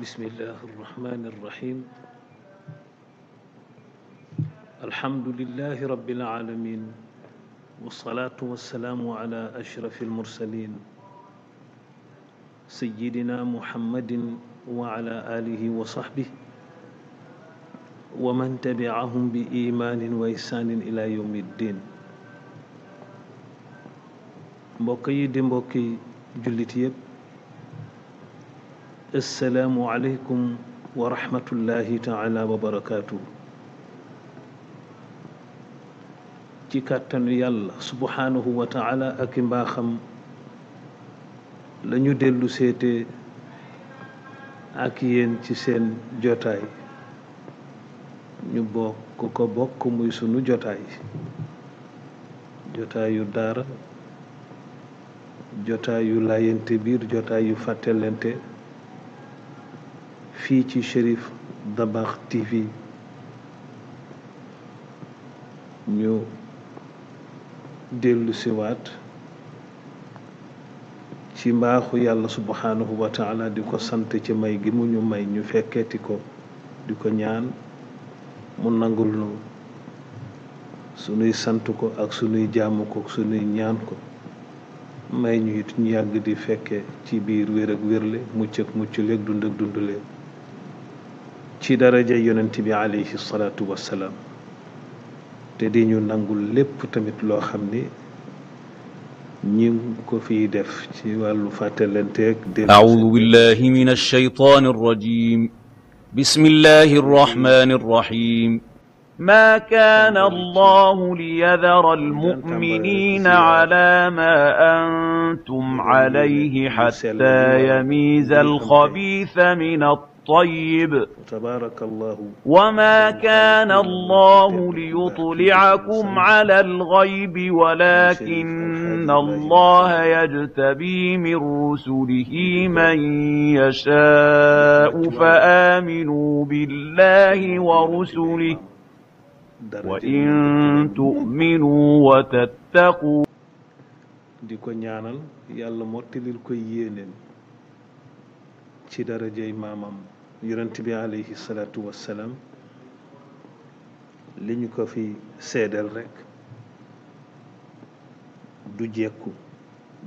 بسم الله الرحمن الرحيم الحمد لله رب العالمين والصلاة والسلام على أشرف المرسلين سيدنا محمد وعلى آله وصحبه ومن تبعهم بإيمان وإحسان إلى يوم الدين mbokk yi di mbokki jullit yépp assalaamu aleykum wa rahmatullahi taala wa barakaatu ci kàttanu yàlla subhaanahu wa taala ak i mbaaxam la ñu dellu seete ak yéen ci seen jotaay ñu bokk ko bokk muy sunu jotaay jotaayu daara jotaayu laayante biir jotaayu fàttelente lii ci Cherif Dabakh TV ñu dellu siwaat ci mbaaxu yàlla subhanahu wa taala di ko sant ci may gi mu ñu may ñu fekketi ko di ko ñaan mu nangul nu sunuy sant ko ak sunuy jàmm ko sunuy ñaan ko may ñu it ñu yàgg di fekke ci biir wér ak wérle mucc ak mucc leeg dund ci daraja yonent bi alayhi salaatu wassalaam te di ñu nangul lépp tamit loo xam ni ñi ngi ko fiy def ci wàllu fàttalanteeg dé aoudu billahi min alshaytaan arrajim بسم الله الرحمن الرحيم ما كان الله ليذر المؤمنين على ما أنتم عليه حتى يميز الخبيث من الطيب الطيب تبارك الله وما كان الله ليطلعكم على الغيب ولكن الله يجتبي من رسله من يشاء فآمنوا بالله ورسله وإن تؤمنوا وتتقوا ديكو ñaanal yalla mottilil ko yenen ci darajey maamam yonent bi alayhi salaatu wassalaam li ñu ko fi seedeel rekk du jekku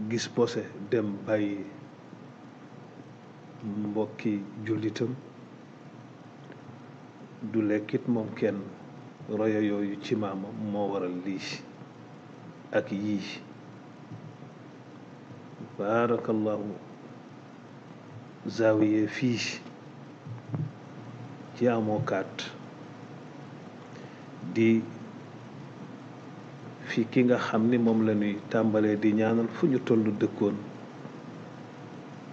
gis posé dem bàyyi mbokki jullitam du lekkit moom kenn royo yooyu ci maamam moo waral lii ak yii baarakallahu zawiye fii ci amookaat di fii ki nga xam ni moom lañuy ñuy tàmbalee di ñaanal fu ñu toll dëkkoon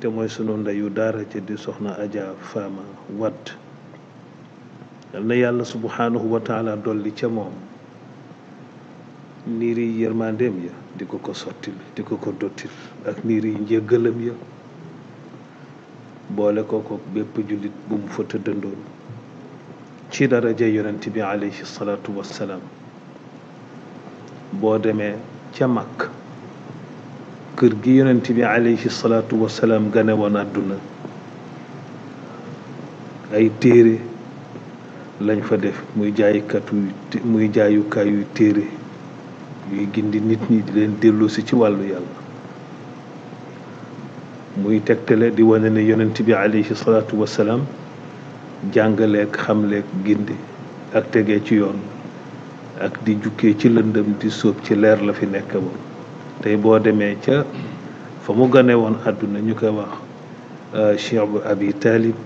te mooy sunu ndeyu daara ca di soxna Adja Fama Wade yal na yàlla subhanahu wa taala dolli ca moom niiri yërmandeem ya di ko ko sottil di ko ko dottil ak niiri njëggalam ya boole ko ko bépp jullit bu mu fa tëddandoon ci daraja yonent bi alayhi salaatu wassalaam boo demee ca mag kër gi yonent bi alayhi salaatu wassalaam gane woon àdduna ay téere lañu fa def muy jaayukaay muy jaayukaayu téere yuy gindi nit ñi di leen delloosi ci wàllu yàlla muy tegtale di wane ne yonent bi alayhi salaatu wasalaam jàngaleek xamleek gindi ak tegee ci yoon ak di jukkee ci lëndëm di soob ci leer la fi nekk woon tey boo demee ca fa mu gane woon àdduna ñu koy wax euh, cheikh bu abi taalib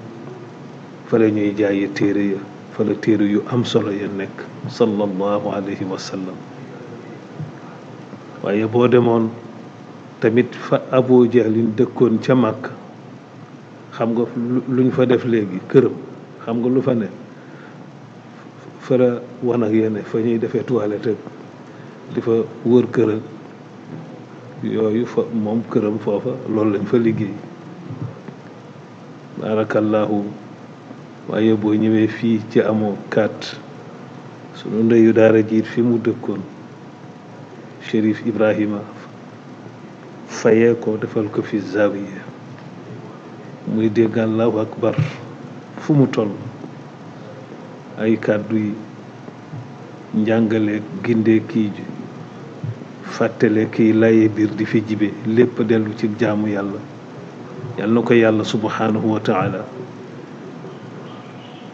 fa la ñuy jaaye téere ya fa la téere yu am solo ya nekk sallallahu alayhi wa waaye boo demoon tamit fa Abu Jahlin dëkkoon ca Màkk xam nga luñ fa def léegi këram xam nga lu fa ne fa la wan ak fa ñuy defee toilette di fa wër këram yooyu fa moom këram foofa loolu lañ fa liggéey barakallahu waaye boo ñëwee fii ci amoo kaat sunu ndeyu daara jiit fi mu dëkkoon Chérif Ibrahima fayee ko defal ko fi zawiya muy dégg allahu bar fu mu toll ay kàddu yi njàngale gindee kii fàttale kii laye biir di fi jibe lépp dellu ci jaamu yàlla yàlla na ko yàlla subhanahu wa taala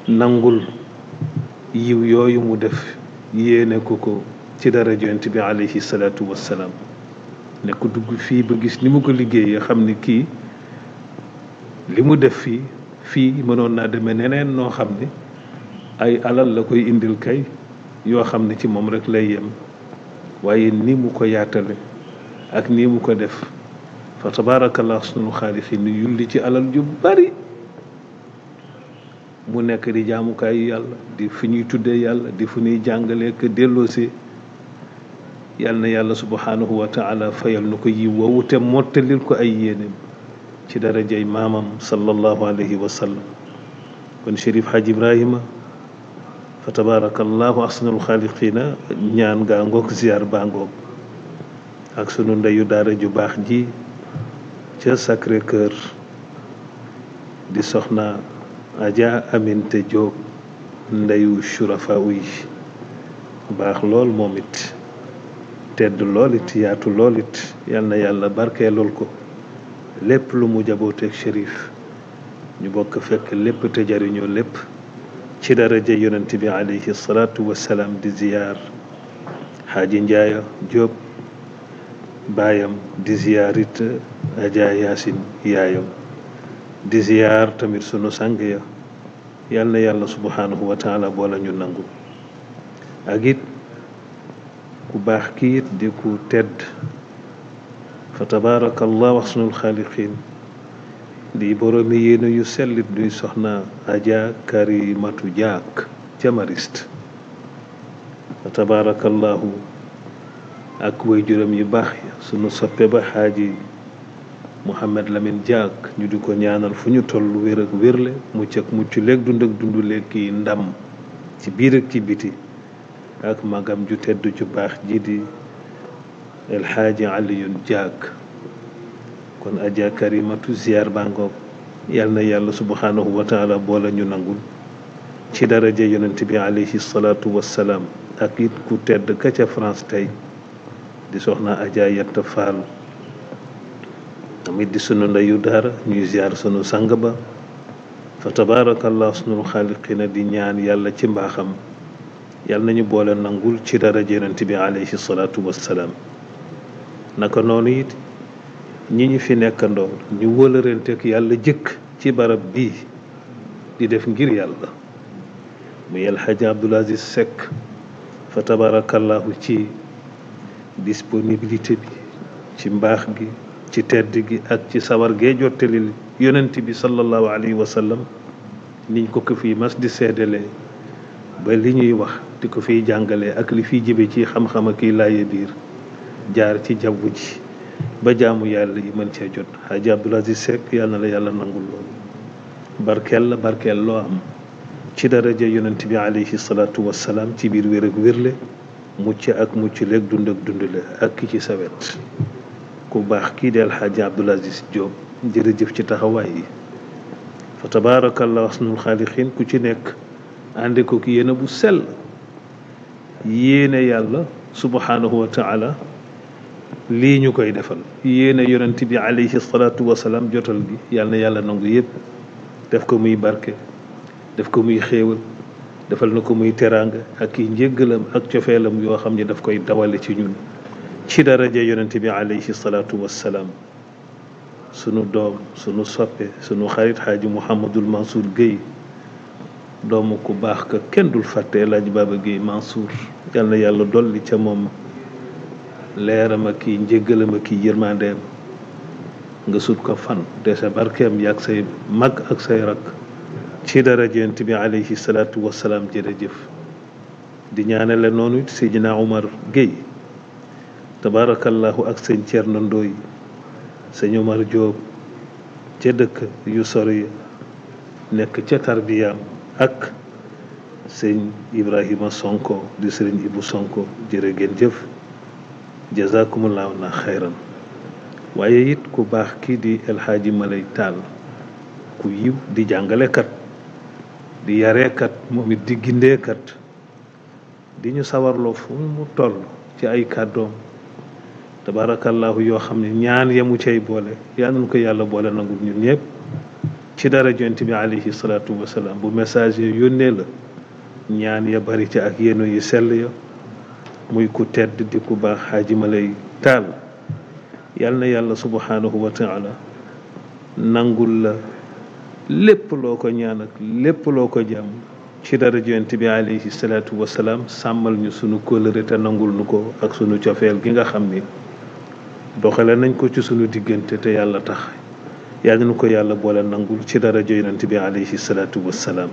nangul yiw yooyu mu def yéene ko ko ci dara yonent bi alayhi salaatu wassalaam ne dugg fii ba gis ni mu ko liggéeyee xam ni kii li mu def fii fii mënoon naa deme neneen noo xam ne ay alal la koy indil kay yoo xam ne ci moom rek lay yem waaye ni mu ko yaatale ak nii mu ko def fa tabaarakallah sunu xaalis yi nu yulli ci alal ju bari mu nekk di jaamukaay yàlla di fi ñuy tuddee yàlla di fu ñuy jàngale ak yal na yàlla subhanahu wa taala fayal nu ko yiw woowu te mottalil ko ay yéeneem ci darajay maamam sallallahu alayhi wa sallam kon Chérif Hadj Ibrahima fa tabarakallahu ahsanul xaaliqina ñaan gaa ngoog ziar baa ngoog ak sunu ndeyu daara ju baax ji ca Sacré Cœur di soxna Adja Aminte Diop ndeyu shurafa yi baax lool moom tedd lool it yaatu lool it yal na yàlla barkeelul ko lépp lu mu jabooteeg shérif ñu bokk fekk lépp te jariñoo lépp ci daraja yonent bi alayhi salaatu wasalaam di ziyaar xaaji njaayo jóob baayam di ziyaar it aja yaasin yaayam di ziyaar tamit sunu sang ya yal na yàlla subhaanahu wa boola ñu nangu ak ku baax kiit di ku tedd fa tabaarakallah axsanul xaaliqiin di boroomi yéene yu sellit duy soxna Adja Karimatu Jaak ca Mariste fa tabaarakallahu ak way juróom yu baax sunu soppe ba xaaji Mouhamed Lamine Diak ñu di ko ñaanal fu ñu toll wér ak wérle mucc ak mucc dund ak dund léeg ndam ci biir ak ci biti ak magam ju tedd ju baax ji di El Hadji Alioune Diack kon Adja Karimatu ziar bangoog yàlla na yàlla subhanahu wa taala boola ñu nangul ci daraja yonent bi alayhi salaatu wassalaam ak it ku tedd ka ca France tey di soxna Adja Yatta Fall amit di sunu ndeyu daara ñuy ziar sunu sang ba fa tabaarakallah sunul xaaliqina di ñaan yàlla ci mbaaxam yàlla nañu boole nangul ci dara yonent bi alayhi salaatu wassalaam naka noonu it ñi ñu fi nekkandoo ñu wëlëranteek yàlla jëkk ci barab bii di def ngir yàlla muy El Hadj Abdoul Aziz Seck fa tabarakallahu ci disponibilité bi ci mbaax gi ci tedd gi ak ci sawar gee jottalil yonent bi sallallahu alayhi wa sallam niñ ko ko fii mas di seedelee ba li ñuy wax di ko fi jàngalee ak li fiy jibe ci xam-xam ak kiy laaye biir jaar ci jaww ji ba jaamu yàlla yi mën cee jot Hadji Abdoul Aziz Seck yàlla na la yàlla nangul loolu barkeel la barkeel loo am ci daraja yonent bi alayhi salaatu wassalaam ci biir wér ak wérle mucc ak mucc leeg dund ak dundle ak ki ci sawet ku baax kii deel Hadji Abdoul Aziz Diop jërëjëf ci taxawaay yi fa tabaarakallah asnul xaalixiin ku ci nekk àndi ko bu sel yéene yàlla subhanahu wa taala lii ñu koy defal yéene yonent bi alayhi salaatu jotal gi yàlla na yàlla nangu yépp def ko muy barke def ko muy xéewal defal na ko muy teraanga ak i njéggalam ak cofeelam yoo xam ne daf koy dawale ci ñun ci daraja yonent bi alayhi salaatu wasalaam sunu doom sunu soppe sunu xarit xaaji Mouhamadul Mansour géy doomu ku baax ka kenn dul fàtte El Hadj Baba Guèye Mansour na yàlla dolli ca moom leeram ak kii njëggalam ak nga sut ko fan de sa barkeem yaag say mag ak say rak ci dara bi alayhi salaatu wasalaam jërëjëf di ñaanale noonu Seydina Omar Guèye tabaarakallahu ak sëñ Thierno Ndoye sëñ Omar Diop ca dëkk yu sori nekk ca tarbiyaam ak sëñ Ibrahima Sonko di sëriñ Ibu Sonko jërë ngeen jëf jazakumullahu na waaye it ku baax kii di El Malay Tall ku yiw di jàngalekat di yarekat moom it di gindeekat di ñu sawarloo fu mu toll ci ay kàddoom tabaarakallaahu yoo xam ne ñaan yamu cay boole yaa nañ ko yàlla boole nangul ñun ñëpp. ci dara jont bi alayhi salaatu wasalaam bu message yónnee la ñaan ya bari ci ak yéenu yi sell ya muy ku tedd di ku baax xaaji ma lay taal yal na yàlla subhanahu wa taala nangul la lépp loo ko ñaan ak lépp loo ko jàmm ci dara jont bi alayhi salaatu wasalaam sàmmal ñu sunu kóllëre te nangul nu ko ak sunu cofeel gi nga xam ni doxale nañ ko ci sunu diggante te yàlla tax yàlla na ko yàlla boole nangul ci daraja yonent bi alayhi salaatu wassalaam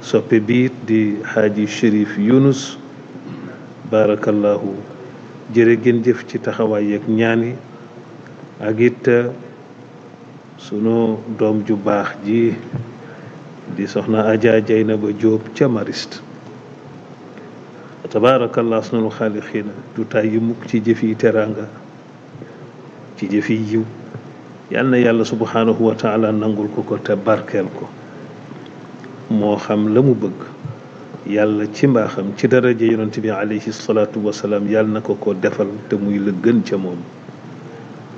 soppe biit di xaaji Chérif Younous barakallahu jërë ngeen jëf ci taxawaay yeeg ñaani yi ak it uh, sunu doom ju baax ji di soxna Adja Jaynaba Jóob ca Mariste tabaarakallah sunu xaalixiina du tàyyi mukk ci jëfi yi teraanga ci jëf yi yiw yal na yàlla subhaanahu wa taala nangul ko ko te barkeel ko moo xam la mu bëgg yàlla ci mbaaxam ci daraja yonent bi alayhi salaatu wasalaam yàlla na ko ko defal te muy la gën ca moom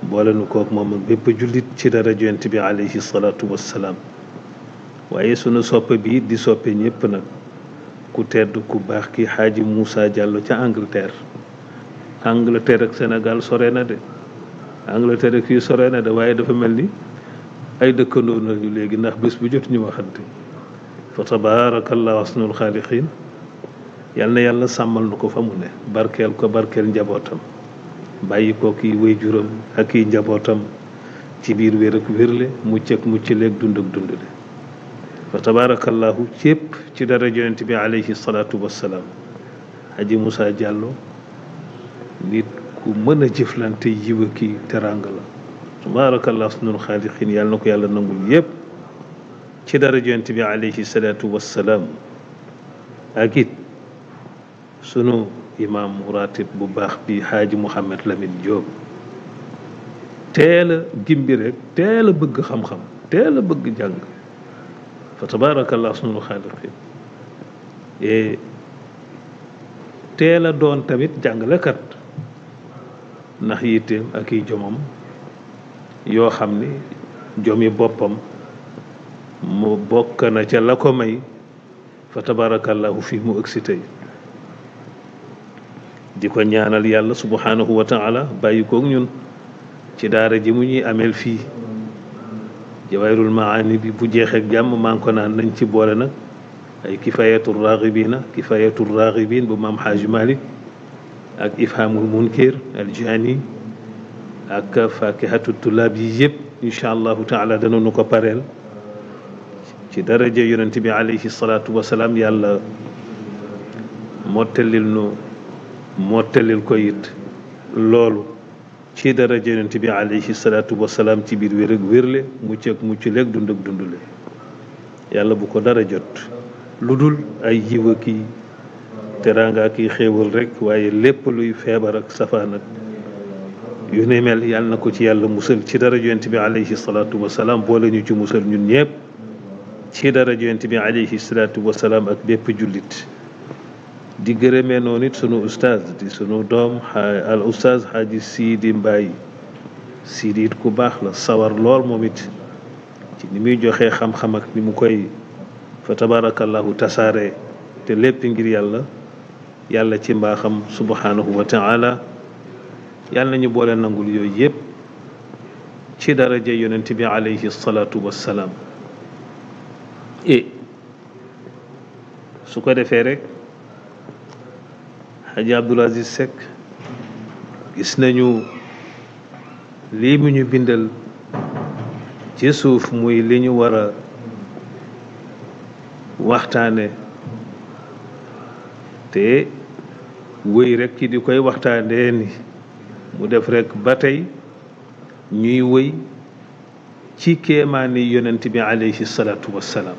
boole nu kook moom ak bépp jullit ci daraja yonent bi alayhi salaatu wasalaam waaye sunu soppe bi di soppe ñépp nag ku tedd ku baax ki xaaji Moussa Diallo ca Angleterre Angleterre ak Sénégal sore na de Angleterre ak sore na de waaye dafa mel ni ay dëkkandoo ñu léegi ndax bis bu jot ñu waxante fa tabaarakallahu asnul xaaliqiin yal na yàlla sàmmal nu ko fa mu ne barkeel ko barkeel njabootam bàyyi ko kii waajuram ak kii njabootam ci biir wér ak wérle mucc ak mucc dund ak dund le fa tabaarakallahu cépp ci dara yonent bi alayhi salaatu wassalaam Haji Moussa Diallo nit ku mën a jëflante yiw a ki teraanga la tabaarakallah sunul xaaliqin yàlla na ko yàlla nangul yépp ci dara yonent bi alayhi salaatu wassalaam ak sunu imaam ratib bu baax bi xaaj Mouhamed Lamine Diop teel a gimbi rek teel a bëgg xam-xam teel bëgg jàng fa tabaarakallah sunul xaaliqin eh, teel a doon tamit jàngalekat ndax yitteem ak i jomam yoo xam ni jomi boppam mu bokk na ca la ko may fa tabarakallahu fi mu ëgsi tey di ko ñaanal yàlla subhanahu wa taala bàyyi koog ñun ci daara ji mu ñuy ameel fi jawayrul maani bu jeexeek jàmm maa ngi ko naan nañ ci boole nag ay kifayatul raghibina kifayatul raghibin bu maam xaaji malik ak ifhamul munkir aljaani ak fakihatu tullaab yi yëpp incha allahu taala danoonu ko pareel ci daraja yonent bi alayhi salaatu wasalaam yàlla mottalil nu mottalil ko loolu ci daraja yonent bi alayhi salaatu wasalaam ci biir wér ak wérle mucc ak mucc leeg dund ak dundle bu ko dara jot lu dul ay yiw ak teraanga ak yi xéewal rek waaye lépp luy feebar ak safaan ak yu ne mel yàlla na ko ci yàlla musal ci dara yonent bi alayhi salaatu wasalaam boole ñu ci musal ñun ñëpp ci dara yonent bi alayhi salaatu wasalaam ak bépp jullit di gërëmee noonu it sunu ustaaz di sunu doom al ustaaz xaaji Sidi Mbaye Sidi ku baax la sawar lool moom it ci ni muy joxe xam-xam ak ni mu koy fa tabarakallahu tasaare te lépp ngir yàlla yàlla ci mbaaxam subhanahu wa ta'ala yàlla ñu boole nangul yooyu yépp ci daraja yonent bi alayhi salaatu wassalaam e su ko defee rekk xaji Abdul Aziz Seck gis nañu lii mu ñu bindal ci suuf muy li ñu war a waxtaane te wëy rekk ci di koy waxtaanee ni mu def rekk ba tey ñuy wéy ci kéemaani yonent bi alayhi salaatu wassalaam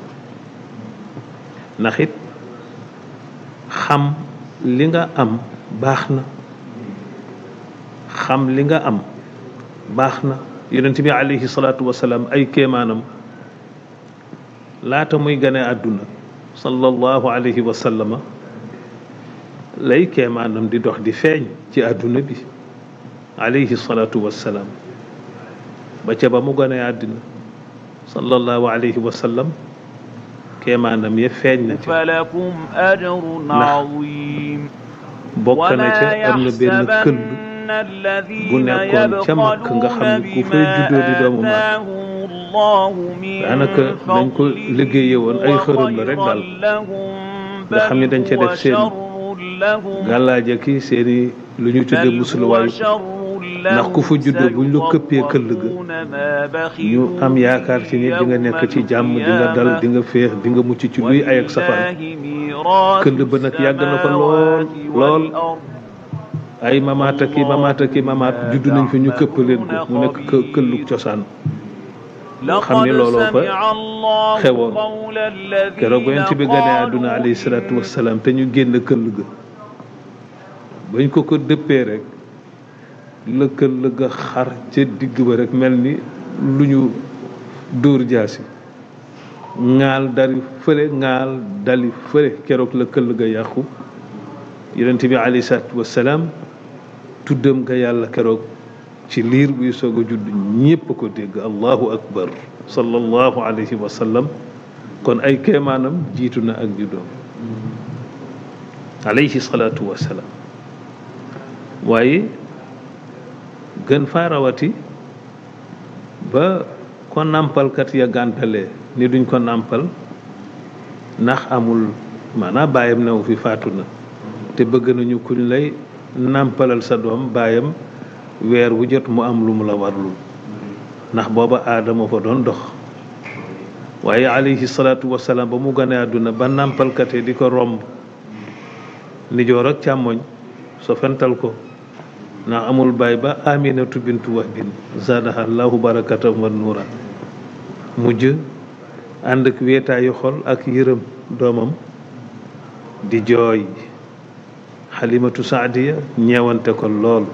ndax it xam li nga am baax na xam li nga am baax na yonent bi alayhi salaatu wassalaam ay kéemaanam laata muy gane àdduna sallallahu alayhi wa sallama lay keemaanam di dox di feeñ ci àdduna bi alayhi salaatu wassalaam ba ca ba mu gone àddina sallallahu alayhi wa sallam keemaanam ya feeñ na ca ndax bokk na ca am na benn këll bu nekkoon ca mag nga xam ne ku fay juddoo di doomu mag daanaka dañ ko liggéeye woon ay xërëm la rek daal nga xam ne dañ ca def seen gàllaaje ki seeni lu ñuy tuddee musuluwaayu ndax ku fa juddoo buñ la këppee këll ga ñu am yaakaar ci ni di nga nekk ci jàmm di nga dal di nga féex mucc ci luy ay ak safaan këll ba nag yàgg na fa lool ay mamaata ki mamaata ki mamaat judd nañ fa ñu këpp leen ko mu nekk këllug cosaan xam ni looloo fa xewoon bi gane àdduna alayhi te ñu génn këll ga bañ ko ko dëppee rek lëkka lëgga xar ca digg ba rek mel ni lu ñu dóor jaasi ŋaal dari fële ŋaal dali fële keroog lëkka lëgga yàqu yonent bi aleyhi salaatu wassalaam tuddam nga yàlla keroog ci liir buy soog a judd ñépp ko dégg allahu akbar sallallahu alayhi wa sallam kon ay kéemaanam jiitu na ak juddoom alayhi salaatu wassalaam waaye gën faa rawati ba ko nàmpalkat ya gàntale ni duñ ko nàmpal ndax amul maanaam baayam newu fi faatu na te bëgg nañu kuñ lay nàmpalal sa doom baayam weer wu jot mu am lu mu la warlul ndax booba aadama fa doon dox waaye alayhi salaatu wasalaam ba mu gane àdduna ba nàmpalkate di ko romb nijoor ak càmmoñ so fental ko ndax amul baay ba aminatu bintu wahbin zaadaha allahu barakatan wa nuura mujj ànd ak wéetaayu xol ak yërëm doomam di jooy xalimatu saadiya ñewante ko lool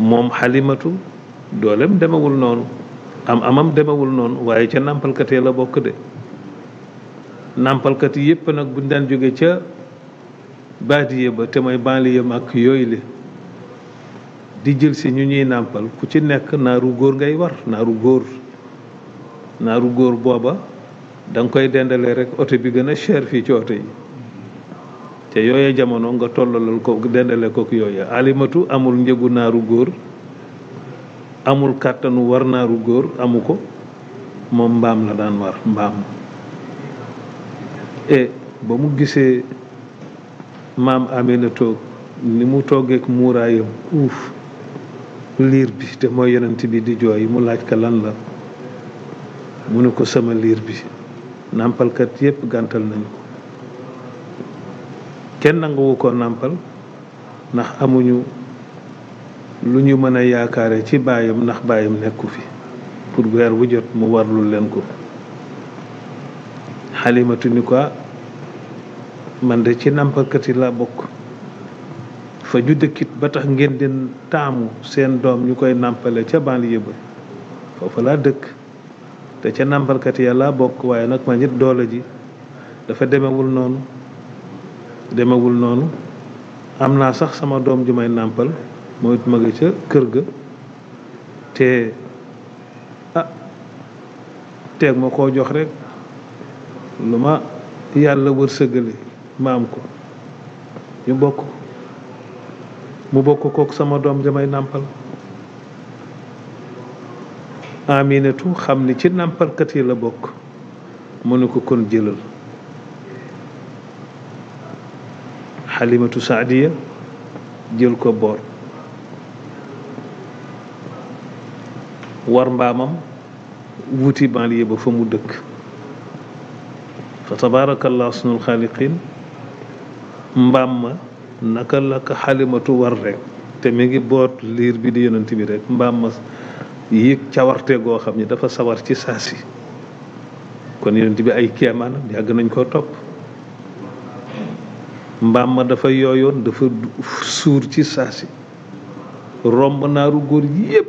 moom xalimatu doolem demewul noonu am amam demewul noonu waaye ca nàmpalkatee la bokk de nàmpalkat yépp nag buñ daan jóge ca baadiye ba te mooy banlieue màkk yooyu le di jël si ñu ñuy nàmpal ku ci nekk naaru góor ngay war naaru góor naaru góor booba da koy dendale rek oto bi gën a cher fii ci oto yi te yooya jamono nga tollalal ko dendale ko yooya alimatu amul njëgu naaru góor amul kàttanu war naaru góor amu ko moom mbaam la daan war mbaam e ba mu gisee maam na toog ni mu toogeek muuraayam uuf liir bi te mooy yonent bi di jooy mu laaj ka lan la mu ne ko sama liir bi nàmpalkat yépp gàntal nañu ko kenn nanguwu ko nàmpal ndax amuñu lu ñu mën a yaakaare ci baayam ndax baayam nekku fi pour weer wu jot mu warlul leen ko xalimatu ni ko ah, man de ci nàmpalkat yi laa bokk fa ju dëkkit ba tax ngeen di taamu seen doom ñu koy nàmpale ca banlieue ba foofa laa dëkk te ca nàmpalkat ya laa bokk waaye nag man it doole ji dafa demewul noonu demewul noonu am naa sax sama doom ju may nàmpal moo it ma nga ca kër ga te ah teeg ma koo jox rek lu ma yàlla wërsëgale ma am ko ñu bokk mu bokk kook sama doom jamay nàmpal aminatu xam ni ci nàmpalkat yi la bokk mu ne ko kon jëlal xalimatu saadiya jël ko boor war mbaamam wuti banlieue ba fa mu dëkk fa tabaarakallah sunul xaaliqin mbaam ma naka la ko xalimatu war rekk te mi ngi boot liir bi di yonent bi rek mbaam ma yéeg cawarte goo xam ni dafa sawar ci saa si kon yonent bi ay kéemaanam yàgg nañ koo topp mbaam ma dafa yooyoon dafa suur ci saa si romb naaru góor yépp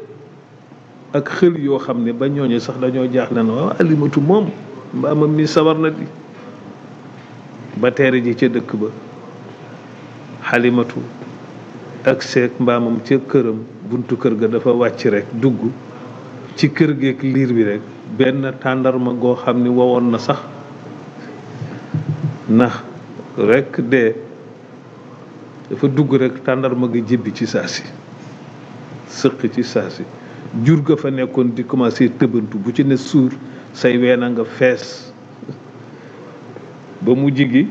ak xël yoo xam ne ba ñooñu sax dañoo jaaxle na waaw alimatu moom mbaamam mi sawar na di ba teere ji ca dëkk ba xalimatu ak seeg mbaamam ca këram buntu kër ga dafa wàcc rekk dugg ci kër geek liir bi rekk benn tàndarma goo xam ni wowoon na sax ndax rekk dee dafa dugg rekk tàndarma gi jibbi ci saa si sëq ci saa si jur ga fa nekkoon di commencé tëbantu bu ci ne suur say a nga fees ba mu jigi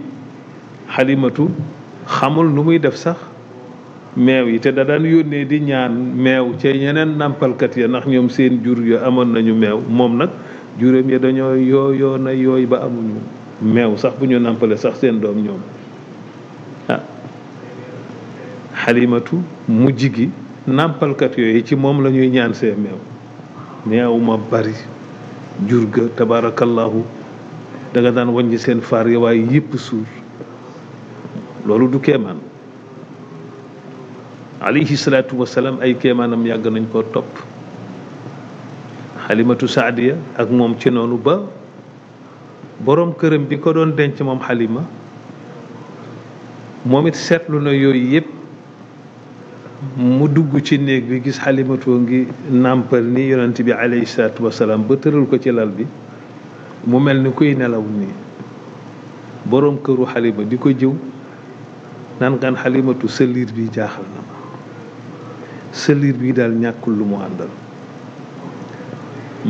xalimatu xamul nu muy def sax meew yi te da daan yónnee di ñaan meew ci ñeneen nàmpalkat ya ndax ñoom seen jur yo amoon nañu meew moom nag juróom ya dañoo yooyoo na yooy ba amuñu meew sax bu ñu nàmpale sax seen doom ñoom ah xalimatu mujj gi nàmpalkat yooyu ci moom la ñuy ñaan see meew meew ma bari jur ga tabaarakallahu da nga daan wàññi seen faar ya waaye yëpp suur loolu du kéemaan alayhi salaatu wasalaam ay kéemaanam yàgg nañ koo topp xalimatu saadiya ak moom ci noonu ba boroom këram bi ko doon denc moom xalima moom it seetlu na yooyu yépp mu dugg ci néeg bi gis xalimatoo ngi nàmpal ni yonent bi alayhi salaatu ba tëral ko ci lal bi mu mel ni kuy nelaw nii boroom këru xalima di ko jiw naan ngaan xalimatu sa liir bi jaaxal na ma sa liir bi daal ñàkkul lu mu àndal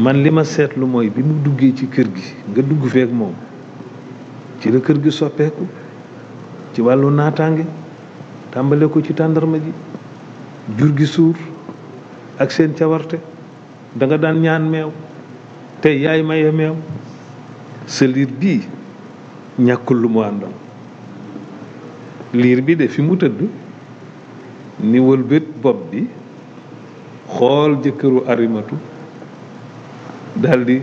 man li ma seetlu mooy bi mu duggee ci kër gi nga dugg feek moom ci la kër gi soppeeku ci wàllu naataange tàmbale ko ci tàndarma ji jur gi suur ak seen cawarte danga daan ñaan meew tey yaay maye meew sa bii ñàkkul lu mu àndal liir bi de fi mu tëdd ni wëlbét bopp bi xool jëkkëru arimatu daldi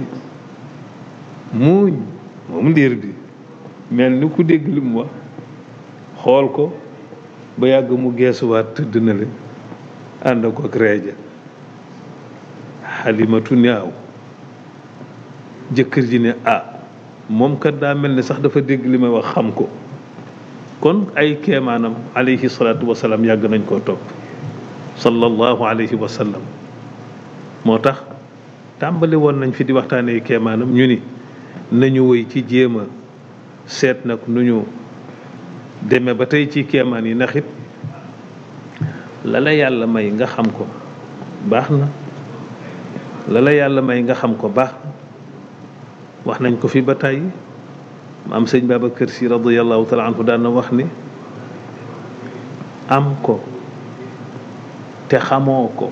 muuñ moom liir bi mel ni ku dégg li mu wax xool ko ba yàgg mu geesuwaat tëdd na le ànd ko ak reeja xalimatu ni aw jëkkër ji ne ah moom kat daa mel ni sax dafa dégg li may wax xam ko kon ay keemaanam alayhi salaatu wasalaam yàgg nañ koo toog sallallahu alayhi wa moo tax tàmbali woon nañ fi di waxtaanee kemaanam ñu ni nañu woy ci jéema seet nag nu ñu demee ba tey ci kemaan yi ndax it la yàlla may nga xam ko baax na lala yàlla may nga xam ko baax wax nañ ko fi ba tàyyi am sëñ Babacar Si radiyallahu taala anhu daan na wax ni am ko te xamoo ko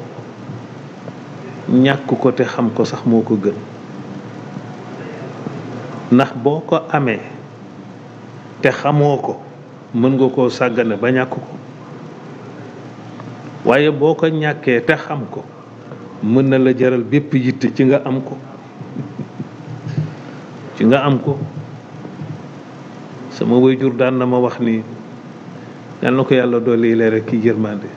ñàkk ko te xam ko sax moo ko gën ndax boo ko amee te xamoo ko mën nga koo sàggane ba ñàkk ko waaye boo ko ñàkkee te xam ko mën na la jaral bépp yitte ci nga am ko ci nga am ko sama waajur daan na ma wax ni yal na ko yàlla dolli leer ak ki yërmande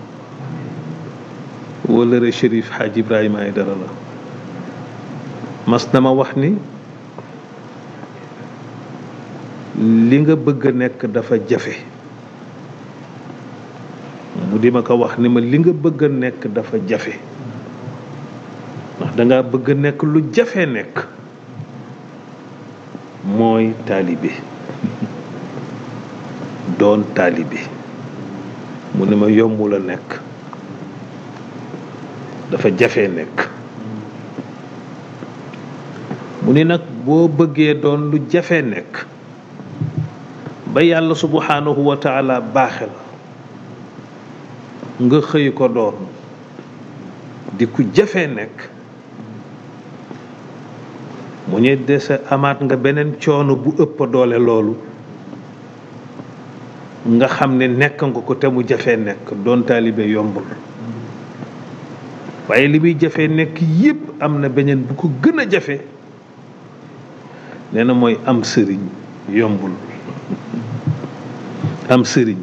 wëllëre Chérif Hadj Ibrahima Aïdara la mas na ma wax ni li nga bëgg a nekk dafa jafe mu di ma ko wax ni ma li nga bëgg a nekk dafa jafe ndax danga bëgg a nekk lu jafe nekk mooy taalibe doon taalibe mu ne ma yomb la nekk dafa jafe nekk mu ni nag boo bëggee doon lu jafe nekk ba yàlla subhanahu wa taala baaxe nga xëy ko doon di ku jafe nekk mu ne dese amaat nga beneen coono bu ëpp doole loolu nga xam ne nekk nga ko te mu jafe nekk doon taalibe yombul waaye li muy jafee nekk yépp am na beneen bu ko gën a jafe nee na mooy am sëriñ yombul am sëriñ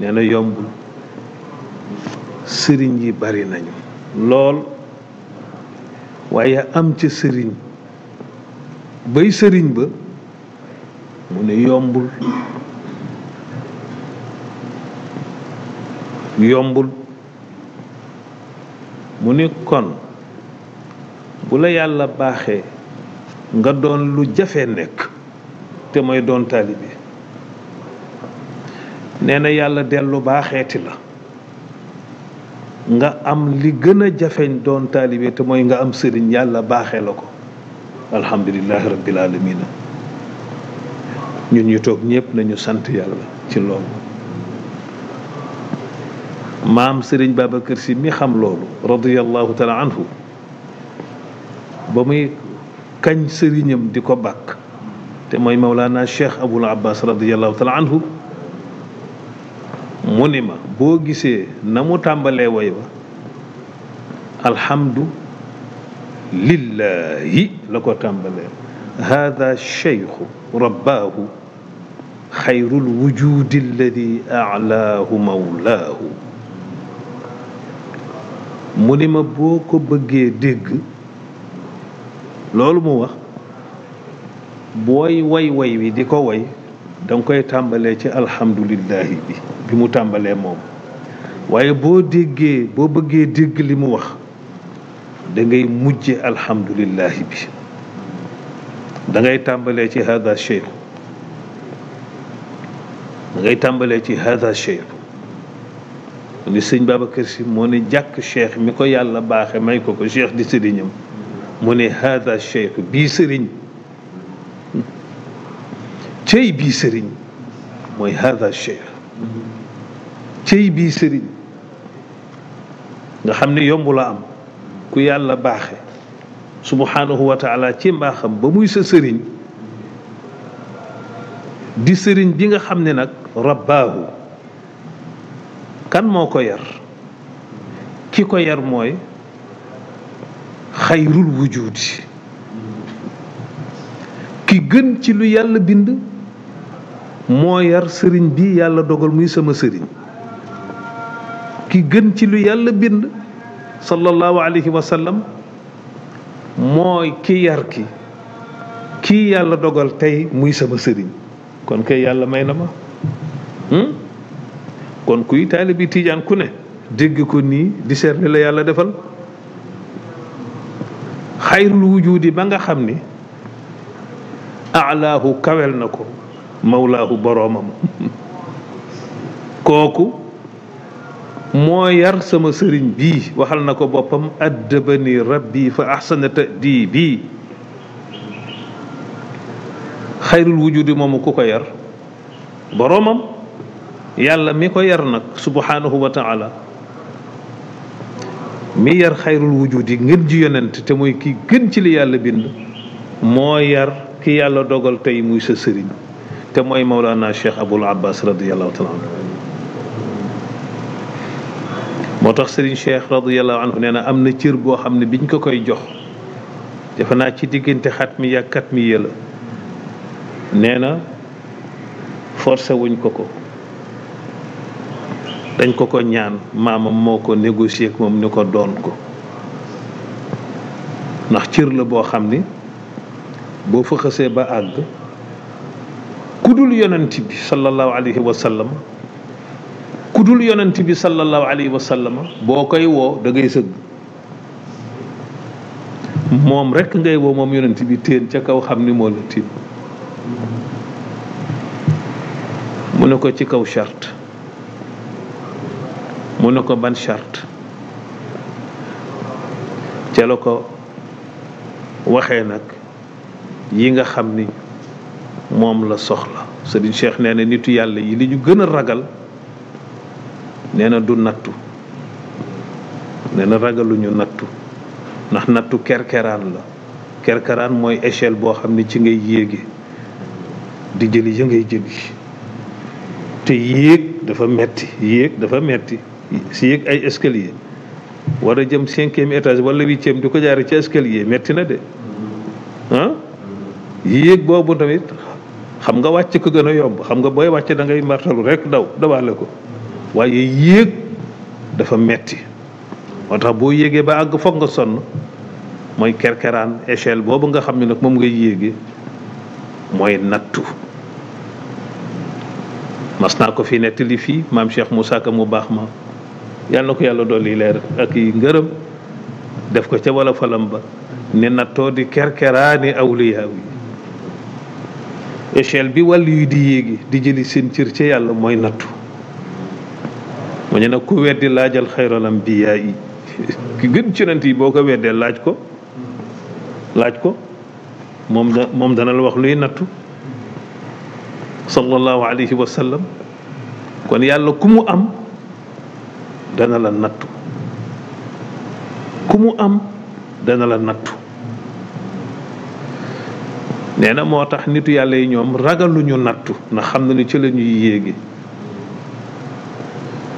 nee na yombul sëriñ yi bari nañu lool waaye am ca sëriñ bay sëriñ ba mu ne yombul yombul mu ni kon bu la yàlla baaxee nga doon lu jafe nekk te mooy doon taalibe nee na yàlla dellu baaxeeti la nga am li gën a jafeñ doon taalibe te mooy nga am sëriñ yàlla baaxe la ko alhamdulilahi rabbil alamina ñu toog ñëpp nañu sant yàlla ci loolu maam Serigne Babacar Sy mi xam loolu radiyallahu taala anhu ba muy kañ sëriñam di ko bàkk te mooy Mawlana Cheikh Abul Abbas radiyallahu taala anhu mu ni ma boo gisee na mu tàmbalee woy wa alhamdu lillahi la ko tàmbalee hada cheikhu rabbaahu xayrul wujudi alladi alaahu mawlaahu mu ni ma boo ko bëggee dégg loolu mu wax booy woy woy wi di ko woy danga koy tàmbalee ci alhamdulillahi bi bi mu tàmbalee moom waaye boo déggee boo bëggee dégg li mu wax da ngay mujje alhamdulillahi bi da ngay tàmbalee ci hada cheikh da ngay tàmbalee ci hada cheikh mu ne sëñ Babacar si moo ne jàkk cheikh mi ko yàlla baaxe may ko ko cheikh di sëriñam mu ne haada cheikh bii sëriñ cey bii sëriñ mooy haada cheikh bii sëriñ nga xam ni yomb am ku yàlla baaxe subhanahu wa taala ci mbaaxam ba muy sa sëriñ di sëriñ bi nga xam ne nag rabbaahu kan moo ko yar ki ko yar mooy xayrul wujudi ki gën ci lu yàlla bind moo yar sëriñ bi yàlla dogal muy sama sëriñ ki gën ci lu yàlla bind sallallahu alayhi wa mooy ki yar ki kii yàlla dogal tey muy sama sëriñ kon kay yàlla may na ma hmm? kon kuy taalibi tiijaan ku ne dégg ko nii di seet la yàlla defal xayrul wujudi ba nga xam ni alaahu kawel na ko mawlaahu boroomam kooku moo yar sama sëriñ bii waxal na ko boppam addabani rabbi fa ahsana ta'dibi xayrul wujudi moomu ku ko yar boroomam yàlla mi ko yar nag subhanahu wa taala mi yar xayrul wujudi ngën ji yonent te mooy kii gën ci li yàlla bind moo yar ki yàlla dogal tey muy sa sëriñ te mooy Mawlana Cheikh Abul Abbas radiallahu taala moo tax sëriñ Cheikh radiallahu anhu nee na am na cër boo xam ne biñ ko koy jox defe naa ci diggante xat mi yàgg mi yëla nee na forcé ko ko dañ ko ko ñaan maamam moo ko négocier ak moom ni ko doon ko ndax cër la boo xam ni boo fa ba àgg ku dul yonent bi sallallahu alayhi wa sallam ku dul bi sallallahu alayhi wa sallam boo koy woo da sëgg moom rekk ngay woo moom yonent bi téen ca kaw xam ni moo la tiim mu ne ko ci kaw charte mu ne ko ban charte ca la ko waxee nag yi nga xam ni moom la soxla sëriñ Cheikh nee na nitu yàlla yi li ñu gën a ragal nee na du nattu nee na ragaluñu nattu ndax nattu kerkeraan la kerkeraan mooy échelle boo xam ni ci ngay yéege di jëli ya ngay jëli te yéeg dafa metti yéeg dafa metti si yëg ay escalier war a jëm cinquième étage wala huitième di ko jaare ci escalier metti na de ah? yéeg boobu tamit xam nga wàcc ko gën a yomb xam nga booy wàcc dangay ngay martalu rek daw dawaale ko waaye yéeg dafa metti moo tax boo yéegee ba àgg foog nga sonn mooy kerkeraan échelle boobu nga xam ni nag moom nga yéegee mooy nattu mas naa ko fi nettali fii maam Cheikh Moussa Ka mu baax ma yal ko yàlla dool dolli leer ak yi ngërëm def ko ca wala falam ba ne nattoo di kerkeraani awliyaaw yi échelle bi wàll yu di yéegi di jëli seen cër ca yàlla mooy nattu mu ne nag ku weddi laajal xayral ambiyaa yi ki yi boo ko weddee laaj ko laaj ko moom dana la wax luy nattu sallallahu alayhi wa kon yàlla ku mu am dana la nattu ku mu am dana la nattu nee na moo tax nitu yàlla yi ñoom ragaluñu nattu ndax xam na ni ci la ñuy yéege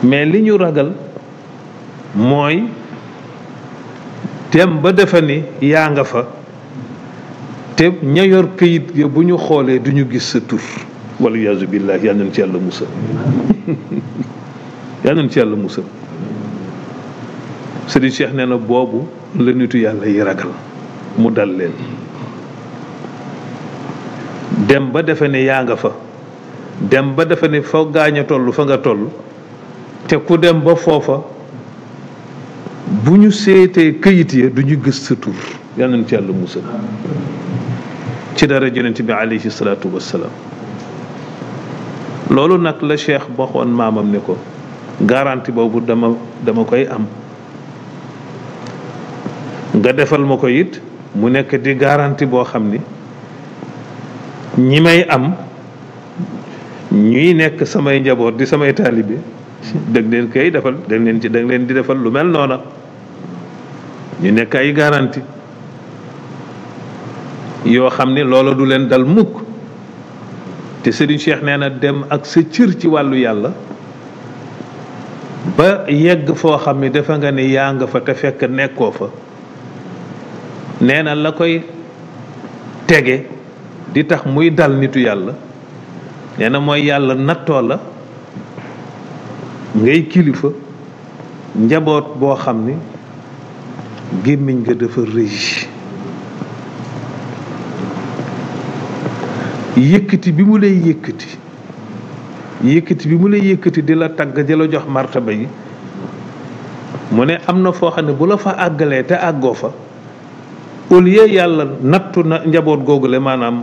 mais li ñu ragal mooy tem ba defe ni yaa nga fa te ña yor kayit gi bu ñu xoolee du ñu gis sa tur wala yaasu billaah yal nañ ci yàlla musal yal nañ ci yàlla musal Serigne Cheikh nee na boobu la nitu yàlla yi ragal mu dal leen dem ba defa ne yaa nga fa dem ba defa ne fa gaañ a toll fa nga toll te ku dem ba foofa bu ñu seetee këyit ya du ñu gës sa tur yal nañ ci yàlla musal ci dara yonent bi alayhi salaatu wassalaam loolu nag la cheikh baxoon maamam ne ko garanti boobu dama dama koy am nga defal ma ko it mu nekk di garanti boo xam ni ñi may am ñuy nekk samay njaboot di samay taalibe dëgg leen koy defal dëgg leen ci dëgg leen di defal lu mel noona ñu nekk ay garanti yoo xam ni loola du leen dal mukk te sëriñ Cheikh nee na dem ak sa cër ci wàllu yàlla ba yegg foo xam ni defe nga ne yaa nga fa te fekk nekkoo fa nee na la koy tege di tax muy dal nitu yàlla nee na mooy yàlla nattoo la ngay kilifa njaboot boo xam ni gémmiñ ga dafa rëy yëkkati bi mu lay yëkkati bi mu lay di la tagg di la jox martaba yi mu ne am na foo xam ne bu la fa àggalee te àggoo fa au lieu yàlla nattu na njaboot googule maanaam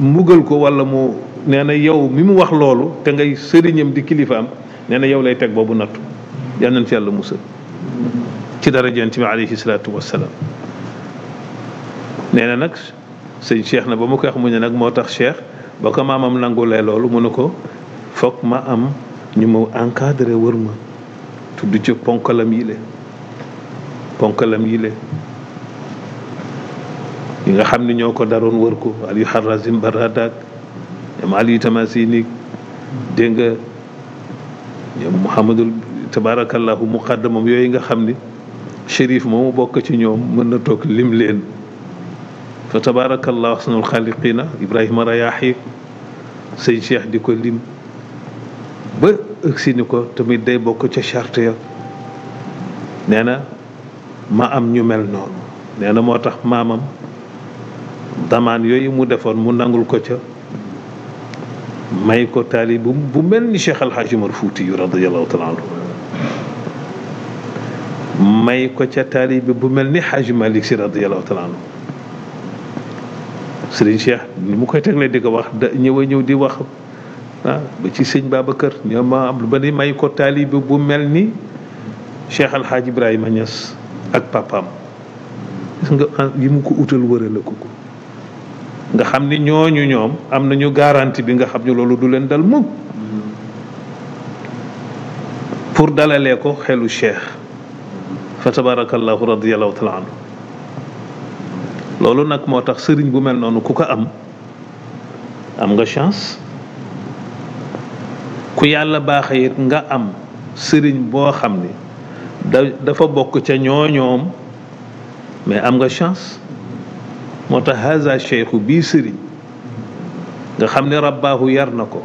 mbugal ko wala mu nee na yow mi mu wax loolu te ngay sëriñam di kilifaam nee na yow lay teg boobu nattu yal nañ ci yàlla musal ci dara jant bi alayhi salaatu wassalaam nee na nag sëñ Cheikh na ba mu ko wax mu ne nag moo tax Cheikh ba ko maamam nangulee loolu mu ne ko foog ma am ñu ma encadré wër ma tudd ci ponkalam yile ponkalam yile yi nga xam ne ñoo ko daroon wër ko Aliou Harazim Baradak ñoom Aliou Tamasini dégg nga ñoom Mouhamadul tabarakallahu muqaddamam yooyu nga xam ni shérif moomu bokk ci ñoom mën na toog lim leen fa tabarakallahu ahsanul xaaliqina Ibrahima Rayahi sëñ Cheikh di ko lim ba ëgsi ni ko tamit day bokk ca charte ya nee na ma am ñu mel noonu na moo tax maamam. tamaan yooyu mu defoon mu nangul ko ca may ko taalib bu mel ni Cheikh Al Hadj Umar Fuuti yu may ko ca taalib bu mel ni Hadj Malick si radiyallahu taala anhu Serigne ni mu koy teg di ko wax da ñëw di wax ah ba ci sëñ Babacar ñoo ma am ba ni may ko taalib bu mel ni Cheikh Al Hadj Ibrahima Niass ak papaam gis nga ah, yi mu ko utal wërale ko ko. nga xam ni ñooñu ñoom am nañu garantie bi nga xam ni loolu du leen dal mukk pour dalalee ko xelu cheikh fa tabarakallahu radiallahu taala anhu loolu nag moo tax sëriñ bu mel noonu ku ko am am nga chance ku yàlla baaxe it nga am sëriñ boo xam ni da dafa bokk ca ñoo ñoom mais am nga chance moo tax haza cheikhu bii sëriñ nga xam ne rabbaahu yar na ko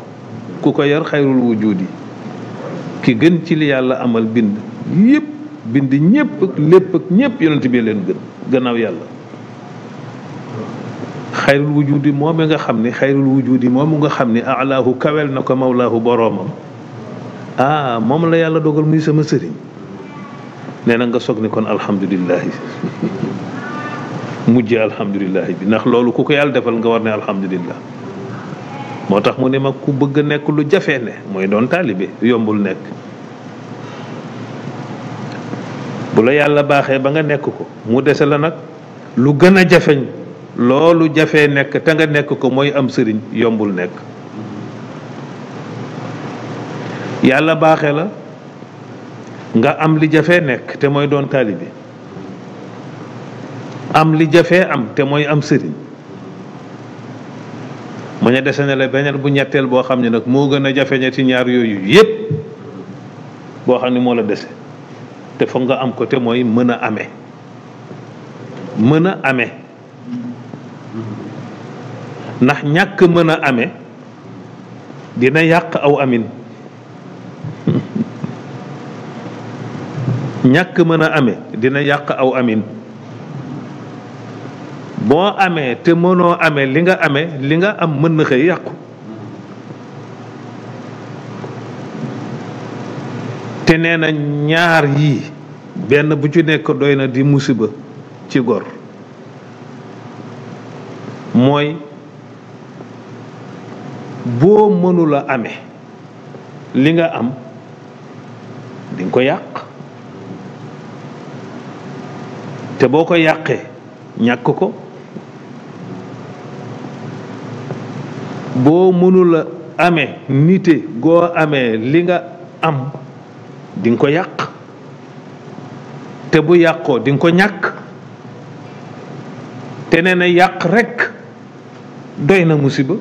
ku ko yar xayrul wujudi ki gën ci li yàlla amal bind yépp bind ñépp ak lépp ñépp yonent bi leen gën gannaaw yàlla xayrul wujudi moom nga xam ne xayrul wujudi moomu nga xam ne alaahu kawel na ko mawlaahu boroomam ah moom la yàlla dogal muy sama sëriñ nee na nga soog ni kon alhamdulillahi mujjee alhamdulilahi bi ndax loolu ku ko yàlla defal nga war ne alhamdulilah moo tax mu ne ma ku bëgg a nekk lu jafee ne mooy doon taalibe yombul nekk bu la yàlla baaxee ba nga nekk ko mu dese la nag lu gën a jafeñ loolu jafe nekk te nga nekk ko mooy am sëriñ yombul nekk yàlla baaxee la nga am li jafe nekk te mooy doon taalibe am li jafee am te mooy am sëriñ mu ñu dese ne la beneen bu ñetteel boo xam ne nag moo gën a jafe ci ñaar yooyu yépp boo xam ne moo la dese te foog nga am ko te mooy mën a ame mën a ame ndax ñàkk mën a amee dina yàq aw amin ñàkk mën a amee dina yàq aw amin boo amee te mënoo amee li nga amee li nga am mën na xëy yàqu te nee na ñaar yii benn bu ci nekk doy na di musiba ci gor mooy boo mënula amee li nga am di ko yàq te boo ko yàqee ñàkk ko boo mënula amee nite goo amee li nga am di ko yàq te bu yàqoo di nga ko ñàkk te nee na yàq rekk doy na musiba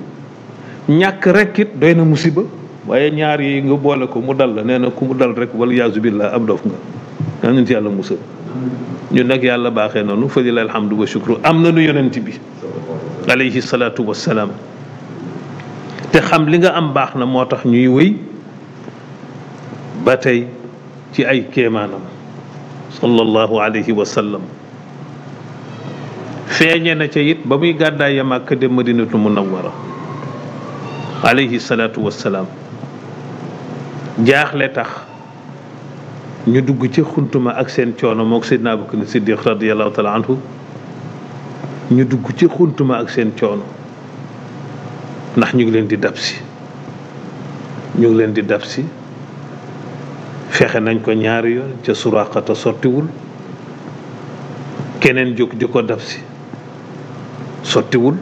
ñàkk rekk it doy na musiba waaye ñaar yi nga boole ko mu dal la nee na ku mu dal rekk wala yaasu billah ab dof nga yaa ngi ci yàlla musal ñun nag yàlla baaxee noonu fadila alhamdu wa shukru am na nu yonent bi alayhi salaatu salaam te xam li nga am baax na moo tax ñuy wéy ba tey ci ay kéemaanam sallallahu alayhi wa sallam feeñe na ca it ba muy gàddaay ya màkk dem madinatu munawwara alayhi salaatu wassalaam jaaxle tax ñu dugg ci ma ak seen coono mook seydna abubakar siddiq radiallahu taala anhu ñu dugg ci xuntuma ak seen coono ndax ñu ngi leen di dab si ñu ngi leen di dab si fexe nañ ko ñaari yoon ca suraaxata sottiwul keneen jóg di ko dab si sottiwul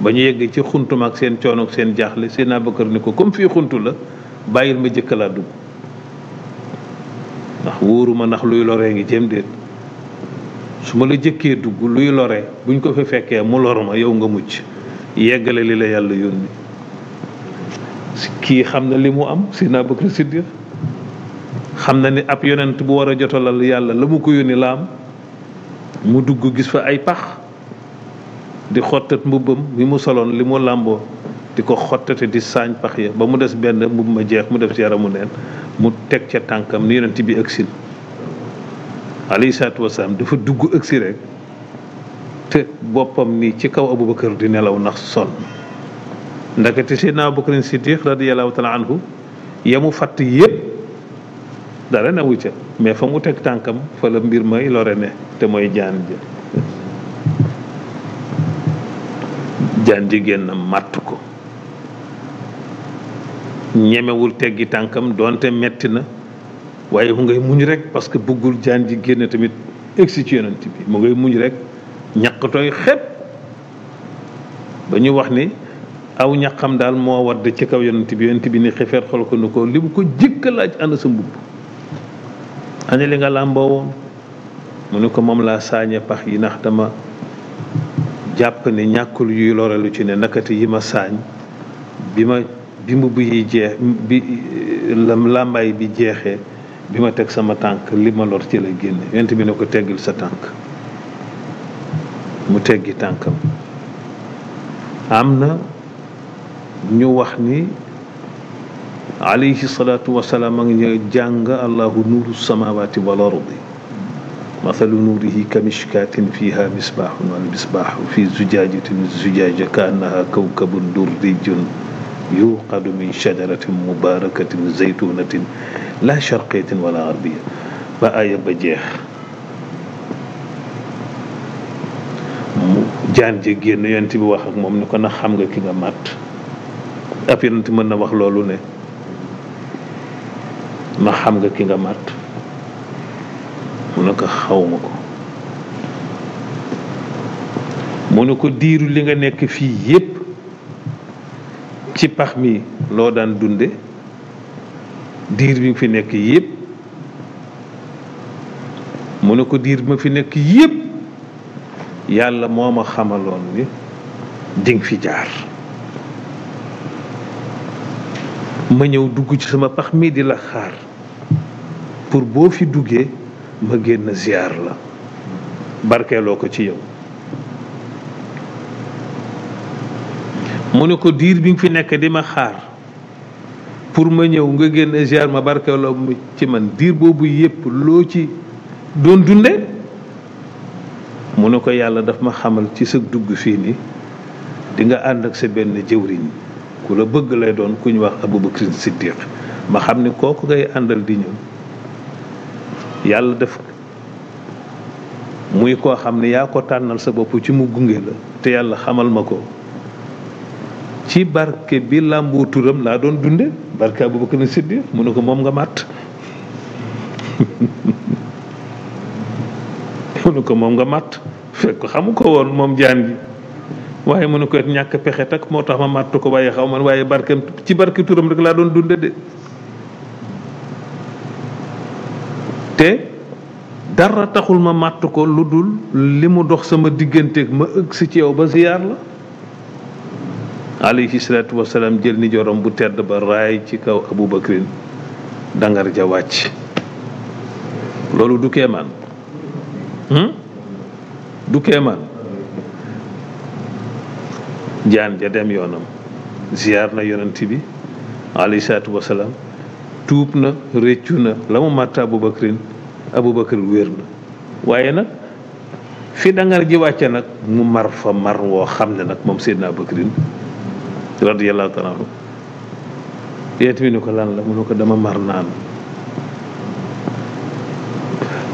ba ñu yegg ci xuntum ak seen coono ak seen jaaxle seen abakar ni ko comme fii xuntu la bàyyil ma jëkk laa dugg ndax wóoruma ndax luy lore ngi jëm déet su ma la jëkkee dugg luy loree buñ ko fi fekkee mu lor ma yow nga mucc yeggale li la yàlla yónni kii xam na li mu am Seydina Abubakar Siddiq xam na ni ab yonent bu war a jotolal yàlla la mu ko yónni la mu dugg gis fa ay pax di xottat mbubbam mi mu soloon li mu làmboo di ko xottate di saañ pax ya ba mu des benn mbubb ma jeex mu def ci yaramu neen mu teg ca tànkam ni yonent bi agsil alayhi salaatu wasalaam dafa dugg agsi rek tëdd boppam ni ci kaw Abubakar di nelaw ndax sonn ndakati Seydina Abubakar Siddiq radiyallahu taala anhu yamu fatt yépp dara newu ca mais fa mu teg tànkam fa la mbir may lore ne te mooy jaan ja ji génn màtt ko ñemewul teggi tànkam donte metti na waaye mu ngay muñ rek parce que bëggul jaan ji génn tamit egsi ci yonent bi mu ngay muñ rek ñaq tooy xépp ba ñu wax ni aw ñaqam daal moo wadd ci kaw yonent bi yonent bi ni xefeer xool ko li mu ko jëkka laaj ana sa mbubb ana nga làmboo woon mu ne ko moom laa saañe pax yi ndax dama jàpp ni ñàkkul yuy lorelu ci ne nakati yi ma saañ bi ma bi mbubb yi jeex bi làmbaay bi jeexee bi ma teg sama tànk li ma lor ci la génne yonent bi ne ko teggil sa tànk mu teggi tànkam am na ñu wax ni alayhi salaatu wasalaam a ngi jàng allahu nuuru samaawaati wal ardi mathalu nuurihi kamishkaatin fiha misbaaxun wal misbaaxu fi zujaajatin zujaaja kaannaha kawkabun durrijun yuuqadu min shajaratin mubaarakatin zaytuunatin laa sharqiyatin wala garbiya ba aaya ba jeex jaan ji génn yonent bi wax ak moom ni ko na xam nga ki nga màtt ab yonent mën na wax loolu ne na xam nga ki nga màtt mu ne ko xawma ko mu ne ko diiru li nga nekk fii yépp ci pax mi loo daan dunde diir bi nga fi nekk yépp mu ne ko diir bi ma fi nekk yépp yàlla moo ma xamaloon ni ding fi jaar ma ñëw dugg ci sama pax mii di la xaar pour boo fi duggee ma génn ziar la barkeeloo ko ci yow mu ne ko diir bi nga fi nekk di ma xaar pour ma ñëw nga génn ziar ma barkeeloo ci man diir boobu yépp loo ci doon dunde mu ne ko yàlla daf ma xamal ci sa dugg fii ni di nga ànd ak sa benn jëwriñ ku la bëgg lay doon ku ñu wax Abubakar Siddiq ma xam ne kooku ngay àndal di ñëw yàlla def muy koo xam ne yaa ko tànnal sa bopp ci mu gunge la te yàlla xamal ma ko ci barke bi làmboo turam laa doon dunde barke Abubakar Siddiq mu ne ko moom nga màtt mu ko moom nga màtt fekk xamu ko woon moom jaan gi waaye mu ne ko ñàkk pexe tak moo tax ma màtt ko waaye xaw man waaye barkeem ci barke turam rek laa doon dunde de te dara taxul ma màtt ko lu dul li mu dox sama digganteeg ma ëgg si ci yow ba ziyaar la alayhi salaatu wasalaam jël ni jorom bu tedd ba raay ci kaw abubakrin dangar ja wàcc loolu du keemaan Hmm? du kéemaan jaan ja dem yoonam ziar na yonent bi alayhi salaatu wasalaam tuub na réccu na la mu màtt abubakrin abubakar wér na waaye nag fi dangar ji wàcce nag mu mar fa mar woo xam ne nag moom seydina abubakrin radiyallahu taala anhu yeet bi ni ko lan la mu ne ko dama mar naan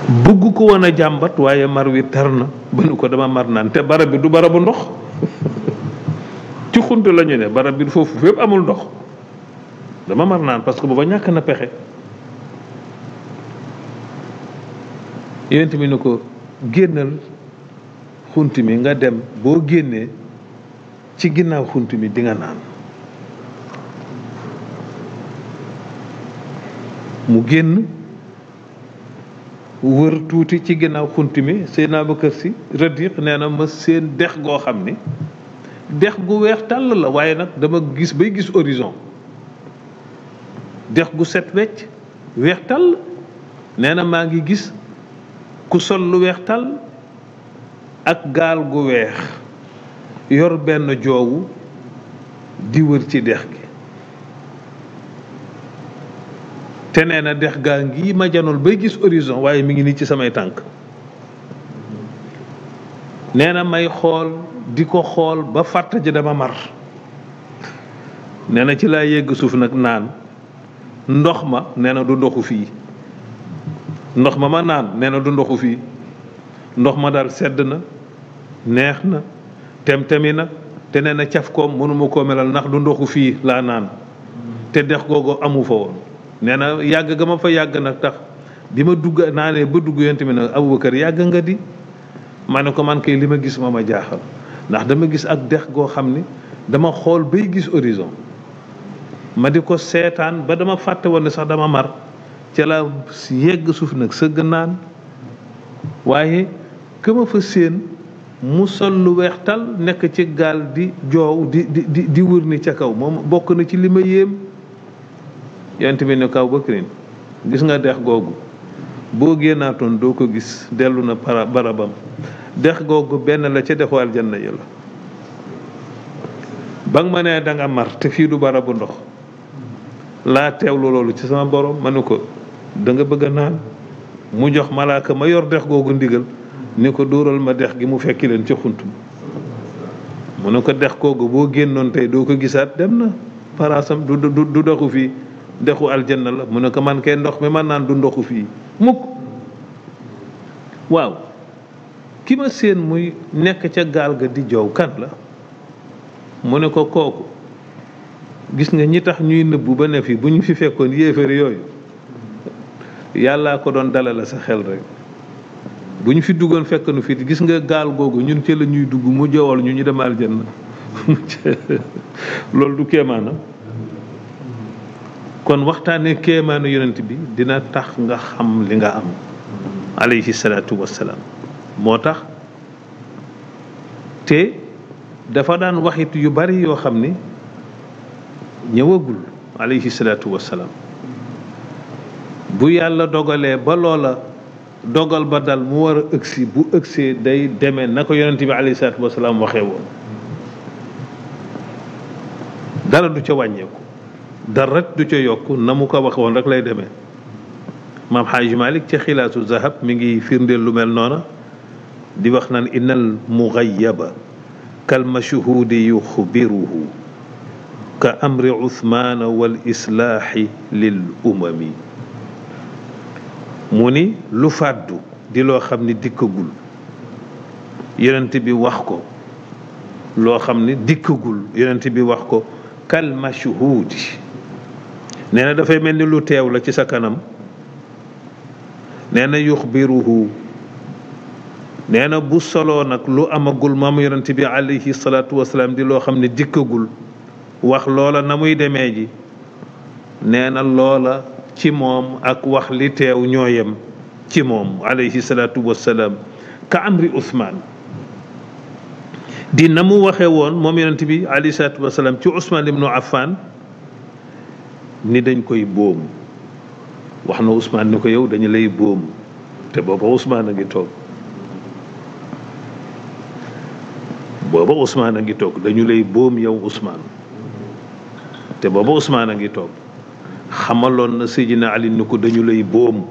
bugg ko woon jàmbat waaye mar wi tar na ba nu ko dama mar naan te barab bi du barabu ndox ci xunt la ñu ne barab bi foofu fépp amul ndox dama mar naan parce que booba ñàkk na pexe yonent mi ne ko génnal xunt mi nga dem boo génnee ci ginnaaw xunt mi di naan mu génn wër tuuti ci ginnaaw xunt mi Seydina Abubakar Si radiq nee na ma seen dex goo xam ni dex gu weex tàll la waaye nag dama gis bay gis orison dex gu set wecc weex tàll nee na maa ngi gis ku sol lu weex tàll ak gaal gu weex yor benn joowu di wër ci dex gi te nee na dex gaa ngi ma janool bay gis horizon waaye mi ngi nii ci samay tànk neena may xool di ko xool ba fàtt ji dama mar nee na ci laa yegg suuf nag naan ndox ma neena du ndoxu fii ndox ma ma naan nee na du ndoxu ndox ma daal sedd na neex na tem-temi na te nee na caf koom mënuma koo melal ndax du ndoxu fii laa naan te dex googu amu fa woon nee na yàgg ga ma fa yàgg nag tax bi ma dugg naa ne ba dugg yonent bi nag kër yàgg nga di ma ne ko man kay li ma gis moo ma jaaxal ndax dama gis ak dex goo xam ni dama xool bay gis horizon ma di ko seetaan ba dama fàtte woon sax dama mar ca la yegg suuf nag sëgg naan waaye ka ma fa séen mu sol lu weextal nekk ci gaal di joow di di di wër ni ca kaw moom bokk na ci li ma yéem yonent bi ne ko Abubakrin gis nga dex googu boo génnaatoon doo ko gis dellu na para barabam dex googu benn la ca dexu aljanna yi la ba nga ma ne da mar te fii du barabu ndox laa teewlu loolu ci sama borom ma ne ko danga bëgg a naan mu jox malaaka ma yor dex googu ndigal ni ko dóoral ma dex gi mu fekk leen ci xunt mu ne ko dex googu boo génnoon tey doo ko gisaat dem na paraasam du du doxu fii dexu aljanna la mu ne ko man kay ndox mi man naan du ndoxu fii mukk waaw ki ma séen muy nekk ca gaal ga di joow kan la mu ne ko kooku gis nga ñi tax ñuy nëbbu ba ne fi bu ñu fi fekkoon yéefar yooyu yàllaa ko doon dalal sa xel rek bu ñu fi duggoon fekk nu fii gis nga gaal googu ñun ci la ñuy dugg mu joowal ñu ñu dem aljanna loolu du kéemaanam kon waxtaanee kéemaanu yonent bi dina tax nga xam li nga am alayhi salaatu wassalaam moo tax te dafa daan waxit yu bari yoo xam ni ñëwagul alayhi salaatu wassalaam bu yàlla dogalee ba loola dogal ba dal mu war a ëgsi bu ëgsee day deme na ko yonent bi alayhi salaatu wassalaam waxee woon dara du ca wàññeeku dara du ca yokk na mu ko wax woon rek lay demee maam xaaji malik ca xilaasu zahab mi ngi firndeel lu mel noona di wax naan innal mugayaba kal mashhuudi yuxbiruhu ka amri uthmaana wal islaaxi lil umami mu ni lu fàddu di loo xam ni dikkagul yonent bi wax ko loo xam ni dikkagul yonent bi wax ko kal nee na dafay mel ni lu teew la ci sa kanam nee na yuxbiruhu nee na bu soloo nag lu amagul maam yonent bi alayhi salaatu wasalaam di loo xam ne dikkagul wax loola na muy demee ji nee na loola ci moom ak wax li teew ñoo yem ci moom alayhi salaatu wasalaam ka amri Ousmane di na mu waxee woon moom yonent bi alayhi salaatu wasalaam ci Ousmane ibnu Affan ni dañ koy boom wax na Ousmane ni ko yow dañu lay boom te booba Ousmane a ngi toog booba Ousmane a ngi toog dañu lay boom yow Ousmane te booba Ousmane a ngi toog xamaloon na Seydina Ali ni ko dañu lay boom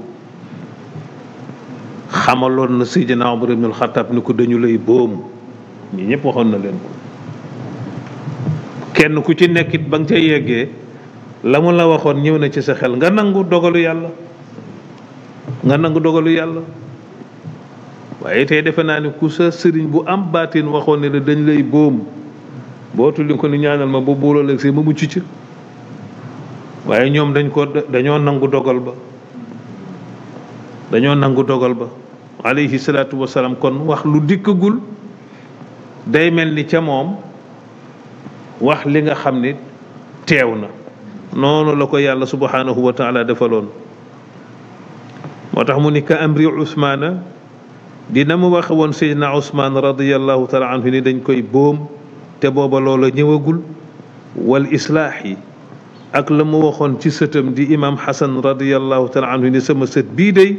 xamaloon na Seydina Omar ibnul Xataab ni ko dañu lay boom ñi ñëpp waxoon na leen ko kenn ku ci nekkit ba nga ca yeggee la mu la waxoon ñëw na ci sa xel nga nangu dogalu yàlla nga nangu dogalu yàlla waaye tey defe naa ne ku sa sëriñ bu am baatin waxoon ne dañ lay boom boo tulli ko ni ñaanal ma bu buural ak si ma mucc ci waaye ñoom dañ ko dañoo nangu dogal ba dañoo nangu dogal ba alayhi salaatu wasalaam kon wax lu dikkagul day mel ni ca moom wax li nga xam ni teew na noonu la ko yàlla subhanahu wa taala defaloon moo tax mu ni ka amri usmaana dina mu waxe woon seydna usmaan radiallahu taala anhu ni dañ koy boom te booba loola ñëwagul wal islaax yi ak la mu waxoon ci sëtam di imaam xasan radiallahu taala anhu ni sama sët bii day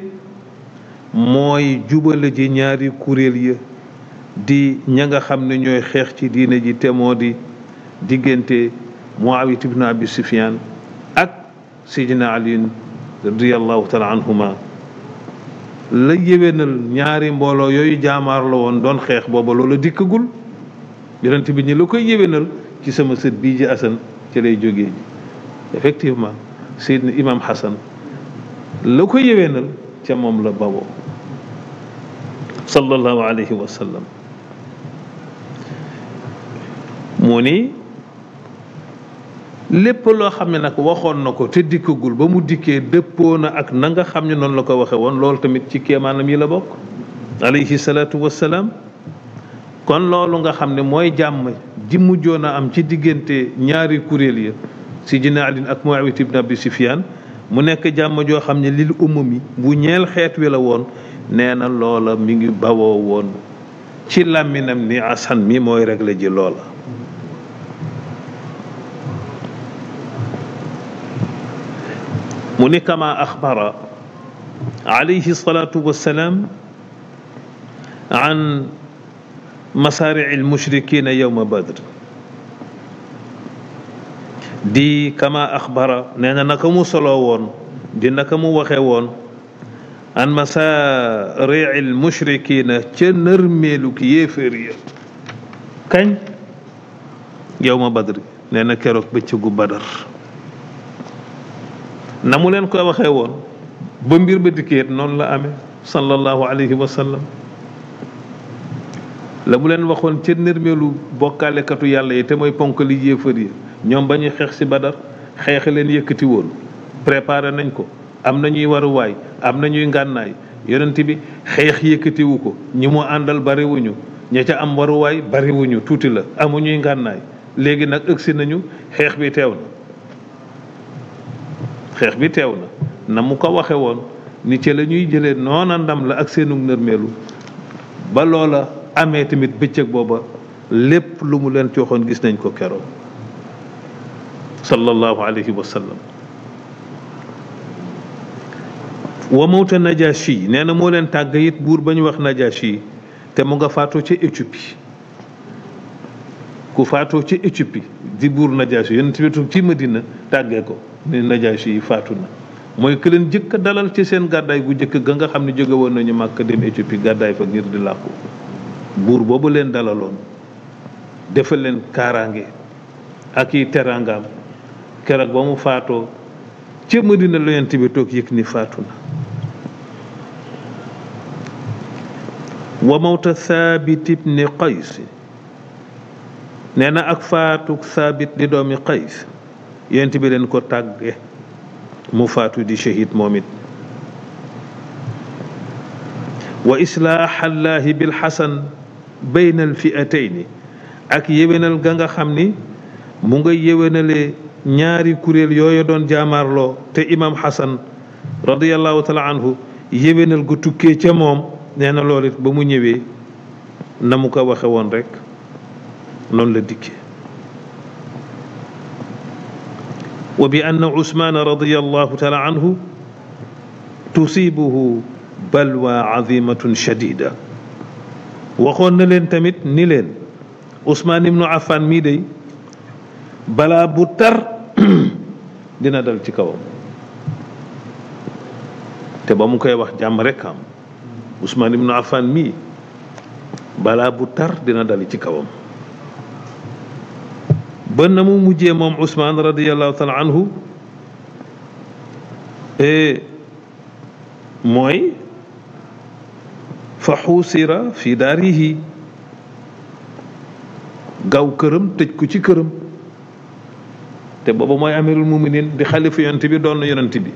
mooy jubale ji ñaari kuréel ya di ña nga xam ne ñooy xeex ci diine ji te moo di diggante Muawiyah ibn Abi Sufyaan ak Seydina Ali radiyallahu taala anhuma la yéwénal ñaari mbooloo yooyu jaamaar la woon doon xeex booba loola dikkagul yonent bi ñi la koy yéwénal ci sama sët bii ji Asan ci lay jógee ji effectivement Seydina Imam Hasan la ko yéwénal ca moom la bawoo sallallahu alayhi wa sallam mu ni lépp loo xam ne nag waxoon na ko te dikkagul ba mu dikkee dëppoo na ak na nga xam ne noonu la ko waxe woon loolu tamit ci kéemaanam yi la bokk alayhi salaatu wassalaam kon loolu nga xam ne mooy jàmm ji mujjoon a am ci diggante ñaari kuréel ya Sidina Ali ak Muawiyah ibn Abi Sufyaan mu nekk jàmm joo xam ne lil umam mi bu ñeel xeet wi la woon nee na loola mi ngi bawoo woon ci làmminam ni asan mi mooy réglé ji loola mu ne kama axbara alayhi salaatu wassalaam an masaarici almushrikiina yowma badr di kama axbara nee na naka mu soloo woon di naka mu waxee woon an masaarici almushrikiina ca nërmeeluk yéeféer ya kañ yowma badr nee na keroog bëccëgu badar na mu leen koy waxee woon ba mbir ba dikkeet noonu la amee sallallahu alayhi wa sallam la mu leen waxoon ca nërmeelu bokkaalekatu yàlla yi te mooy ponk li yéefar yi ñoom ba ñuy xeex ci badar xeex leen yëkkati woon préparé nañ ko am na ñuy waruwaay am na ñuy ngànnaay yonent bi xeex yëkkatiwu ko ñi mu àndal bariwuñu ña ca am waruwaay bariwuñu tuuti la amu ñuy ngànnaay léegi nag ëgsi nañu xeex bi teew na xeex bi teew na na mu ko waxe woon ni ci la ñuy jëlee noona ndam la ak seenu nërmeelu ba loola amee tamit bëccëg booba lépp lu mu leen cooxoon gis nañ ko keroog sallallahu alayhi wa sallam wa mawta najashi na moo leen tàgg it buur ba ñu wax najaa najashi te mu nga faatoo ca Éthiopie ku faatoo ca Éthiopie di buur najashi yonent bi ci Madina tàggee ko ne najaasi yi faatu na mooy que jëkka dalal ci seen gàddaay gu njëkk ga nga xam ni jóge woon nañu màkk dem Éthiopie gàddaay fa ngir di làkku buur boobu leen dalaloon defal leen kaaraange ak i teraangaam keroog ba mu faatoo ca Madina la yonent bi toog yëg ni faatu na wa mawta Thabit ibni Qays nee na ak faatu Thabit di doomi Qays yent bi leen ko tàgge mu faatu di shahid moom it wa islaaxallaahi bilxasan bayna alfiatayni ak yéwénal ga nga xam ni mu nga yéwénale ñaari kuréel yooyu doon jaamaarloo te imam xasan radiallahu taala anhu yéwénal gu tukkee ca moom nee na loolu ba mu ñëwee na mu ko waxe woon rekk noonu la dikkee وبأن عثمان رضي الله تعالى عنه tusibuhu balwa azimatun shadida waxoon na leen tamit ni leen Ousmane ibnu Affan mii day balaa bu tar dina dal ci kawam te ba mu koy wax jàmm rek am Ousmane ibnu Affan mii balaa bu tar dina dal ci kawam ba na mu mujjee moom Ousmane radiallahu taala anhu e mooy fa xuusira fi daarihi gaw këram tëj ko ci këram te booba mooy amirul muminin di xalifa yonent bi doon na yonent bi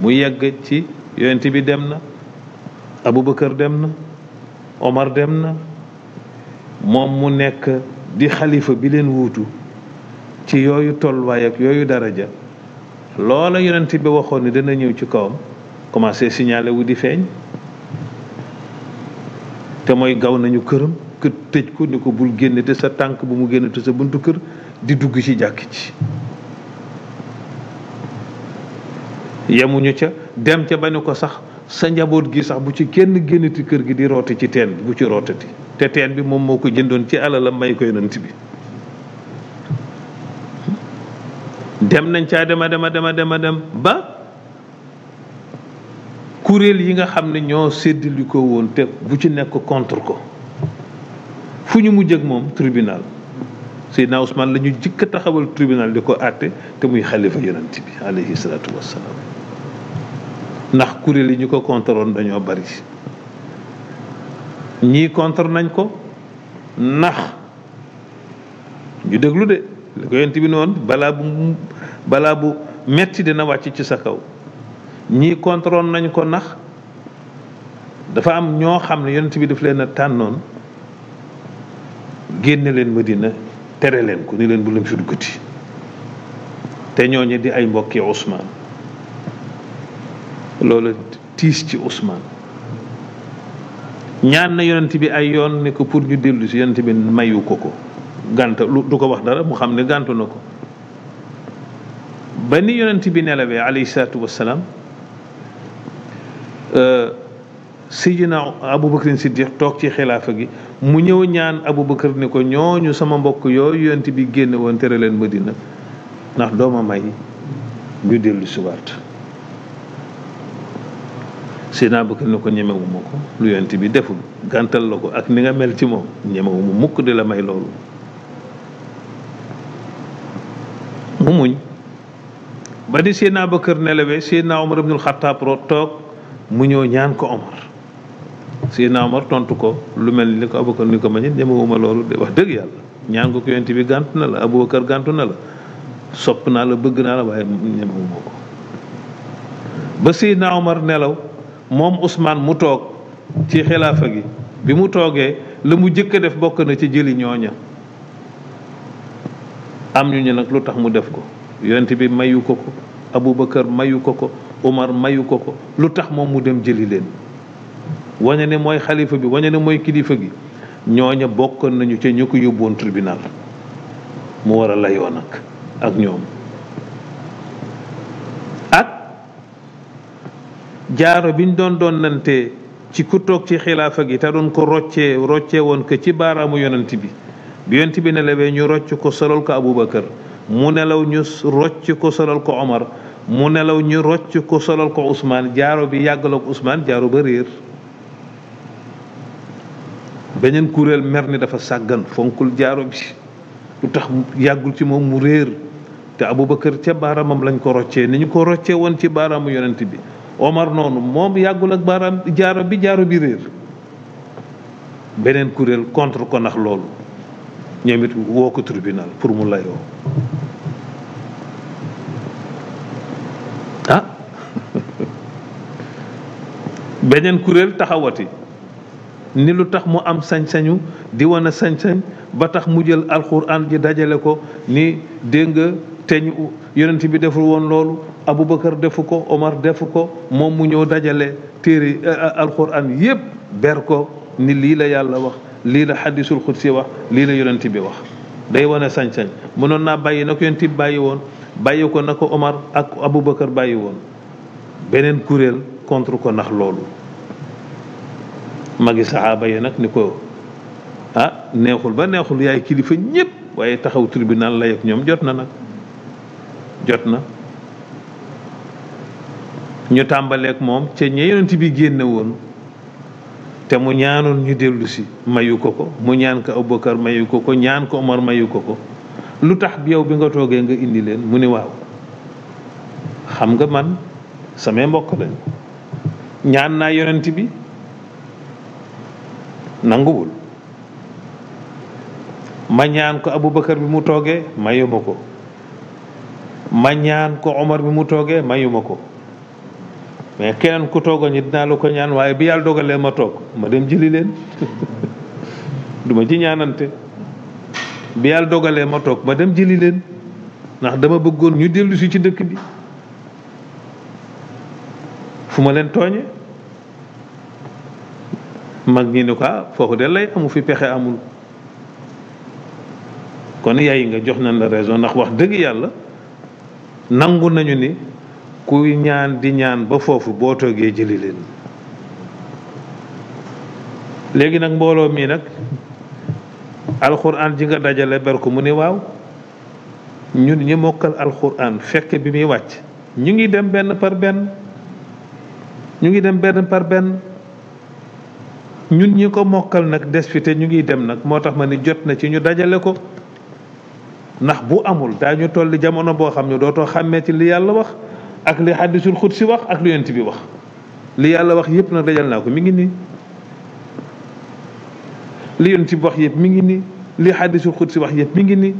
mu yegg ci yonent bi dem na Aboubacar dem na Omar dem na moom mu nekk di xalifa bi leen wuutu ci yooyu tolluwaay ak yooyu daraja loola yonent bi waxoon ni dana ñëw ci kawam commencé signalé wu di feeñ te mooy gaw nañu këram kër tëj ko ni ko bul génn te sa tànk bu mu génn te sa buntu kër di dugg ci jàkk ci yemuñu ca dem ca ba ni ko sax sa njaboot gi sax bu ci kenn génnati kër gi di rooti ci teen bi bu ci rootati te teen bi moom moo ko jëndoon ci alalam may ko yonent bi dem nañ caa dema dema dema dema dem ba kuréel yi nga xam ne ñoo séddali ko woon te bu ci nekk contre ko fu ñu mujj ak moom tribunal Seydina Ousmane la ñu jëkk a taxawal tribunal di ko àtte te muy xalifa yonent bi alayhi salaatu wassalaam ndax kuréel yi ñu ko contre woon dañoo bari ñii contre nañ ko ndax ñu déglu de li ko yonent bi noonu balaa bu balaa bu metti dina wàcc ci sa kaw ñii contrôle nañ ko nax dafa am ñoo xam ne yonent bi daf leen tànnoon génne leen ma dina tere leen ko ni leen bu leen fi duggati te ñooñu di ay mbokki Ousmane loolu tiis ci Ousmane ñaan na yonent bi ay yoon ne ko pour ñu dellu si yonent bi mayu ko ko gànt du ko wax dara mu xam ne gàntu na ko ba ni yonent bi nelawee alayhi salaatu wassalaam euh, Seydina Aboubacar Siddiq toog ci xilaafa gi mu ñëw ñaan Aboubacar ni ko ñooñu sama mbokk yooyu yont bi génn woon tere leen Madina ndax dooma may ñu dellu suwaat Seydina Aboubacar ni ko ñemewuma ko lu yonent bi deful gàntal la ko ak ni nga mel ci moom ñemewuma mukk di la may loolu mu muñ ba ni Seydina Bakar nelawee Seydina Omar ibnul Xattaab toog mu ñëw ñaan ko Omar Seydina Omar tontu ko lu mel ni ko Abubakar ni ko ma ñit ñemewuma loolu de wax dëgg yàlla ñaan ko ko bi gàntu na la Abubakar gàntu na la sopp naa la bëgg naa la waaye ñemewuma ko ba Seydina Omar nelaw moom usmaan mu toog ci xilaafa gi bi mu toogee la mu jëkk a def bokk na ci jëli ñooña am ñu ñu nag lu tax mu def ko yonent bi mayu ko ko Aboubacar mayu ko ko Umar mayu ko ko lu tax moom mu dem jëli leen wañe ne mooy xalifa bi wañe ne mooy kilifa gi ñooña bokkoon nañu ca ñu ko yóbboon tribunal mu war a layoon nag ak ñoom ak jaaro biñ doon doon nante ci ku toog ci xilaafa gi te doon ko roccee roccee woon ko ci baaraamu yonent bi bi yonent bi nelawee ñu rocc ko solal ko Aboubacar mu nelaw ñu rocc ko solal ko Omar mu nelaw ñu rocc ko solal ko Ousmane jaaro bi yàggaloog usmaan jaaro ba réer beneen kuréel mer ni dafa sàggan fonkul jaaro bi lu tax yàggul ci moom mu réer te abu Aboubacar ca baaraamam lañ ko roccee ni ñu ko roccee woon ci baaraamu yonent bi Omar noonu moom yàggul ak baaraam jaaro bi jaaro bi réer beneen kuréel contre ko ndax loolu ñoom it woo ko tribunal pour mu layoo ah beneen kuréel taxawati ni lu tax mu am sañ-sañu di wane sañ-sañ ba tax mu jël alxuraan ji dajale ko ni dégg nga teñ yonent bi deful woon loolu Aboubacar defu ko Omar defu ko moom mu ñëw dajale téere eh, eh, alxuraan yépp ber ko ni lii la yàlla wax lii la xadisul xudsi wax lii la yonent bi wax day wane sañ-sañ mënoon naa bàyyi na ko yonent bàyyi woon bàyyi ko na ko Omar ak Aboubacar bàyyi woon beneen kuréel contre ko nax loolu magi saxaaba yi nag ni ko ah neexul ba neexul yaay kilifa ñépp waaye taxaw tribunal la yëg ñoom jot na nag jot na ñu tàmbaleek moom ca ñe yonent bi génne te mu ñaanoon ñu dellu mayu ko ko mu ñaan ko Abubakar mayu ko ko ñaan ko Omar mayu ko ko lu tax bi yow bi nga toogee nga indi leen mu ni waaw xam nga man samay mbokk lañ ñaan naa yonent bi nanguwul ma ñaan ko Abubakar bi mu toogee mayu ma ko ma ñaan ko Omar bi mu toogee mayu ma ko mais keneen ku toogoon ñu dinaa la ko ñaan waaye bi yàlla dogalee ma toog ma dem jëli leen duma ci ñaanante bi yàlla dogalee ma toog ma dem jëli leen ndax dama bëggoon ñu dellusi ci dëkk bi fu ma leen tooñe mag ñi ne ko ah, foofu de lay amu fi pexe amul kon yaay nga jox nañ la raison ndax wax dëgg yàlla nangu nañu ni kuy ñaan di ñaan ba foofu boo toogee jëli léegi nag mbooloo mii nag alxuraan ji nga dajale ber ko mu ni waaw ñun ñi mokkal alxuraan fekk bi muy wàcc ñu ngi dem benn par benn ñu ngi dem benn par ñun ñi ko mokkal nag des fi te ñu ngi dem nag moo tax ma ni jot na ci ñu dajale ko ndax bu amul daañu toll jamono boo xam ne dootoo xàmmee ci li yàlla wax ak li xaddisul xut si wax ak lu yent bi wax li yàlla wax yépp nag dajal naa ko mi ngi nii li yent bi wax yépp mi ngi nii li xaddisul xut si wax yëpp mi ngi nii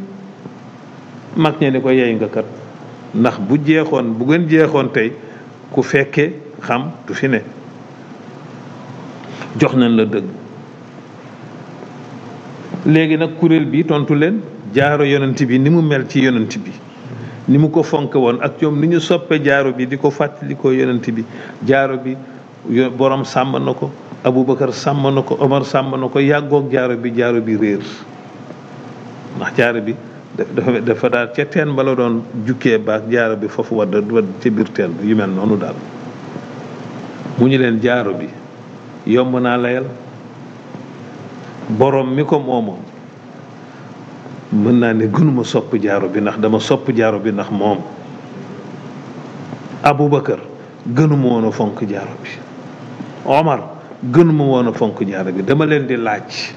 mag ñe ni ko yey nga kat ndax bu jeexoon bu gën jeexoon tey ku fekke xam du fi ne jox nañ la dëgg léegi nag kuréel bi tontu leen jaaro yonent bi ni mu mel ci yonent bi ni mu ko fonkewoon ak ñoom ni ñu soppe jaaro bi di ko fàttali ko yonent bi jaaro bi borom sàmm na ko Aboubacar sàmm na ko Omar sàmm na ko yàggook jaaro bi jaaro bi réer ndax jaaro bi dafa daal ca teen ba doon jukkee baak jaaro bi foofu wadd wadd ca biir teen ba yu mel noonu daal mu ñu leen jaaro bi yomb naa layal borom mi ko moomoon mën naa ne gënuma sopp jaaro bi ndax dama sopp jaaro bi ndax moom Aboubacar gënuma woon a fonk jaaro bi Omar gënuma woon fonk jaaro bi dama leen di laaj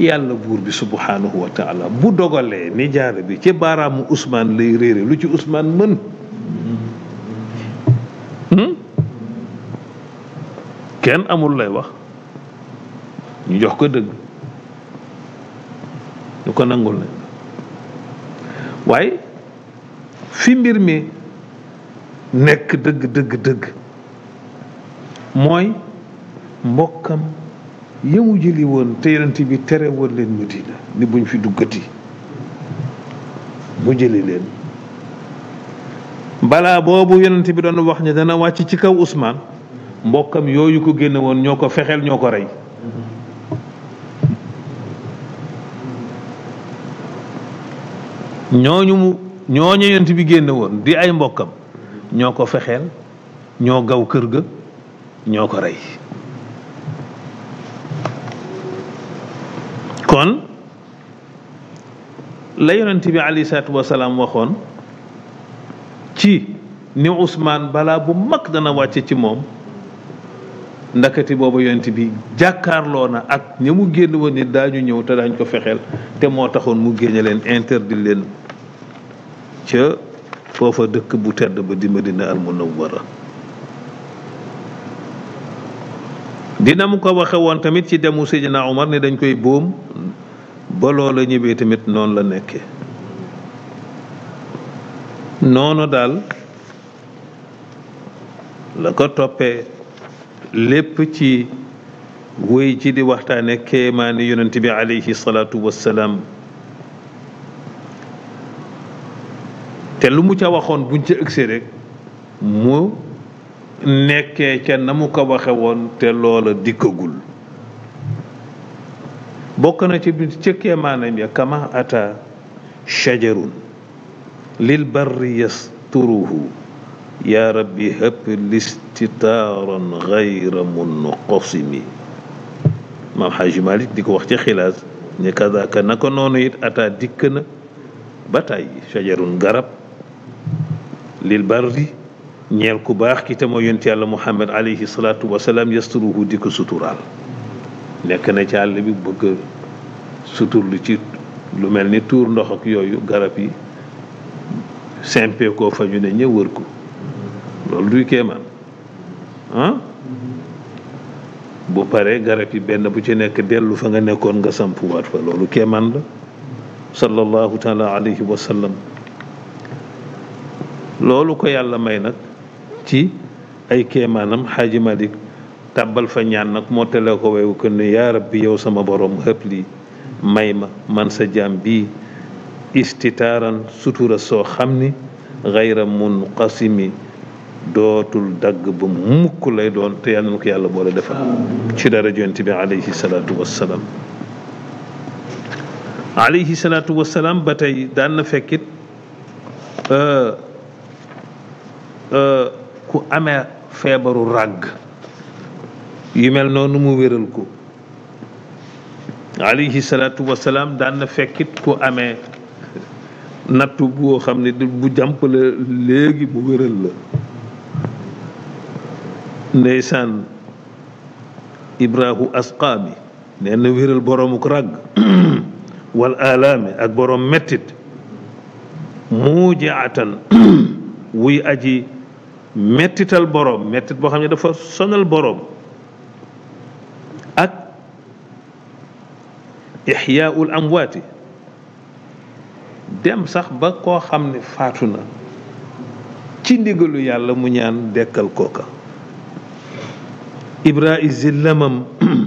yàlla buur bi subhanahu wa bu dogalee ni jaaro bi ci baaraamu usmaan lay réere lu ci usmaan mën hmm? kenn amul lay wax ñu jox ko dëgg ñu ko nangul la waaye fi mbir mi nekk dëgg dëgg dëgg mooy mbokkam yemu jëli woon te yonent bi tere woon leen Madina ni buñ fi duggati mu jëli leen balaa boobu yonent bi doon wax ni dana wàcc ci kaw usmaan mbokkam yooyu ko génnewoon ñoo ko fexeel ñoo ko rey ñooñu mu ñooñu yent bi génne woon di ay mbokkam ñoo ko fexeel ñoo gaw kër ga ñoo ko rey kon la yonent bi alayhi salaatu wasalaam waxoon ci ni Ousmane balaa bu mag dana wàcce ci moom ndakati booba yonent bi jàkkaarloo na ak ña mu génn woon nit daañu ñëw te daañ ko fexeel te moo taxoon mu génne leen interdit leen ca foofa dëkk bu tedd ba di madina al dina mu ko waxe woon tamit ci demu Seydina Omar ne dañ koy boom ba la ñëwee tamit noonu la nekke noonu daal la ko toppe lépp ci wéy ci di waxtaane kéemaani yonent bi aleyhi salaatu wassalaam te lu mu ca waxoon buñ ca ëgsee rek mu nekkee ca na mu ko waxe woon te loola dikkagul bokk na ci bi cëkkee maanaam ya kama ata shajarun lil barri yasturuhu yaa rabbi hëpp listitaaran gayra munqasimi maam xaaji malik di ko wax ci xilaas ne kadaka naka noonu it ata dikk na ba tàyyi shajarun garab lil barri ñeel ku baax ki te mooy yonent yàlla muhammad alayhi salaatu wasalaam yasturuhu di ko suturaal nekk na ci àll bi bëgg suturlu ci lu mel ni tuur ndox ak yooyu garab yi simpe koo fa ñu ne ñëw wër ko loolu duy kéemaan ah? bu paree garab yi benn bu ci nekk dellu fa nga nekkoon nga sampuwaat fa loolu kéemaan la sallallahu taala alayhi wa loolu ko yàlla may nag ci ay kemaanam xaaji Malik tàbbal fa ñaan nag moo tele ko wewu ko ne yaa rabbi yow sama boroom xëpp lii may ma man sa jaam bii istitaaran sutura soo xam ni xayra mun qasimi dootul dagg ba mukk lay doon te yàlla na ko yàlla boole defal ci dara jont bi alayhi salaatu wassalaam alayhi salaatu wassalaam ba tey daan na fekkit euh, Euh, ku amee feebaru ràgg yu mel noonu mu wéral ko alayhi salaatu wasalaam daan na ku amee nattu boo xam ne bu jàmp la léegi mu wéral la ndeysaan ràgg wal alaami ak borom mettit muujaatan wuy aji mettital boroom mettit boo xam ne dafa sonal boroom ak ixyaaul amwaati dem sax ba koo xam ne faatu na ci ndigalu yàlla mu ñaan dekkal kooka ibrai zillamam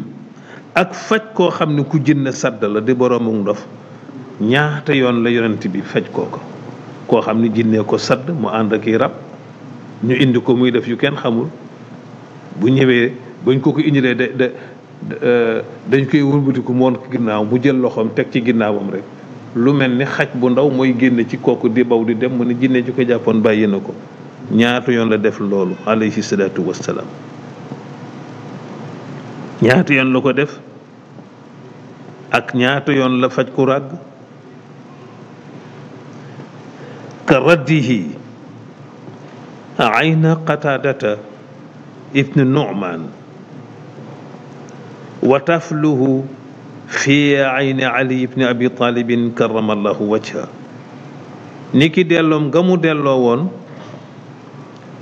ak faj koo xam ne ku jënn sadd la di boroomu ndof ñaata yoon la yonent bi faj kooka koo xam ne jinnee ko sadd mu ànd ak i rab ñu indi ko muy def yu kenn xamul bu ñëwee bañ ko ko indilee da da euh, dañ koy wëlbatiku moon ginnaaw mu jël loxoom teg ci ginnaawam rek lu mel ni xaj bu ndaw mooy génn ci kooku di baw di dem mu ne jinne ji ko jàppoon bàyyi na ko ñaata yoon la def loolu alayhi salaatu wassalaam ñaatu yoon la ko def ak ñaata yoon la faj ku ràgg ka raddihi ayna qataadata ibnu nu'man wa tafluhu fi ayni ali ibni abi taalibin karamallahu wajha ni ki delloom nga mu delloo woon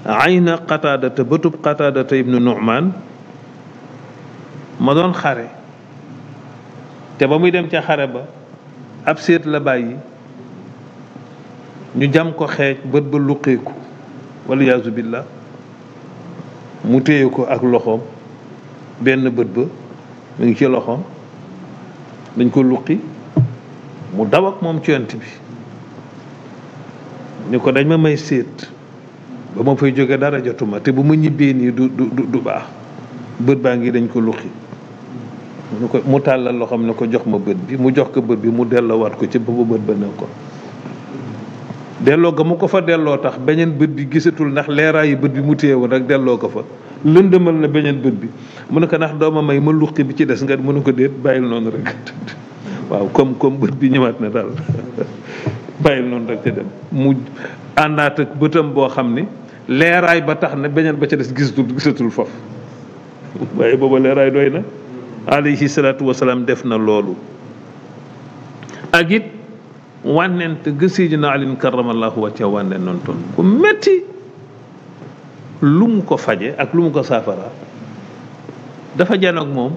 ayna qataadata bëtub qataadata ibnu nu'man ma doon xare te ba muy dem ca xare ba ab séet la bàyyi ñu jam ko xeej bët ba luqeeku waliyaasu billah mu téye ko ak loxoom benn bët ba mu ngi ci loxoom dañ ko luqi mu daw ak moom ci bi ñu ko dañ ma may séet ba ma fay jóge dara jotuma te bu ma ñibbee nii du du du baax bët baa ngi dañ ko luqi mu ko mu tàllal loxoom ne ko jox ma bët bi mu jox ko bët bi mu delloowaat ko ci ba bët ba ko delloo ga mu ko fa delloo tax beneen bët bi gisatul ndax leeraayu bët bi mu téyewu woon rek delloo ko fa lëndëmal na beneen bët bi mu ne ko ndax dooma may ma luqi bi ci des nga mu ne ko déet bàyyil noonu rek waaw comme comme bët bi ñëwaat na daal bàyyil noonu rek te dem mu àndaat ak bëtam boo xam ni leeraay ba tax na beneen ba ci des gisatul gisatul foofu waaye booba leeraay doy na alayhi salaatu wasalaam def na loolu ak wannente gasiijo alin karramallahu wacca wannen noon toon ko metti lum ko faje ak lum ko saafara dafa janoog moom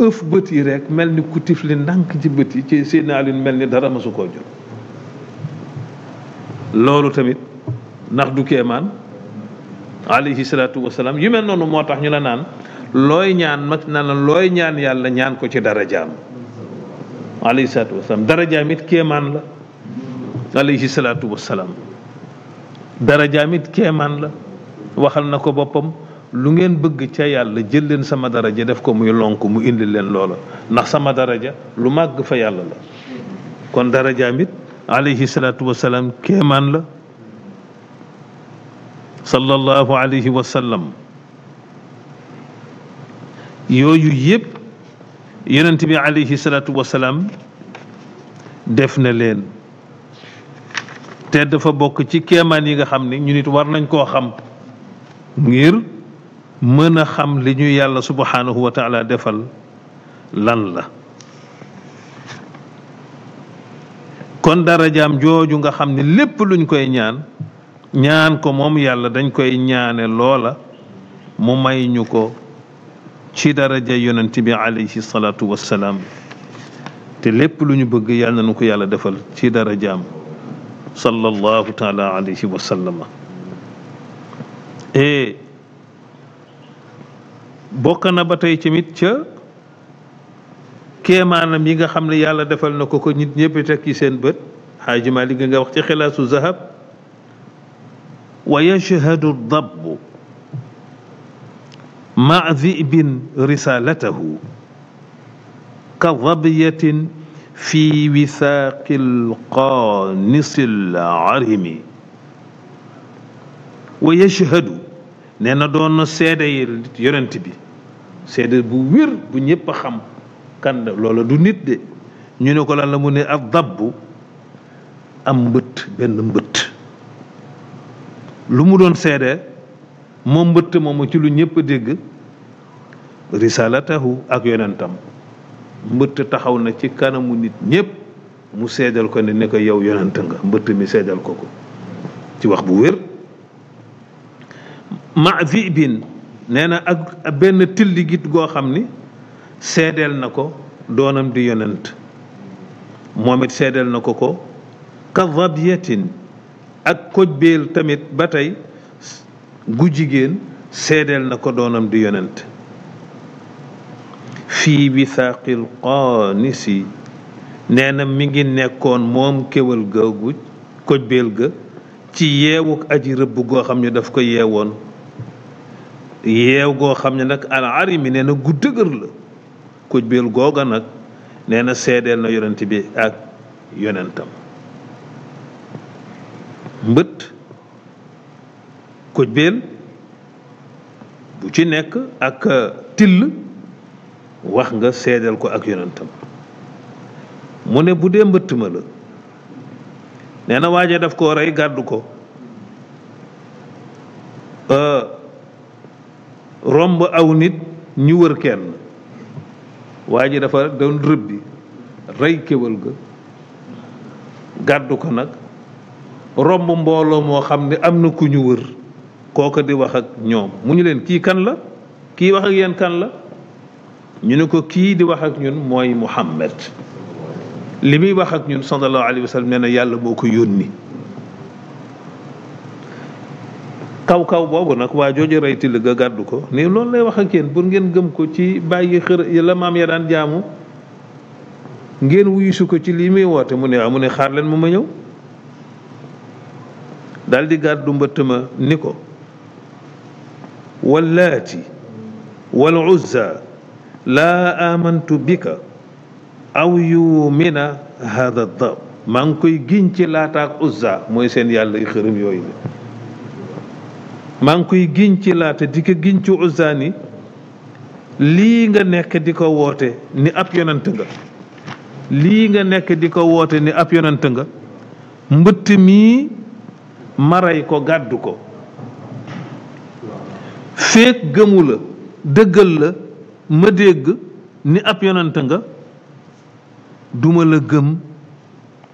ëf bët yi rek mel ni ku tifli ndànk ci bët yi ci Seydina Alioune mel ni dara masu koo jot loolu tamit ndax du keemaan alayhi salaatu wasalaam yi mel noonu moo tax ñu la naan looy ñaan mag na la looy ñaan yàlla ñaan ko ci dara jaam alayhi salaatu wasalaam darajaam it kéemaan la alayhi salaatu wasalaam darajaam it la waxal na ko boppam lu ngeen bëgg ca yàlla jël leen sama daraja def ko muy lonk mu indi leen loola ndax sama daraja lu màgg fa yàlla la kon darajaam it alayhi salaatu wasalaam kéemaan la sallallahu alayhi wa sallam yooyu yépp yonent bi alayhi salaatu salaam def na leen te dafa bokk ci keemaan yi nga xam ni ñu nit war nañ koo xam ngir mën a xam li ñu yàlla subhanahu wa taala defal lan la kon darajaam jooju nga xam ne lépp luñ koy ñaan ñaan ko moom yàlla dañ koy ñaane loola mu may ñu ko ci daraja yonent bi alayhi salaatu wassalaam te lépp lu ñu bëgg yàlla nañu ko yàlla defal ci darajaam sallallahu taala alayhi wa sallama e bokk na ba tey tamit ca kéemaanam yi nga xam ne yàlla defal na ko ko nit ñëpp teg ci seen bët xaaji Maalik nga wax ci xilaasu zahab wa yashhadu dabb ma dhibin risalatahu ka dhabiyatin fi wisaaqi alqaanisi alarimi wa yashhadu nee na doon na seede yi yonent bi seede bu wér bu ñépp a xam kan loola du nit de ñu ne ko lan la mu ne ab dabbu am mbëtt benn mbëtt lu mu doon seede moom mbëtt moomu ci lu ñëpp dégg risalatahu ak yonentam mbëtt taxaw na ci kanamu nit ñépp mu seedal ko ne ne yow yonent nga mbëtt mi seddal ko ko ci wax bu wér ma bin nee na ak benn tilligit goo xam ni seddal na ko doonam di yonent moom it seedeel na ko ko ka ak koj beel tamit ba tey gu jigéen seedeel na ko doonam di yonent fii bi saaqil qaanisi nee na mi ngi nekkoon moom kéwél ga gu kojbeel ga ci yeewu aji rëbb goo xam ne daf ko yeewoon yeew goo xam ne nag al arimi nee na gu dëgër la kojbeel googa nag neena na seedeel na yonent bi ak yonentam mbët kojbeel bu ci nekk ak euh, till wax nga seedal ko ak yonentam mu ne bu dee mbëtt ma la nee na waaje daf koo rey gàddu ko euh, romb aw nit ñu wër kenn waa ji dafa doon rëbbi rey kéwal ga gàddu ko nag romb mbooloo moo xam ne am na ku ñu wër kooka di wax ak ñoom mu ñu leen kii kan la kii wax ak yéen kan la ñu ne ko kii di wax ak ñun mooy Muhammad li muy wax ak ñun sallallahu alayhi wa nee na yàlla boo ko yónni kaw kaw boobu nag waa jooju reyti li nga gàddu ko ni loolu lay wax ak yéen pour ngeen gëm ko ci bàyyi xër la maam ya daan jaamu ngeen wuyusu ko ci lii muy woote mu ne ah, mu ne xaar leen mu ma ñëw daldi di gàddu mbëtt ma ni ko واللاتي والعزى laa amantu bika aw yu mina hada dab koy giñ ci laata mooy seen yàlla yu xërëm yooyu la maa ngi koy giñ ci laata di ko giñ ci ni lii nga nekk di ko woote ni ab yonant nga lii nga nekk di ko woote ni ab yonant nga mbëtt mii maray ko gàddu ko feek gëmu la dëggal la ma dégg ni ab yonent nga duma la gëm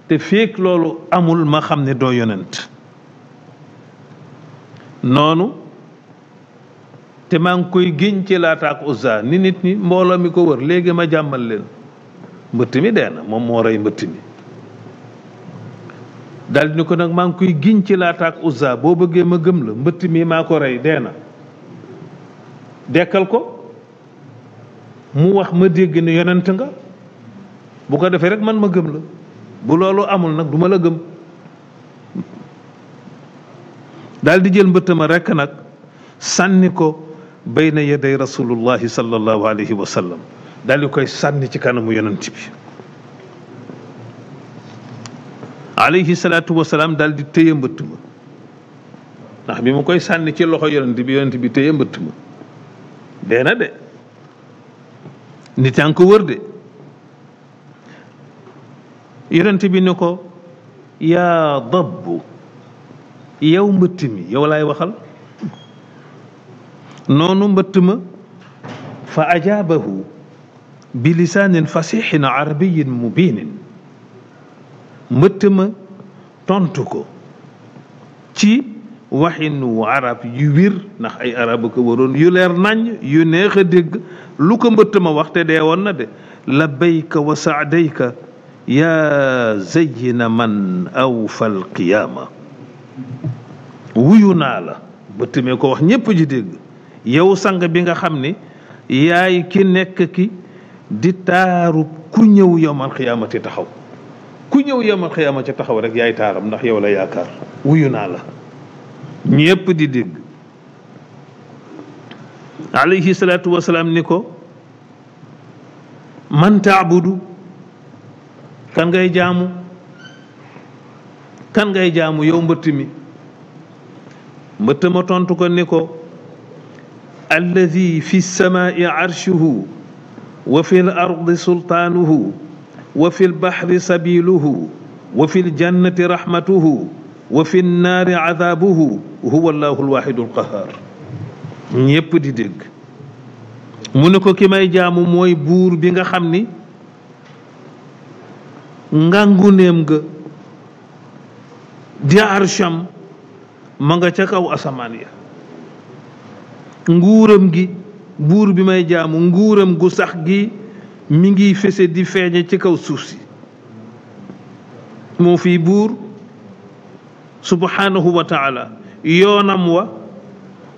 te feek loolu amul ma xam ne doo yonent noonu te maa ngi koy giñ ci laataak usa ni nit ñi mbooloo mi ko wër léegi ma jàmmal leen mbëtt mi dee na moom moo rey mbëtt mi daldi ni ko nag maa ngi koy giñ ci laataak usa boo bëggee ma gëm la mbëtt mi maa ko rey dee na dekkal ko mu wax ma dégg ne yonent nga bu ko defee rek man ma gëm la bu loolu amul nag duma la gëm daal di jël mbëtt ma rekk nag sànni ko bayna yaday rasulullahi sallallahu alayhi wa sallam daal di koy sànni ci kanamu yonent bi alayhi salaatu wa salaam daal di téye mbëtt ma ndax bi mu koy sànni ci loxo yonent bi yonent bi téye mbëtt ma dee na de nit a ngi ko wër bi ni ko ya dabb yow mbëtt mi yow laay waxal noonu mbëtt ma fa ajaabahu bi lisaanin fasixin arabiyin mubinin mbëtt ma tontu ko ci waxinu arab yu wir ndax ay arab ko waroon yu leer nañ yu neex a dégg lu ko mbëtt ma wax te dee woon na de labbayka wa saadayka yaa na man awfa alqiyaama wuyu naa la mbëtt mee ko wax ñépp ji dégg yow sang bi nga xam ni yaay ki nekk ki di taarub ku ñëw yowmal xiyaamati taxaw ku ñëw yowmal xiyaamati taxaw rek yaay taaram ndax yow la yaakaar wuyu naa la ñépp di dégg alayhi salaatu wasalaam ni ko man taabudu kan ngay jaamu kan ngay jaamu yow mbëtt mi mbëtt ma tontu ko ni ko alladi fi samaai arshuhu wa fi l ardi sultaanuhu wa fi l baxri sabiluhu wa fi l jannati rahmatuhu wa fi naari adaabuhu huwa allahu alwaxidu alqahaar ñépp di dégg mu ne ko ki may jaamu mooy buur bi nga xam ni ngànguneem nga di arsham ma nga ca kaw asamaan ya nguuram gi buur bi may jaamu nguuram gu sax gi mi ngiy fese di feeñe ci kaw suuf si moo fi buur subhanahu wa taala yoonam wa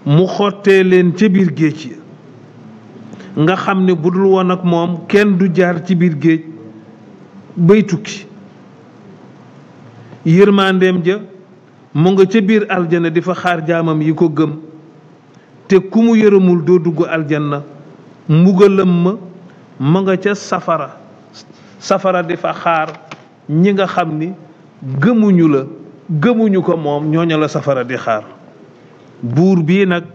mu xottee leen ca biir géej yi nga xam ne bu dul woon ak moom kenn du jaar ci biir géej bay tukki yërmandeem ja mu nga ca biir aljana di fa xaar jaamam yi ko gëm te ku mu yërëmul doo dugg aljanna mbugalam ma mu nga ca safara safara di fa xaar ñi nga xam ni gëmuñu la gëmuñu ko moom ñooñu la safara di xaar buur bii nag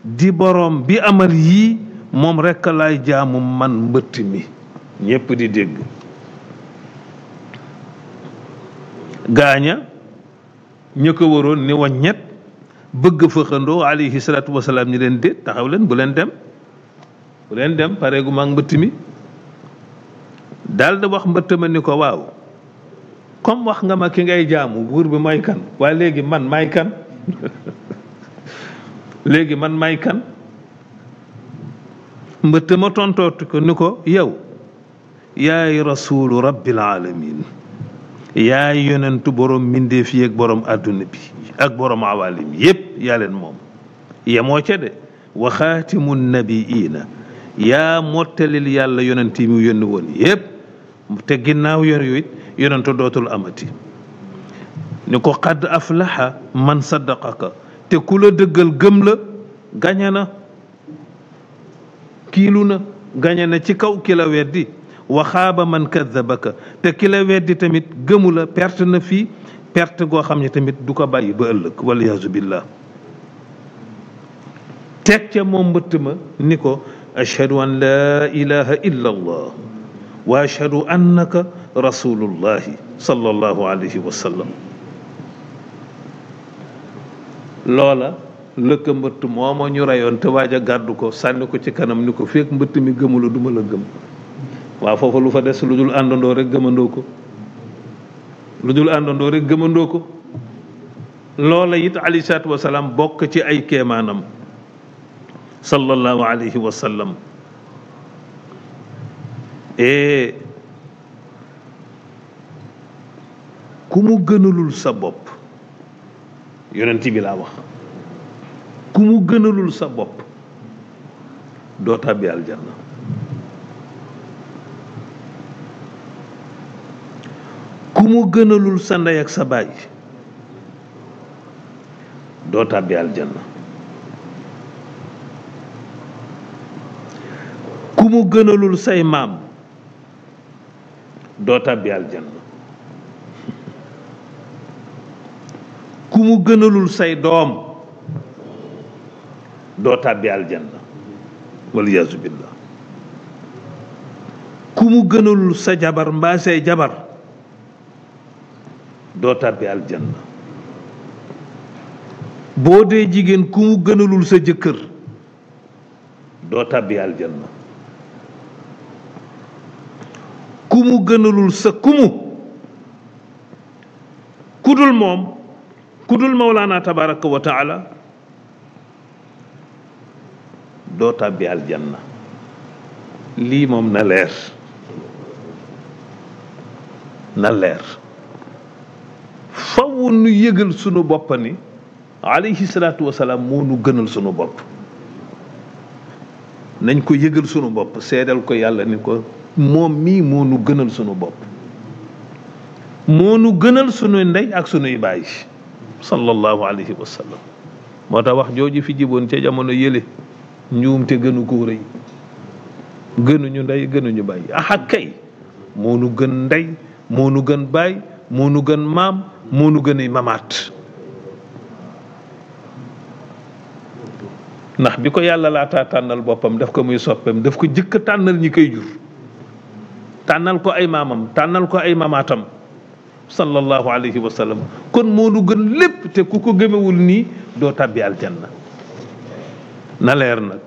di boroom bi amal yii moom rekk lay jaamu man mbëtt mi ñépp di dégg gaaña ñu ko waroon ni waññet bëgg fëxandoo alayhi salaatu wasalaam ñi leen déet taxaw leen bu leen dem bu leen dem pareegu maa mbëtt mi daldi wax mbëtt ma ni ko waaw comme wax nga ma ki ngay jaamu buur bi mooy kan waaye léegi man may kan léegi man may kan mbëtt ma tontooti ko ni ko yow yaay rasuulu rabbil alamin yaay yonentu borom mbindéef yi ak borom àdduna bi ak borom awalim yépp yaa moom yemoo ca de wa xaatimu nabiina yaa mottalil yàlla yonent yi mu yónni woon yépp te ginnaaw yor yu yonentu dootul amati ni ko xadd aflaxa man saddaqaka te ku la dëggal gëm la gañe na kiilu na gañe na ci kaw ki weddi waxaaba man kaddabaka te ki la weddi tamit gëmu la perte na fii perte goo xam ne tamit du ko bàyyi ba ëllëg waliyaasu billaah teg ca moom mbëtt ma ni ko ashhadu laa ilaaha illallah waa ashhadu annaka rasulullahi sallallahu alayhi wa sallam loola lëkka mbëtt mooma ñu reyoon te waaja a gàddu ko sànni ko ci kanam ni ko fekk mbëtt mi gëmula duma la gëm waa foofa lu fa des lu dul àndandoo rek gëmandoo ko lu dul àndandoo rek gëmandoo ko loola it aleyhi salaatu wasalaam bokk ci ay kéemaanam sallallahu alayhi wa sallam E ku mu gënalul sa bopp yonent bi laa wax ku mu gënalul sa bopp doo tàbbi aljanna ku mu gënalul sa ndey ak sa baay doo tàbbi aljanna ku mu gënalul say maam doo tàbbi aljanna ku mu gënalul say doom doo tàbbi aljanna waliyaasu billah ku mu gënalul sa jabar mbaa say jabar doo tàbbi aljanna boo dee jigéen ku mu gënalul sa jëkkër doo tàbbi aljanna ku mu gënalul sa kumu ku dul moom ku dul tabaraka wa taala doo tàbbi aljanna lii moom na leer na leer faw nu yëgal sunu bopp ni alayhi salaatu wasalaam moo nu gënal sunu bopp nañ ko yëgal sunu bopp seedal ko yàlla ni ko moom mii moo nu gënal sunu bopp moo nu gënal sunuy ndey ak sunuy baay sallallahu alayhi wa moo tax wax jooju fi jiboon ca jamono yële njuum te gënu koo rëy gënuñu ndey gënuñu baay axak kay moo nu gën ndey moo nu gën baay moo nu gën maam moo nu gën ay mamaat ndax bi ko yàlla laataa tànnal boppam daf ko muy soppeem daf ko jëkk tànnal ñi kay jur tànnal ko ay maamam tànnal ko ay maamaatam sallallahu alayhi wa sallam kon moo nu gën lépp te ku ko gëmewul nii doo tàbbi aljanna na leer nag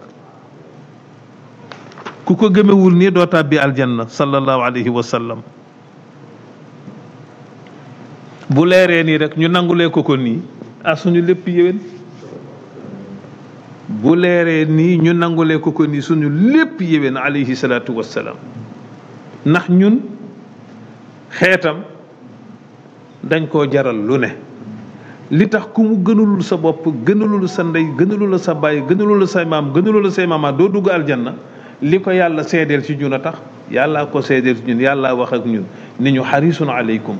ku ko gëmewul nii doo tàbbi aljanna sallallahu alayhi wa sallam bu leeree nii rek ñu nangulee ko ko nii a ah, suñu lépp yéwén bu leeree nii ñu nangulee ko ko nii suñu lépp yéwén alayhi salaatu wassalaam ndax ñun xeetam dañ koo jaral lu ne li tax ku mu gënalul sa bopp gënalul sa ndey gënalul sa baay gënalul say maam gënulul say maamaat doo dugg aljanna li ko yàlla seedeel ci ñun a tax yàllaa ko seedeel ci ñun yàllaa wax ak ñun ni ñu xarisun aleykum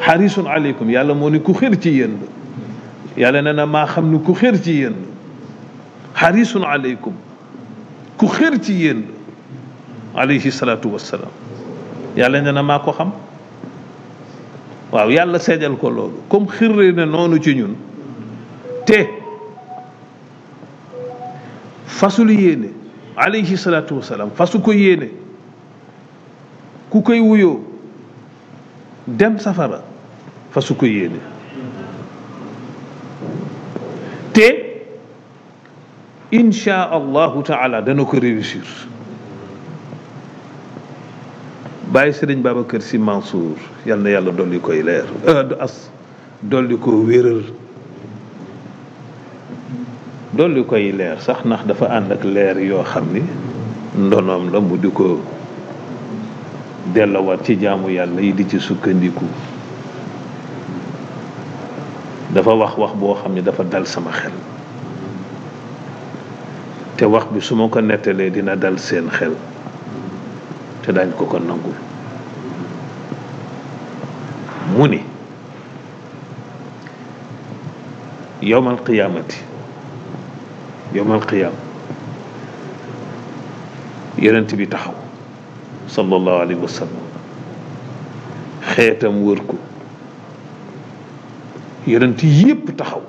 xarisun aleykum yàlla moo ni ku xër ci yéen la yàlla nee na maa xam ni ku xër ci yéen la xarisun ku xër ci yéen alayhi salaatu wassalaam ne na maa ko xam waaw yàlla seedal ko loolu comme xirree noonu ci ñun te fasul yéene alayhi salaatu wassalaam fasu ko yéene ku koy wuyoo dem safara fasu ko yéene te insha allahu taala dana ko réussir bàyyi sëriñ Babacar kër Mansour yal na yàlla dolli koy leer euh, as dolli ko wéral koy leer sax ndax dafa ànd ak leer yoo xam ni ndonoom la mu di ko dellowaat ci jaamu yàlla yi di ci sukkandiku dafa wax wax boo xam ni dafa dal sama xel te wax bi su ma ko nettalee dina dal seen xel te daañ ko ko nangul mu ni yowmal qiyaamati yowmal qiyaam yonent bi taxaw sallallahu alayhi wa xeetam wër ko yonent yépp taxaw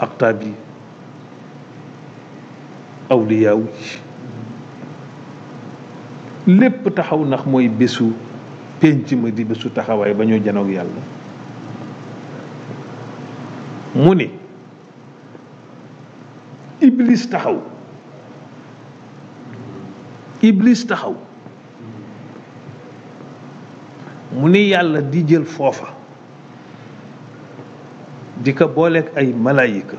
aqtaab yi awliyaaw lépp taxaw ndax mooy bésu pénc ma di bésu taxawaay ba ñu janoog yàlla mu ni iblis taxaw iblis taxaw mu ni yàlla di jël foofa di ko booleeg ay malaayika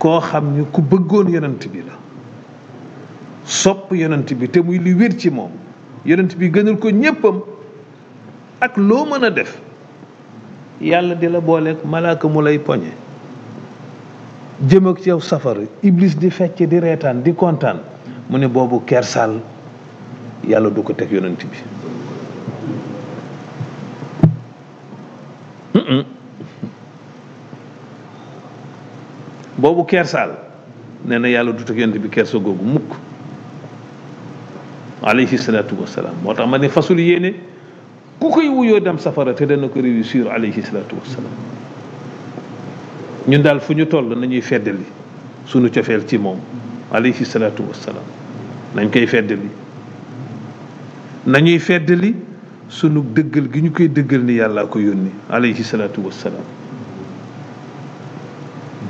koo xam ni ku bëggoon yonent bi la sopp yonent bi te muy li wér ci moom yonent bi gënal ko ñéppam ak loo mën a def yàlla di la booleeg malaaka mu lay poñe jëm ak ci yow safara iblis di fecc di reetaan di kontaan mu ne boobu kersaal yàlla du ko teg yonent bi boobu kersaal nee na yàlla du teg yonent bi kersa googu mukk alayhi salaatu wasalaam moo tax ma ne fasul yéene ku koy wuyoo dem safara te dana ko réussir alayhi salaatu wasalaam ñun daal fu ñu toll nañuy feddali sunu cofeel ci moom alayhi salaatu wasalaam nañ koy feddali nañuy feddali sunu dëggal gi ñu koy dëggal ni yàllaa ko yónni alayhi salaatu wasalaam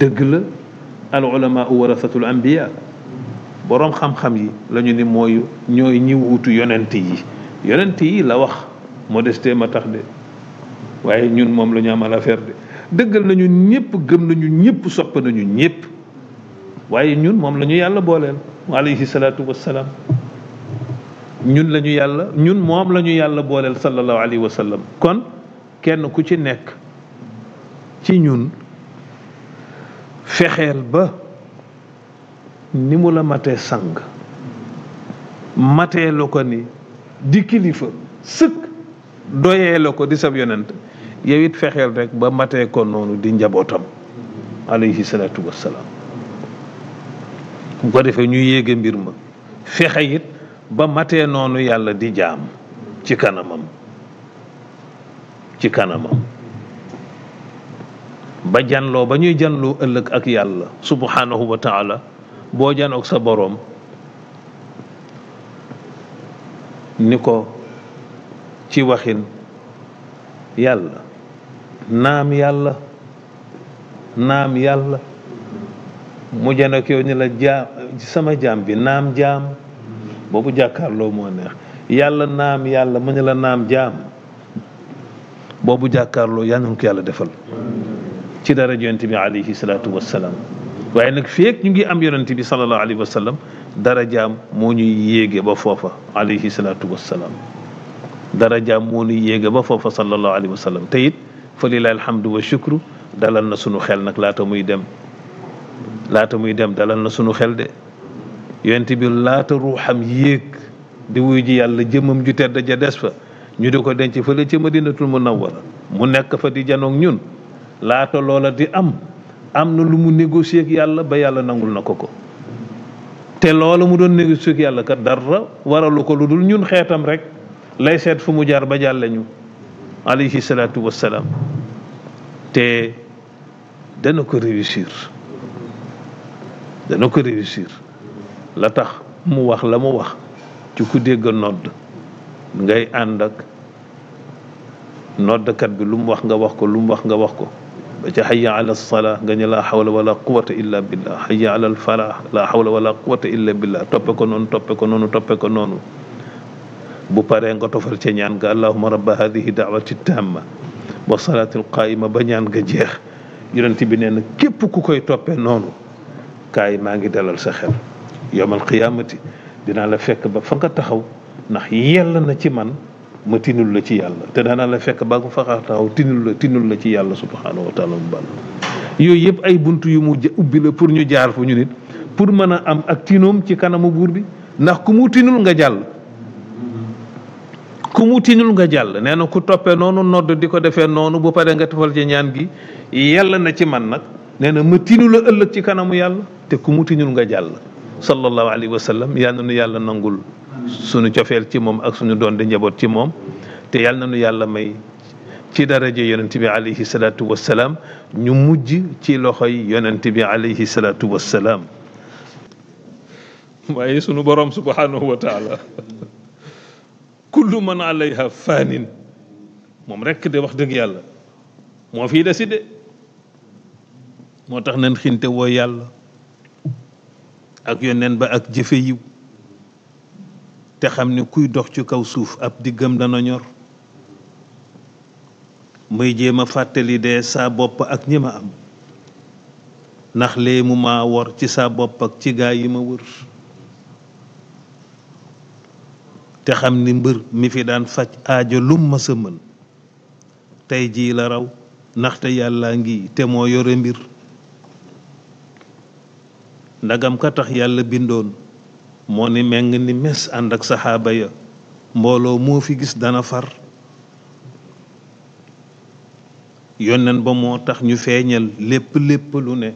dëgg la al ulamaa warasatul boroom xam-xam yi lañu ni mooy ñooy ñi wutu yonent yi yonent yi la wax modesté ma tax de waaye ñun moom lañu am amal affaire de dëggal nañu ñëpp gëm nañu ñëpp sopp nañu ñëpp waaye ñun moom lañu yàlla booleel alayhi salaatu wassalaam ñun lañu yàlla ñun moom lañu ñu yàlla booleel sallallahu alayhi wa sallam kon kenn ku ci nekk ci ñun fexeel ba ni mu la matee sang matee la ko ni di kilifa sëkk doyee la ko di sab yonent yow it fexeel rek ba matee ko noonu di njabootam alayhi bu ko defee ñu yéege mbir ma fexe it ba matee noonu yàlla di jaam ci kanamam ci kanamam ba janloo ba ñuy janloo ëllëg ak yàlla subhanahu wa boo janoog sa boroom ni ko ci waxin yàlla naam yàlla naam yàlla mu janoog yow ni sama jaam bi naam jaam boobu jàkkaarloo moo neex yàlla naam yàlla mu ne la naam jaam boobu jàkkaarloo yal na ko yàlla defal ci dara yonent bi alayhi salaatu salaam waaye nag feek ñu ngi am yonent bi sallallahu alayhi wa sallam dara jaam moo ñuy yéege ba foofa alayhi salaatu wassalaam dara jaam moo ñuy yéege ba foofa sallallahu alayhi wa sallam fa lilahi alhamdu wa shukru dalal na sunu xel nag laata muy dem laata muy dem dalal na sunu xel de yonent bi laata ruuxam yéeg di wuy ji yàlla jëmmam ju tedd ja des fa ñu di ko denc fële ca madinatul munawwara mu nekk fa di janoog ñun laata loola di am am na lu mu négocier ak yàlla ba yàlla nangul na ko ko te loolu mu doon négocier ak yàlla kat dara waralu ko lu dul ñun xeetam rek lay seet fu mu jaar ba jàlle ñu alayhi salaatu wassalaam te dana ko réussir dana ko réussir la tax mu wax la mu wax ci ku dégg nodd ngay àndak ak noddkat bi lu mu wax nga wax ko lu mu wax nga wax ko ba ca hayya ala salaa nga ñu laa hawla wala quwata illa billah hayya ala falaa laa hawla wala quwata illa billah toppe ko noonu toppe ko noonu toppe ko noonu bu paree nga tofal ca ñaan nga allahuma rabba hadihi daawati tamma wa salaatil qaayima ba ñaan nga jeex yonent bi nee na képp ku koy toppee noonu kaay maa ngi dalal sa xel yowmal qiyaamati dinaa la fekk ba fa nga taxaw ndax yell na ci man ma tinul la ci yàlla te daanaa la fekk baa ko faxaataaw tinul la tinul la ci yàlla subhaanahu wa taala mu bàll yooyu yëpp ay bunt yu mu ubbi la pour ñu jaar fu ñu nit pour mën a am ak tinoom ci kanamu buur bi ndax ku mu tinul nga jàll ku mu nga jàll nee na ku toppee noonu nodd di ko defee noonu bu paree nga tefal ci ñaan gi yàlla na ci man nag nee na ma tinu ëllëg ci kanamu yàlla te ku mu tinul nga jàll sallallahu alayhi wa sallam yal na yàlla nangul sunu cofeel ci moom ak sunu doon di njaboot ci moom te yàlla nañu yàlla may ci daraje yonent bi alayhi salaatu salaam ñu mujj ci loxoy yonent bi alayhi salaatu salaam waaye sunu borom subhanahu wa taala kullu man alayha faanin moom rekk de wax dëgg yàlla moo fii desi de moo tax nañ xiinte woo yàlla ak yonen ba ak jëfe yiw te xam ne kuy dox ci kaw suuf ab diggam dana ñor muy jéem a fàttali dee saa bopp ak ñi ma am ndax lee mu ma wor ci saa bopp ak ci gaa yi ma wër te xam ni mbër mi fi daan faj aajo lum ma sa mën tey jii la raw ndaxte yàlla ngi te moo yore mbir ndagam ka tax yàlla bindoon moo ni meng ni mes ànd ak saxaaba ya mbooloo moo fi gis dana far yónneen ba moo tax ñu feeñal lépp lépp lu ne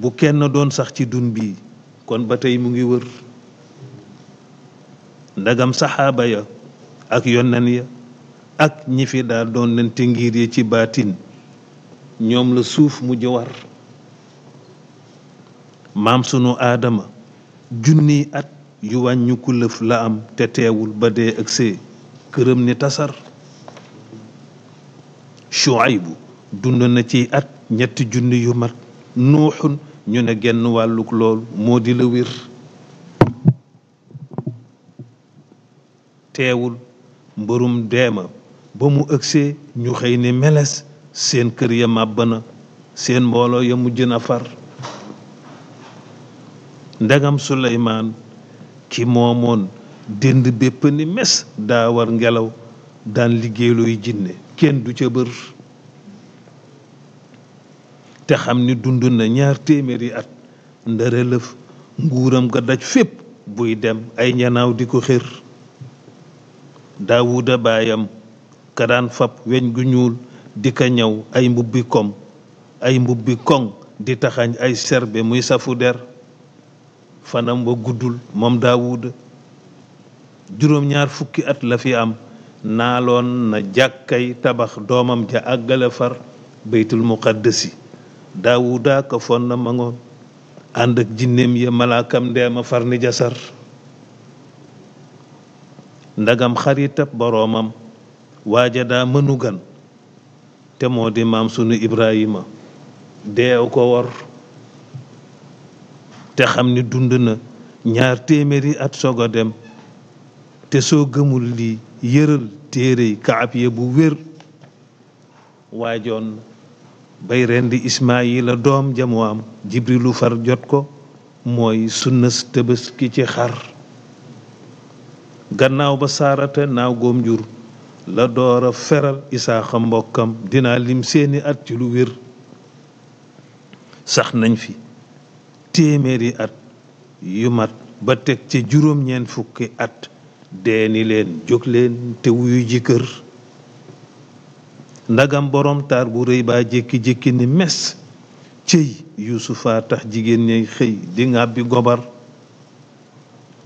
bu kenn doon sax ci dun bi kon ba tey mu ngi wër ndagam saxaaba ya ak yónneen ya ak ñi fi daal doon nante ngir yi ci baatin ñoom la suuf mujj war maam sunu aadama junniy at yu wàññi lëf la am te teewul ba dee ak këram ni tasar Shuaybu dund na ci at ñetti junni yu mat nuuxun ñu ne genn wàlluk lool moo di la wér teewul mbërum deema ba mu ëgsee ñu xëy ni meles seen kër ya màbb na seen mbooloo ya mujj na far ndegam suleymaan ki moomoon dënd bépp ni mes daa ngelaw daan liggéeylooy jinne kenn du ca bër te xam ni dund na ñaar téeméeri at ndëre lëf nguuram ga daj fépp buy dem ay ñanaaw di ko xër daawuda baayam ka daan fab weñ gu ñuul di ko ñaw ay mbubbi kom ay mbubbi koŋ di taxañ ay serbe muy safu der fanam wa guddul moom daawuda juróom-ñaar fukki at la fi am naaloon na jàkkay tabax doomam ja àggale far baytul muqaddasi daawuda ka fon na ma ngoon ànd ak jinneem ya malaakam ndeema far ni jasar ndagam xaritab boroomam waaja daa mënu gan te moo di maam sunu ibrahima deew ko war te xam ni dund na ñaar téeméeri at soog a dem te soo gëmul lii yëral téere yi kaab ya bu wér waajoon bay rendi ismaayila doom jamuwaam jibrilu far jot ko mooy sunnas tëbaski ci xar gannaaw ba saarata naaw góom jur la doora feral isaaxa mbokkam dina lim seeni at ci lu wér sax nañ fi téeméeri at yu mat ba teg ci juróom-ñeent fukki at deeni leen jóg leen te wuyu kër ndagam borom taar bu rëy ba jékki-jékki ni mes cëy yuusufa tax jigéen ñay xëy di ŋàbbi gobar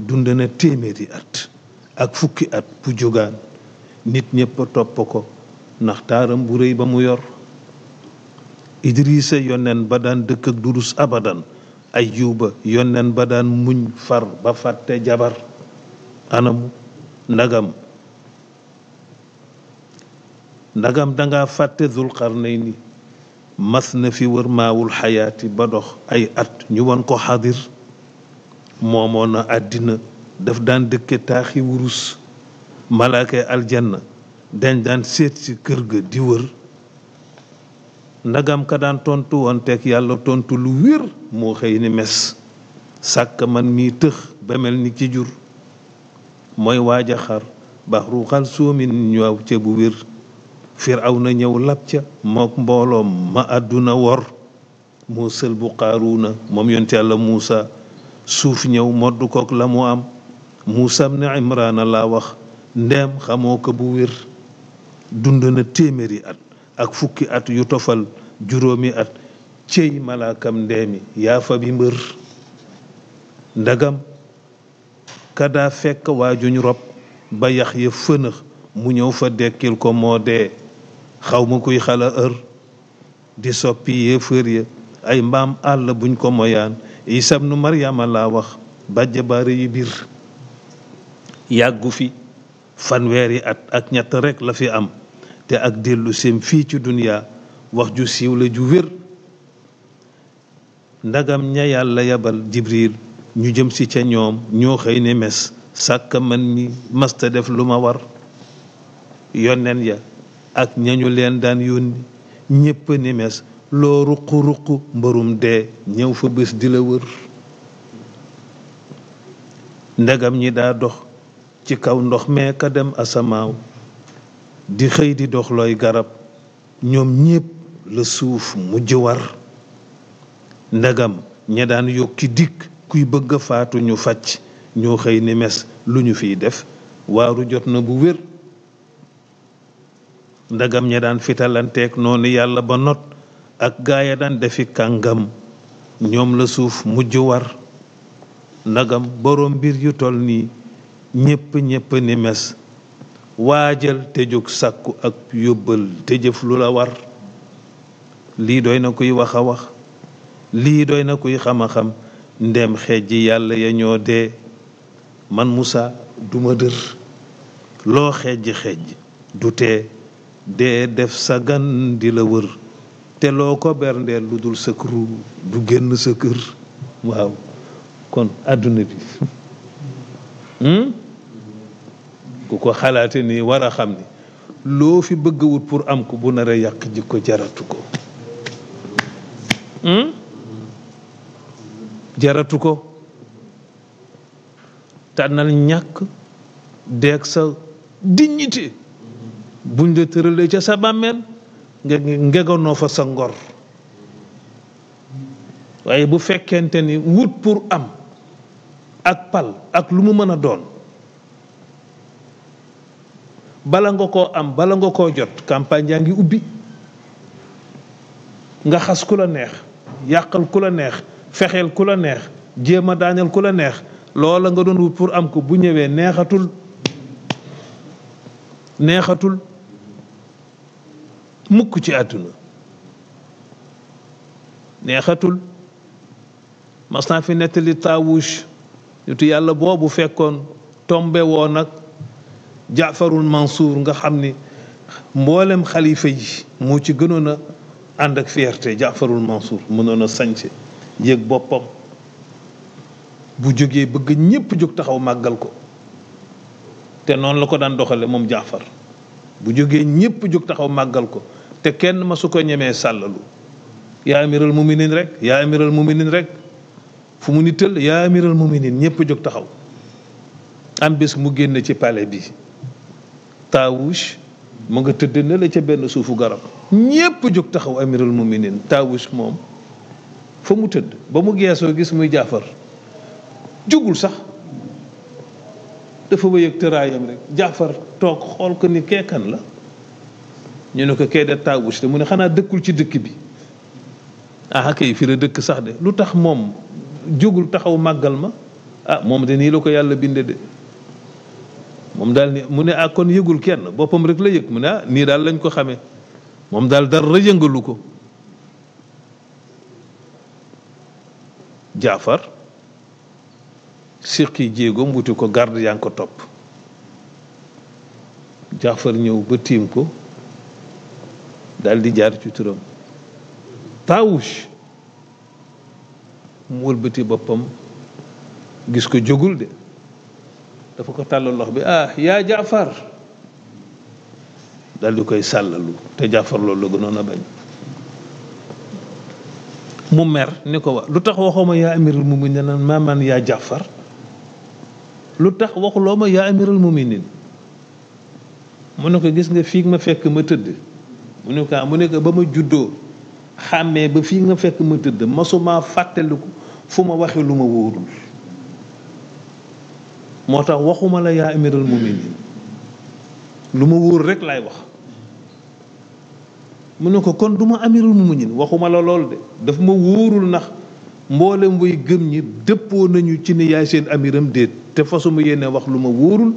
dund na téeméeri at ak fukki at bu jógaan nit ñépp topp ko ndax taaram bu rëy ba mu yor idrisa yonen ba daan dëkk ak durus abadan ayuba yonen ba daan muñ far ba fàtte jabar anamu ndagam ndagam danga fàtte zulqarnayni mas na fi wër maawul xayaati ba dox ay at ñu won ko xadir moomoon na àddina daf daan dëkke taaxi wurus malaakay aljanna dañ daan seet ci kër ga di wër ndagam ka daan tontu yàlla tontu lu wér moo xëy ni mes sàkk man mii tëx ba mel ni ci jur mooy waaja xar baxru xal soomin ñëw ca bu wér firaw na ñëw lab ca mook mbooloom ma àdduna wor moo sël bu qaaruuna moom yonte yàlla muusa suuf ñëw modd kook la mu am muusa am na imraana laa wax ndeem xamoo ko bu wér dund na téeméeri at ak fukki at yu tofal juróomi at céy malaakam ndeemi yaafa fa bi mbër ndagam kada fekk waajuñ rob ba yax ya fënëx mu ñëw fa dekkil ko moo dee xawma ma kuy xala ër di soppi yee fër ya ay mbaam àll buñ ko moyaan isab nu maryaama laa wax bàjja baare yi biir yàggu fi fanweeri at ak ñett rekk la fi am te ak dellu fii ci duniya wax ju siiw la ju wér ndagam ña yàlla yabal jibril ñu jëm ci ca ñoom ñoo xëy ne mes sàkka man masta def lu ma war yonen ya ak ñañu leen daan yónni ñépp ni mes loo ruq ruq mbërum dee ñëw fa bés di la wër ndagam ñi daa dox ci kaw ndox mee ko dem asamaaw di xëy di dox looy garab ñoom ñépp la suuf mujj war ndagam ña daan yokki dikk kuy bëgg a faatu ñu fàcc ñoo xëy ni mes lu ñu fiy def waaru jot na bu wér ndagam ña daan fitalanteeg noonu yàlla ba not ak gaaya daan defi kàngam ñoom la suuf mujj war ndagam boroom mbir yu toll nii ñépp ñépp ni mes waajal te jóg sàkku ak yóbbal te jëf lu la war lii doy na kuy wax a wax lii doy na kuy xam a xam ndem xeej yàlla ya ñoo dee man Moussa duma dër loo xeej xeej du tee dee def sa gan di la wër te loo ko berndeel lu dul sa këru du génn sa kër waaw kon àdduna bi hmm? ku ko xalaate nii war a xam ni loo fi bëgg wut pour am ku bu nar a yàq jikko jaratu ko hmm? jaratu ko tànnal ñàkk deeg sa dignité buñ la tëralee ca sa bàmmeel nga fa sa ngor waaye bu fekkente ni wut pour am ak pal ak lu mu mën a doon bala nga koo am bala nga koo jot campagne yaa ngi ubbi nga xas ku la neex yàqal ku la neex fexeel ku la neex jéem a daañal ku la neex loola nga doon wut pour am ko bu ñëwee neexatul neexatul mukk ci àdduna neexatul mas naa fi nettali taawuus nitu yàlla boobu fekkoon tombe woon nag jaafarul Mansour nga xam ni mboolem xalifa yi moo ci gënoon a ànd ak fierté jaafarul Mansour mënoon a sañse yëg boppam bu jógee bëgg ñépp jóg taxaw màggal ko te noonu la ko daan doxale moom jaafar bu jógee ñépp jóg taxaw màggal ko te kenn ma su ko ñemee sàllalu yaa amiral muminin rek yaa amiral muminin rek fu mu ni tëll yaa amiral muminin ñépp jóg taxaw am bés mu génn ci pale bi taawuus mu nga tëdd ne la ca benn suufu garab ñépp jóg taxaw amirul muminin taawuus moom fa mu tëdd ba mu geesoo gis muy jaafar jugul sax dafa wéy rek jaafar toog xool ko ni keekan la ñu ne ko kee de taawuus mu ne xanaa dëkkul ci dëkk bi ah kay fi dëkk sax de lu tax moom jógul taxaw màggal ma ah moom de nii la ko yàlla binde de moom daal ni mu ne ah kon yëgul kenn boppam rek la yëg mu ne ah nii daal lañ ko xamee moom daal dara yëngalu ko jaafar siqi jéegoom wuti ko garde yaa ngi ko topp jaafar ñëw ba tiim ko daal di jaar ci turam taawush mu wëlbati boppam gis ko jógul de dafa ko tàllal lox bi ah yaa jaafar dal di koy sàllalu te jaafar loolu gënoon a bañ mu mer ni ko wax lu tax waxuma yaa amirul muminin maa yaa jaafar lu tax waxuloo ma yaa amirul muminin mu ne ko gis nga fii ma fekk ma tëdd mu ne ko ah, mu ne ko ba ma juddoo xàmmee ba fii nga fekk ma tëdd masumaa fàttaliku fu ma waxee lu ma wóorul moo tax waxuma la yaa amiral muminin lu ma wóor rekk laay wax mu ne ko kon du ma amirul muminin waxuma la lool de daf ma wóorul ndax mboolem way gëm ñi dëppoo nañu ci ne yaay seen amiram déet te fasuma yéene wax lu ma wóorul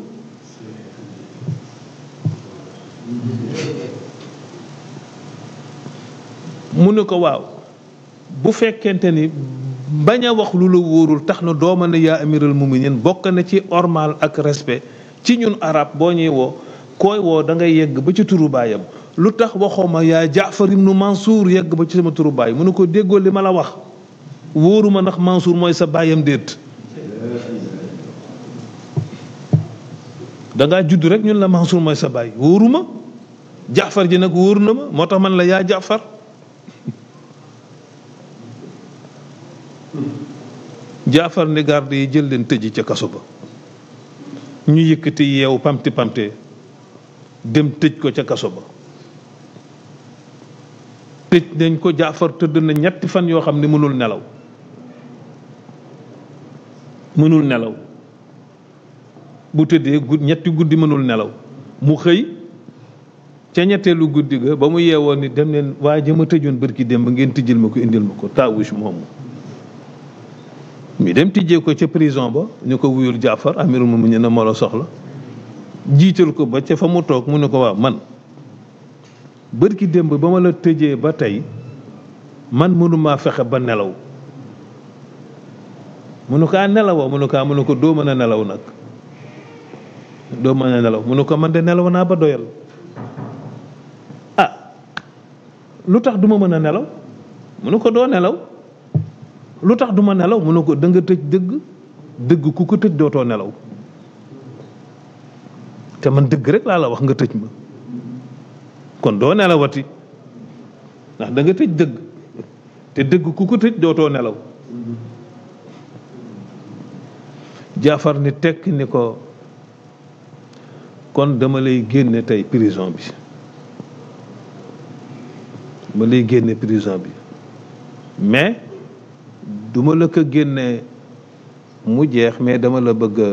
mu ne ko waaw bu fekkente ni bañ a wax lu la wóorul tax na doo mën a yaa amiral muminin bokk na ci ormal ak respect ci ñun araab boo ñuy woo koy woo da ngay yegg ba ci turu baayam lu tax waxuma yaa jaafar ibnu mansour yegg ba ci sama turu baay mu ne ko déggoo li ma la wax wóoruma ndax mansour mooy sa baayam déet dangaa judd rek ñun la mansour mooy sa baay wóoruma jaafar ji nag wóor na ma moo tax man la yaa jaafar jaafar ne garde yi jël leen tëj ca kaso ba ñu yëkkati yeew pamti pamte dem tëj ko ca kaso ba tëj dañ ko jaafar tëdd na ñetti fan yoo xam ne mënul nelaw mënul nelaw bu tëddee gud ñetti guddi mënul nelaw mu xëy ca ñetteelu guddi ga ba mu yeewoon ni dem leen waa jëma tëjoon bërki démb ngeen tijjil ma ko indil ma ko taawush moomu mu dem tijjee ko ca prison ba ñu ko wuyul Jaafar amirul mu ñu ne moo soxla jiital ko ba ca fa mu toog mu ne ko waaw man bërki démb ba ma la tëjee ba tey man mënumaa fexe ba nelaw mu ne ko ah nelawoo ah, ne ko doo mën a nelaw nag doo mën nelaw mu ne ko man de nelaw naa ba doyal ah lu tax du ma mën a nelaw mu ne ko doo nelaw lu tax du ma nelaw mu ne ko da tëj dëgg dëgg ku ko tëj dootoo nelaw te man dëgg rek laa la wax nga tëj ma kon doo nelawati ndax da tëj dëgg te dëgg ku ko tëj dootoo nelaw jaafar ni tekk ni ko kon dama lay génne tey prison bi dama lay génne prison bi mais duma la ko génnee mu jeex mais dama la bëgg a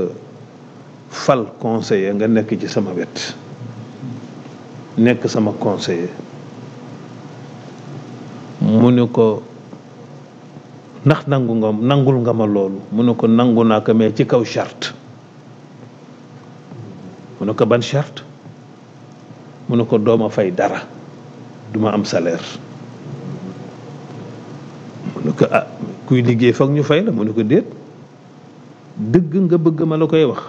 fal conseiller nga nekk ci sama wet nekk sama conseiller mu ne ko ndax nangu nga nangul nga ma loolu mu ne ko nangu naa ko mais ci kaw charte mu ne ko ban charte mu ne ko dooma fay dara duma am salaire mu ne ko ah kuy liggéey foog ñu fay la mu ne ko déet dëgg nga bëgg ma la koy wax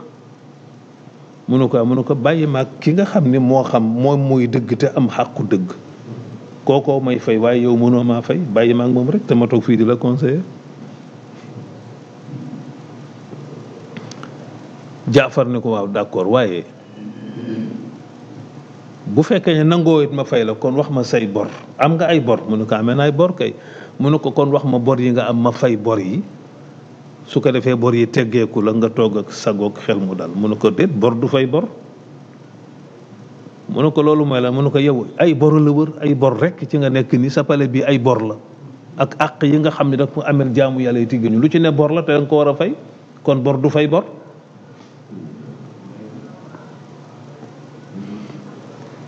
mu ne ko mu ne ko bàyyi maag ki nga xam ne moo xam moom mooy dëgg te am xàqu dëgg kookoo may fay waaye yow mënoo maa fay bàyyi maag moom rek te ma toog fii di la conseiller jaafar ne ko waaw d'accord waaye bu fekkee ne nangoo it ma fay la kon wax ma say bor am nga ay bor mu ne ko amee naay bor kay mu ne ko kon wax ma bor yi nga am ma fay bor yi su ko defee bor yi teggeeku la nga toog ak sagoog xel mu dal mu ne ko déet bor du fay bor mu ne ko loolu mooy la mu ne ko yow ay bor la wër ay bor rekk ci nga nekk ni sa pale bi ay bor la ak àq yi nga xam ne dafa amel jaamu yàlla yi tigguñu lu ci ne bor la te ko war a fay kon bor du fay bor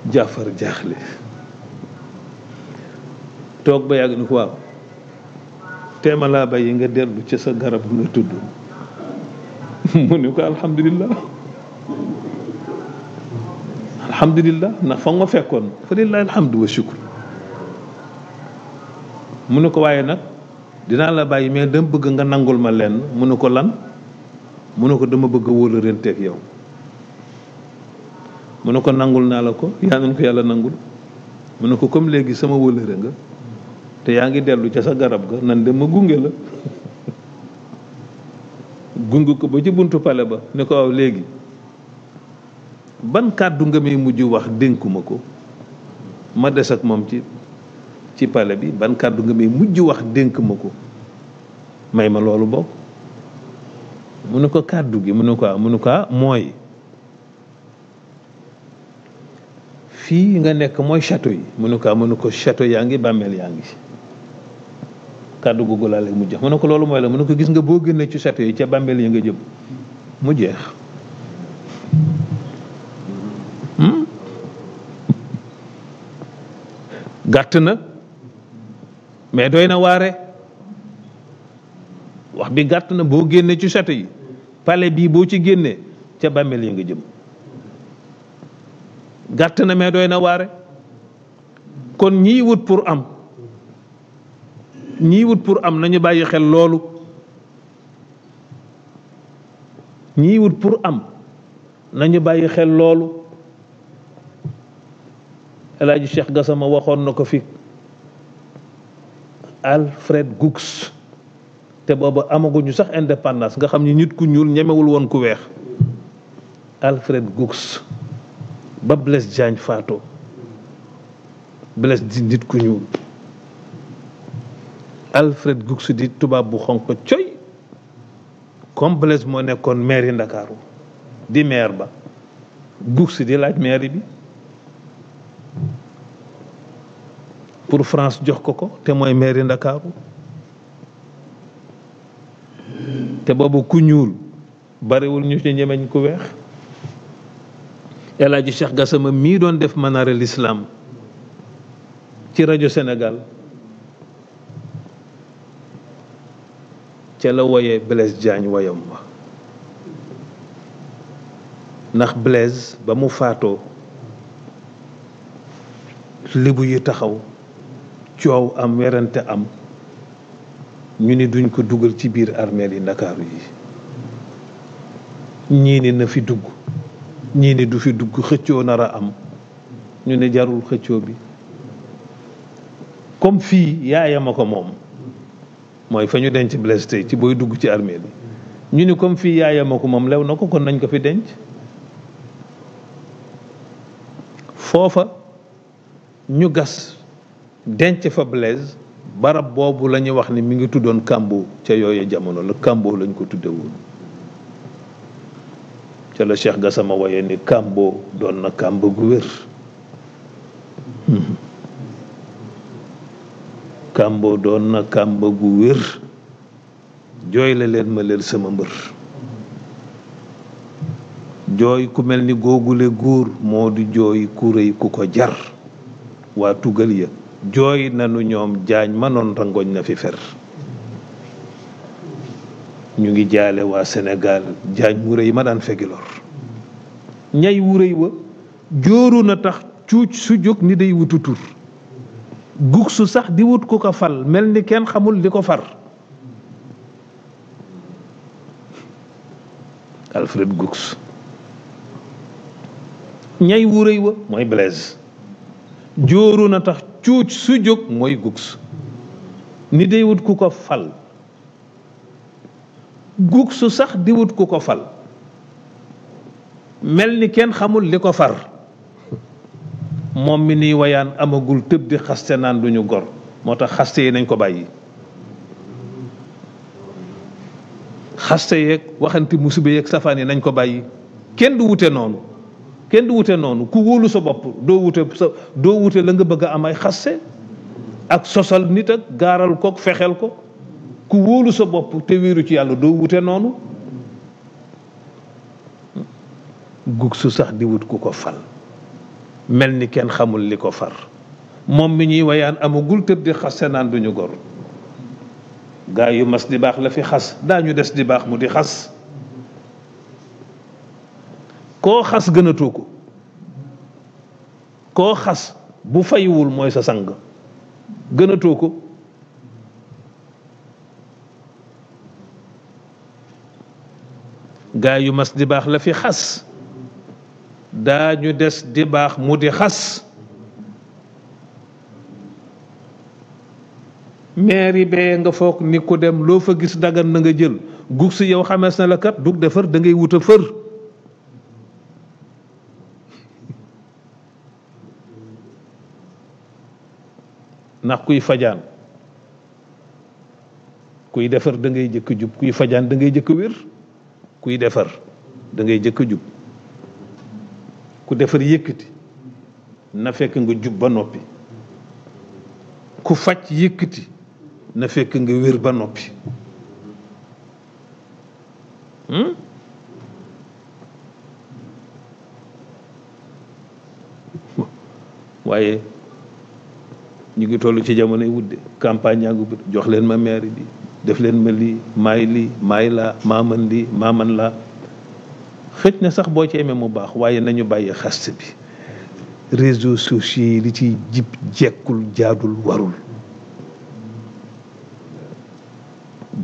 jaafar jaaxle toog ba yàgg ni ko waa teema laa bàyyi nga dellu ca sa garab gu la tudd mu ne ko alhamdulilah alhamdulilah ndax fa nga fekkoon fa lillahi alhamdu wa shukr mu ne ko waaye nag dinaa la bàyyi mais dama bëgg nga nangul ma lenn mu ne ko lan mu ne ko dama bëgg a wóolarenteeg yow mu ne ko nangul naa la ko yaa nañ ko yàlla nangul mu ne ko comme léegi sama wóolare nga te yaa ngi dellu ca sa garab ga nan de ma gunge la gunge ko ba ci buntu pale ba ni ko aw léegi ban kàddu nga may mujj wax dénkuma ko ma moom ci ci pale bi ban kàddu nga may mujj wax dénk ma ko may ma loolu bokk mu ne ko kàddu gi mu ne ko ah, mu ne ko ah, mooy fii nga nekk mooy château yi mu ne ko ah, mu ne ko château yaa ngi bàmmeel yaa ngi kàddu googu laa lay mujjee mu ne ko loolu mooy la mu ne ko gis nga boo génnee ci château yi ca bàmbeel yi nga jëm jeex hmm? gàtt na mais doy na waare wax bi gàtt na boo génnee ci château yi palais bii boo ci génnee ca bàmmeel yi nga jëm gàtt na mais doy na waare kon ñiy wut pour am ñiiwut pour am nañu bàyyi xel loolu ñii wut pour am nañu bàyyi xel loolu El Hadj Cheikh Gassama waxoon na ko fi Alfred Goux te booba amaguñu sax indépendance nga xam ni nit ku ñuul ñemewul woon ku weex Alfred Goux ba Blaise Diagne faatoo Blaise di nit ku ñuul. Alfred Gougou di tubaab bu xonk coy comme moo nekkoon mairie Ndakaaru di maire ba Gougou di laaj mairie bi pour France jox ko ko te mooy mairie Ndakaaru te boobu ku ñuul bariwul ñu ci ñemeñ ku weex El Hadji Cheikh mii doon def manaara l'islam ci rajo Sénégal ca la woyee Blaise Diagne woyam wa ndax Blaise ba mu faatoo libu yi taxaw coow am werante am ñu ni duñ ko dugal ci biir armeel yi ndakaaru yi ñii ni na fi dugg ñii du fi dugg xëccoo nara am ñu ne jarul xëccoo bi comme fii yaayam a ko moom mooy fa ñu denc Blaise Diagne ci booy dugg ci armee bi ñu ni comme fii yaayama ko moom lew na ko kon nañ ko fi denc foofa ñu gas denc fa Blaise barab boobu la ñu wax ni mi ngi tuddoon Kambo ca yooye jamono la Kambo lañ ko tudde woon ca la Cheikh Gassama waye ni Kambo doon na Kambo gu wér kàmboo doon na kàmba gu wér jooy leen ma leel sama mbër jooy ku mel ni googule góor moo di jooy ku rëy ku ko jar waa tugal ya jooy nanu ñoom jaañ manoon rangoñ na fi fer ñu ngi jaale waa Sénégal jaañ wu rëy ma daan fegilor ñay wu rëy wa jóoru na tax cuuc su jóg ni day wutu gugsu sax di wut ku ko fal mel ni kenn xamul di ko far Alfred Gux ñay wuréy wa mooy Blaise jóoru na tax cuuc su jóg mooy Gux ni day wut ku ko fal Gux sax di wut ku ko fal mel ni kenn xamul li ko far moom mi ni woyaan amagul tëb di xaste naan duñu gor moo tax xaste yi nañ ko bàyyi xaste yeeg waxante musiba yeeg safaan yi nañ ko bàyyi kenn du wute noonu kenn du wute noonu ku wóolu sa bopp doo wute sa doo wute la nga bëgg a am ay xaste ak sosal nit ak gaaral kook fexeel ko ku wóolu sa bopp te wéeru ci yàlla doo wute noonu gug su sax di wut ku ko fal mel ni kenn xamul li ko far moom mi ñuy wayaan amagul tëb di xas te naan duñu gor gaa yu mas di baax la fi xas daañu des di baax mu di xas koo xas gënatoo ko koo xas bu faywul mooy sa sang gënatu ko gaa yu mas di baax la fi xas daañu des di baax mu di xas maire yi bee nga foog ni ku dem loo fa gis dagan na nga jël gug si yow xamees na la kat dug defar da ngay wut a fër ndax kuy fajaan kuy defar dangay ngay jëkk jub kuy fajaan da ngay jëkk wér kuy defar da jëkk jub ku defar yëkkati na fekk nga jub ba noppi ku faj yëkkati na fekk nga wér ba noppi hmm? waaye ñu ngi toll ci jamonoy wudde campagne yaa ngi jox leen ma maire bi def leen ma lii maay lii maay laa maa lii maa laa fekk na sax boo ci amee mu baax waaye nañu bàyyi xas bi réseaux sociaux yi li ciy jib jekkul jaadul warul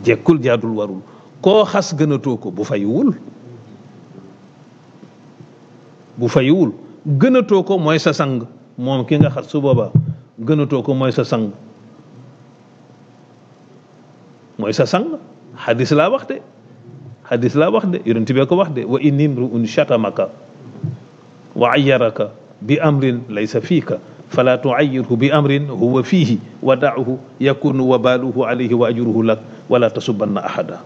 jekkul jaadul warul koo xas gënatoo ko bu fayiwul bu fayiwul gënatoo ko mooy sa sang moom ki nga xas su boobaa gënatoo ko mooy sa sang mooy sa sang xadis laa waxte xadis laa wax de yonent bee ko wax de wa in imruun chatamaka wa ayaraka bi amrin laysa fiika fala tuayirhu bi amrin huwa fiihi wa daahu yakunu wabaaluhu alayhi wa ajruhu lak wala tasubanna ahada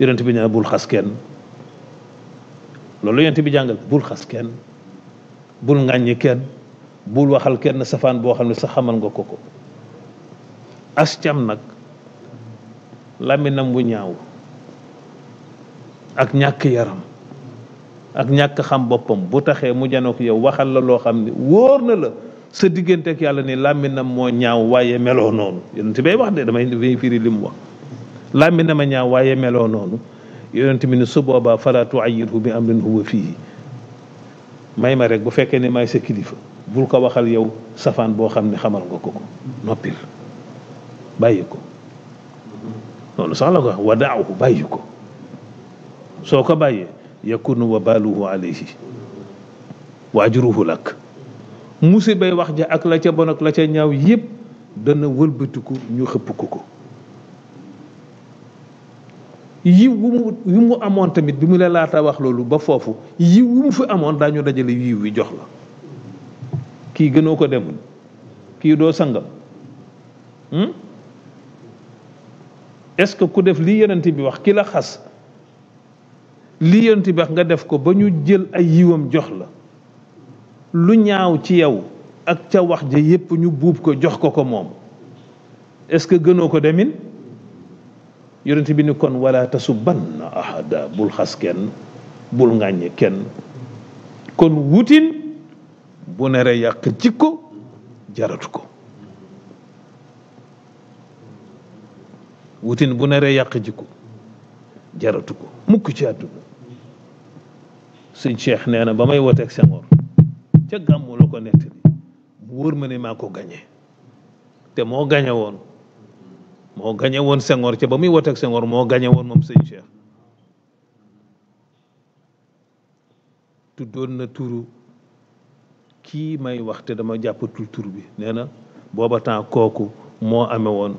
yonent bi nee bul xas kenn loolu yonent bi jàngal bul xas kenn bul ŋàññi kenn bul waxal kenn safaan boo xam ne sa xamal nga ko ko as cam nag làmminam bu ñaaw ak ñàkk yaram ak ñàkk xam boppam bu taxee mu janook yow waxal la loo xam ne wóor na la sa diggante ak yàlla ni làmminam moo ñaaw waaye meloo noonu yonent bay wax de damay damay firi li mu wax làmminam a ñaaw waaye meloo noonu yonent bi ni su boobaa fala tuayirhu bi amrin fii may ma rek bu fekkee ne may sa kilifa bul ko waxal yow safaan boo xam ne xamal nga ko ko noppil bàyyi ko loolu sax la ko wax wadaahu bàyyi ko soo ko bàyyee yakunu wa baaluhu alayhi wa ajruhu lak musibay wax ja ak la ca bon ak la ca ñaaw yépp dana wëlbatiku ñu xëpp ko ko yiw wu mu amoon tamit bi mu la laata wax loolu ba foofu yiw wu mu fi amoon daañu dajale yiw wi jox la kii gënoo ko demul kii doo sangam hmm? est-ce que ku def li yonent bi wax ki la xas li yonent bi wax nga def ko ba ñu jël ay yiwam jox la lu ñaaw ci yow ak ca wax ja yépp ñu buub ko jox ko ko moom est-ce que gënoo ko demin yonent bi ni kon wala tasubanna ahada bul xas kenn bul ŋàññ kenn kon wutin bu neree yàq jikko jaratu ko wutin bu neree yàq jikko jaratu ko mukk ci àdduna sëñ Cheikh nee na ba may woteeg sengoor ca gàmmu la ko nettali mu wóor ma ne maa ko gañe te moo gañe woon moo gañe woon sengoor ca ba muy woteeg sengoor moo gañe woon moom sëñ Cheikh tuddoon na turu kii may waxte te dama jàppatul tur bi nee na booba temps kooku moo ame woon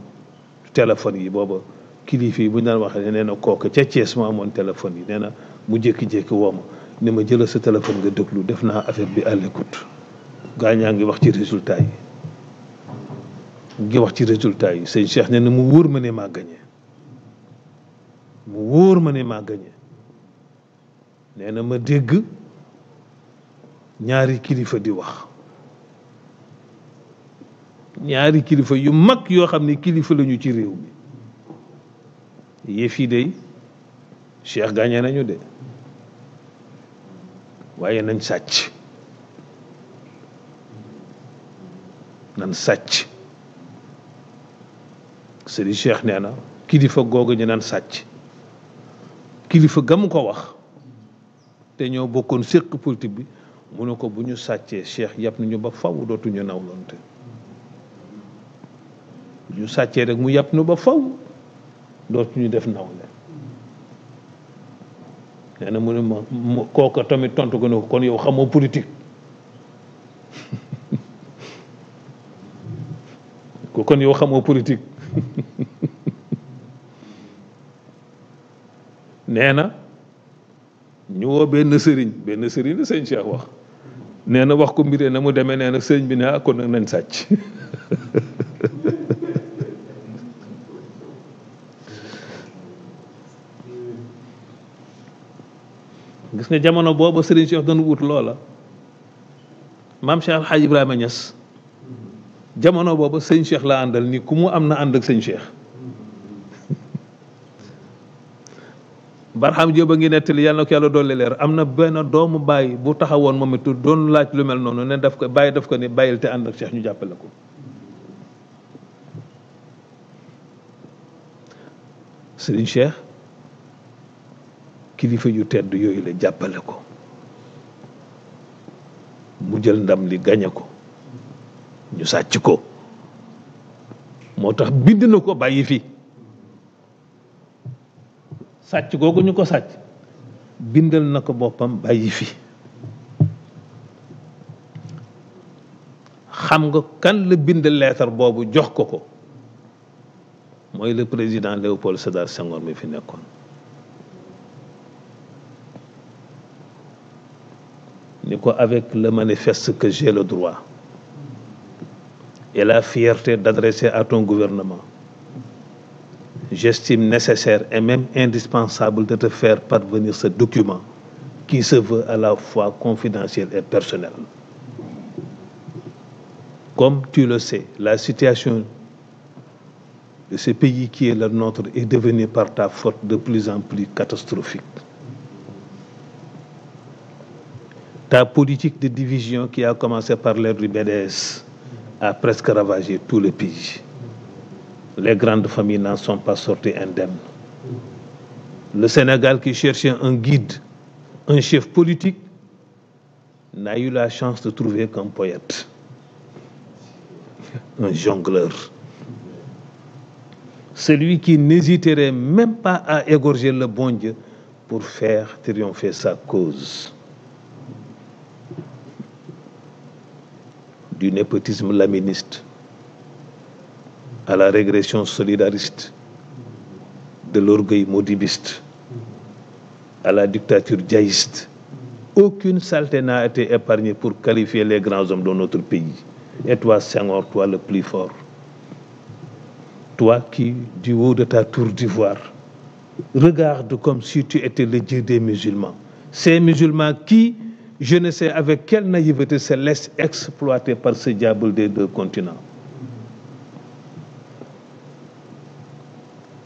téléphone yi booba kilifa yi bu ñu daan waxee nee na kooku ca Thiès moo amoon téléphone yi nee na mu jékki-jékki woo ni ma jëlal sa téléphone nga déglu def naa affaire bi à l'écoute gaañaa ngi wax ci résultat yi ngi wax ci résultat yi sëñ Cheikh ne na mu wóor ma ne maa gagné mu wóor ma ne maa gagné nee na ma dégg ñaari kilifa di wax ñaari kilifa yu mag yoo xam ne kilifa lañu ci réew mi yëf yi day Cheikh gagné nañu de waaye nañ sàcc nan sàcc sëriñ Cheikh nee na kilifa googu ñu nan sàcc kilifa gam ko wax te ñoo bokkoon séq politique bi mu ne ko bu ñu sàccee Cheikh yàpp nañu ba faw dootuñu nawlonte bu ñu sàccee rek mu yàpp nu ba faw dootuñu def nawle nee na mu ma kooka tamit tontu ko ne ko kon yow xamoo politik ko kon yow xamoo politique nee na ñu benn sëriñ benn sëriñ la sëñ Cheikh wax nee na wax ko mbiree na mu demee nee na bi ne ah kon nag nañ sàcc gis nga jamono booba Serigne Cheikh doon wut loola maam Cheikh Alhaaj Ibrahima Niass jamono booba sëñ Cheikh la àndal nii ku mu am na ànd ak sëñ Cheikh Barham Diop ba ngi nettali yàlla na ko yàlla dolli leer am na benn doomu bàyyi bu taxawoon moom it doon laaj lu mel noonu ne daf ko bàyyi daf ko ni bàyyil te ànd ak seex ñu jàppale ko sëriñ Cheikh kilifa yu tedd yooyu la jàppale ko mu jël ndam li gañe ko ñu sàcc ko moo tax bind na ko bàyyi fi sàcc googu ñu ko sàcc bindal na ko boppam bàyyi fi xam nga kan la bind leetar boobu jox ko ko mooy le président Léopold Sédar Senghor mi fi nekkoon ni ko avec le manifeste que j'ai le droit et la fierté d'adresser à ton gouvernement j'estime nécessaire et même indispensable de te faire parvenir ce document qui se veut à la fois confidentiel et personnel. Comme tu le sais, la situation de ce pays qui est le nôtre est devenue par ta faute de plus en plus catastrophique. la politique de division qui a commencé par l'ère du BDS a presque ravagé tout les pays. Les grandes familles n'en sont pas sorties indemnes. Le Sénégal qui cherchait un guide, un chef politique, n'a eu la chance de trouver qu'un poète, un jongleur. Celui qui n'hésiterait même pas à égorger le bon Dieu pour faire triompher sa cause. du népotisme laministe à la régression solidariste, de l'orgueil modibiste, à la dictature djaïste. Aucune saleté n'a été épargnée pour qualifier les grands hommes de notre pays. Et toi, Seigneur, toi le plus fort, toi qui, du haut de ta tour d'ivoire, regarde comme si tu étais le Dieu des musulmans. Ces musulmans qui, je ne sais avec quelle naïveté se laisse exploiter par ce diable des deux continents.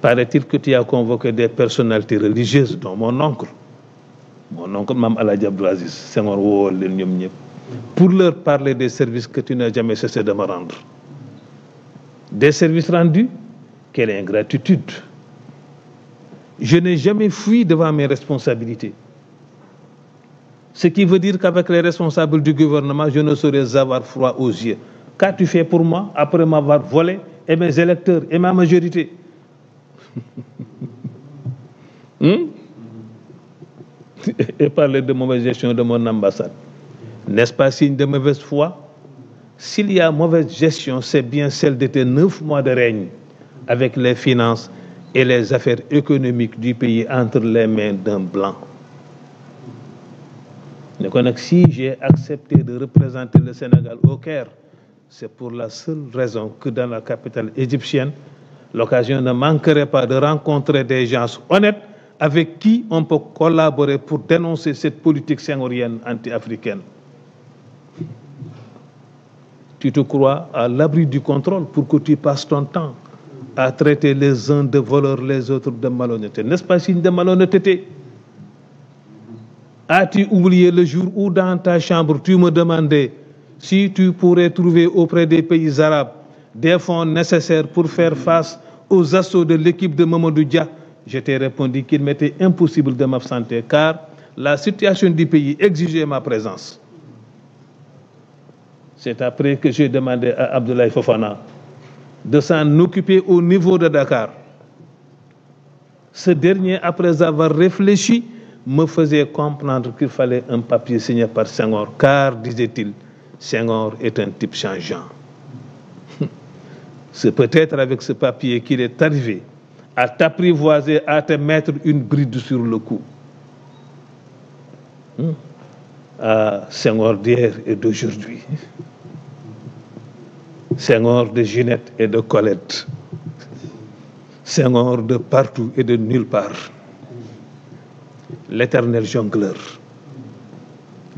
Paraît-il que tu as convoqué des personnalités religieuses, dont mon oncle, mon oncle Mam Aladji Abdelaziz, Senghor woo leen ñoom ñëpp pour leur parler des services que tu n'as jamais cessé de me rendre. Des services rendus? Quelle ingratitude! Je n'ai jamais fui devant mes responsabilités. Ce qui veut dire qu'avec les responsables du gouvernement, je ne saurais avoir froid aux yeux. Qu'as-tu fait pour moi après m'avoir volé et mes électeurs et ma majorité hmm? Et parler de mauvaise gestion de mon ambassade. N'est-ce pas signe de mauvaise fois S'il y a mauvaise gestion, c'est bien celle de tes neuf mois de règne avec les finances et les affaires économiques du pays entre les mains d'un blanc. ne ko nag si j'ai accepté de représenter le Sénégal au Caire c'est pour la seule raison que dans la capitale égyptienne l'occasion ne manquerait pas de rencontrer des gens honnêtes avec qui on peut collaborer pour dénoncer cette politique senghorienne anti-africaine tu te crois à l'abri du contrôle pour que tu passes ton temps à traiter les uns de voleurs les autres de malhonnêtes n'est-ce pas signe de malhonnêteté As-tu oublié le jour où dans ta chambre tu me demandais si tu pourrais trouver auprès des pays arabes des fonds nécessaires pour faire face aux assauts de l'équipe de Mamadou Dia? Je t'ai répondu qu'il m'était impossible de m'absenter car la situation du pays exigeait ma présence. C'est après que j'ai demandé à Abdoulaye Fofana de s'en occuper au niveau de Dakar. Ce dernier, après avoir réfléchi me faisait comprendre qu'il fallait un papier signé par Senghor, car, disait-il, Senghor est un type changeant. C'est peut-être avec ce papier qu'il est arrivé à t'apprivoiser, à te mettre une bride sur le cou. Hmm? À Senghor d'hier et d'aujourd'hui. Seigneur de Ginette et de Colette. Seigneur de partout et de nulle part. l'éternel jongleur,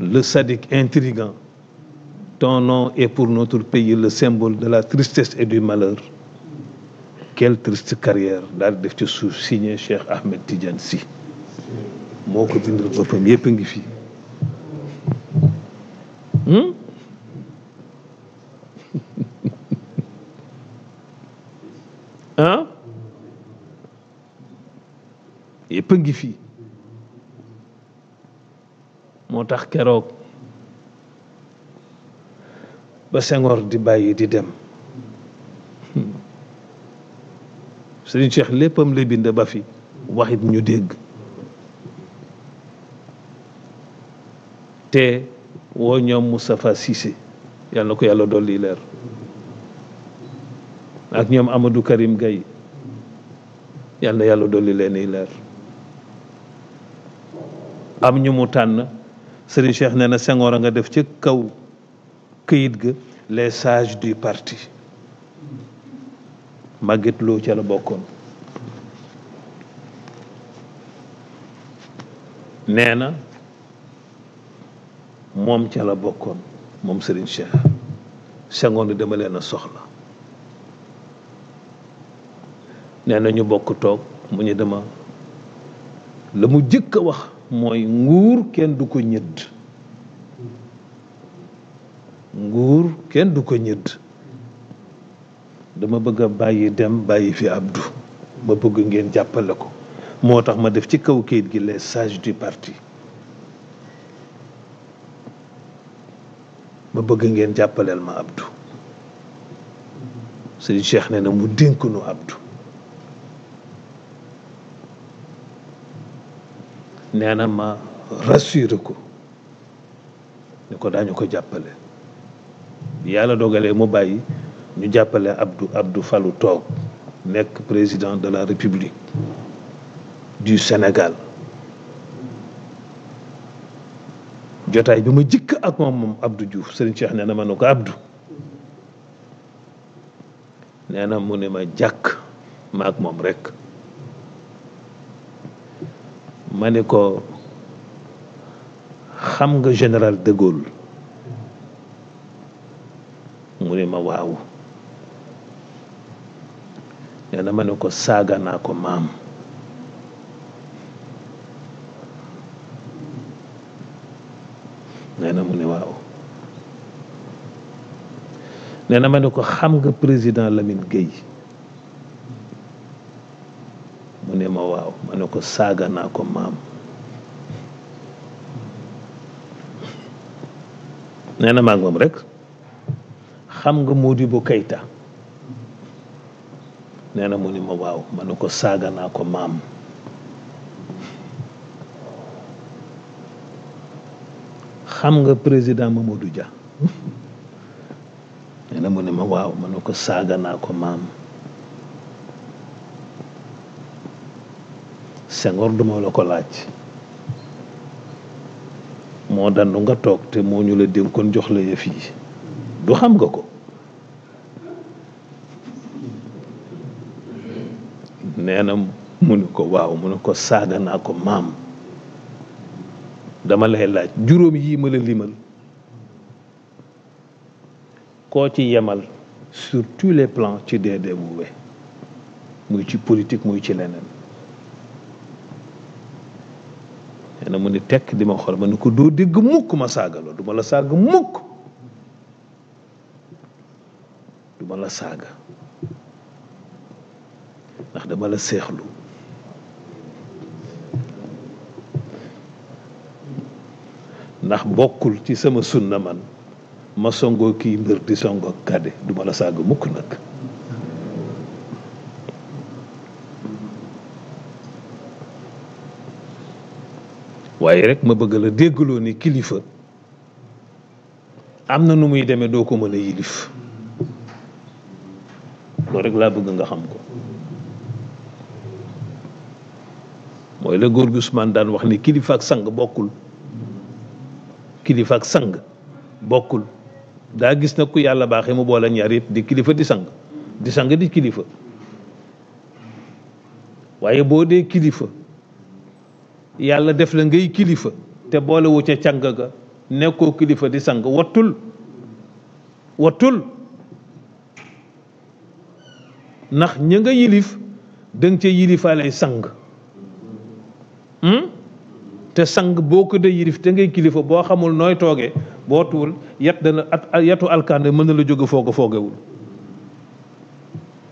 le sadique intrigant. Ton nom est pour notre pays le symbole de la tristesse et du malheur. Quelle triste carrière daal def ci suuf signé Cheikh Ahmed Tidiane Sy moo ko bindal boppam yëpp a ngi fi. ah a ngi fi. moo tax keroog ba Senghor di bàyyi di dem Sëriñ Cheikh léppam la bind ba fi waxit ñu dégg te woo ñoom Moustapha Cissé yàlla ko yàlla dolli leer ak ñoom amadu Karim Gaye yàlla yàlla dolli leen leer am ñu mu tànn Serigne Cheikh nee na sengoor a nga def ci kaw këyit gi les sage du partie Maguette Lo ca la bokkoon nee na moom ca la bokkoon moom Serigne Cheikh Senghor ni demaleen a soxla nee na ñu bokk toog mu ñu dama la mu jëkk a wax mooy nguur kenn du ko ñëdd nguur kenn du ko ñëdd dama bëgg a bàyyi dem bàyyi fi Abdou ma bëgg ngeen jàppale ko moo tax ma def ci kaw kayit gi les sages du parti ma bëgg ngeen jàppaleel ma Abdou Serigne Cheikh ne na mu dénk nu Abdou nee na ma rassuré ko ni ko daañu ko jàppale yàlla dogale mu bàyyi ñu jàppale Abdou abdu falu toog nekk président de la République du Sénégal jotaay bi ma jëkk ak moom moom Abdou Diouf Serigne Cheikh nee na ma ne ko Abdou nee na mu ne ma jàkk ma ak moom rekk ma ni ko xam nga général de Gaulle mu ne ma waaw nee na ne ko saaga naa ko maam nee na mu ne waaw nee na ma ne ko xam nga président Lamine Gueye mu ne ma waaw ma ne ko saaga naa ko maam nee na maag rek xam nga Modibo Keïta nee na mu ne ma waaw ma ne ko saaga naa ko maam xam nga président Mamadou Dia nee na mu ne ma waaw ma ne ko saaga naa ko maam Senghor duma la ko laaj moo dandu nga toog te moo ñu la dénkoon jox la yëf yi du xam nga ko nee na mu ne ko waaw mu ne ko saaga naa ko maam dama lay laaj juróom yii ma la limal koo ci yemal sur tous les plans ci dee dee muy ci politique muy ci leneen nee na mu ni tekk di ma xool ma ni ko doo dégg mukk ma saagaloo du ma la saaga mukk du ma la saaga ndax dama la seexlu ndax bokkul ci sama sunna man ma songoo kii mbir di songoo kàdde du ma la saaga mukk nag waaye rek ma bëgg la déggloo ni kilifa am na nu muy demee doo ko mën a yilif loolu rek laa bëgg nga xam ko mooy la góor gu Ousmane daan wax ni kilifa ak sang bokkul kilifa ak sang bokkul daa gis na ku yàlla baaxee mu boole ñaar yëpp di kilifa di sang di sang di kilifa waaye boo dee kilifa yàlla def la ngay kilifa te boolewu ca càng ga nekkoo kilifa di sang wattul wattul ndax ña nga yilif danga ca yilifaale sang hmm? te sang boo ko dee yilif te ngay kilifa boo xamul nooy tooge boo tuwul yat dana at yatu alkaande mën na la jóge fooge foogewul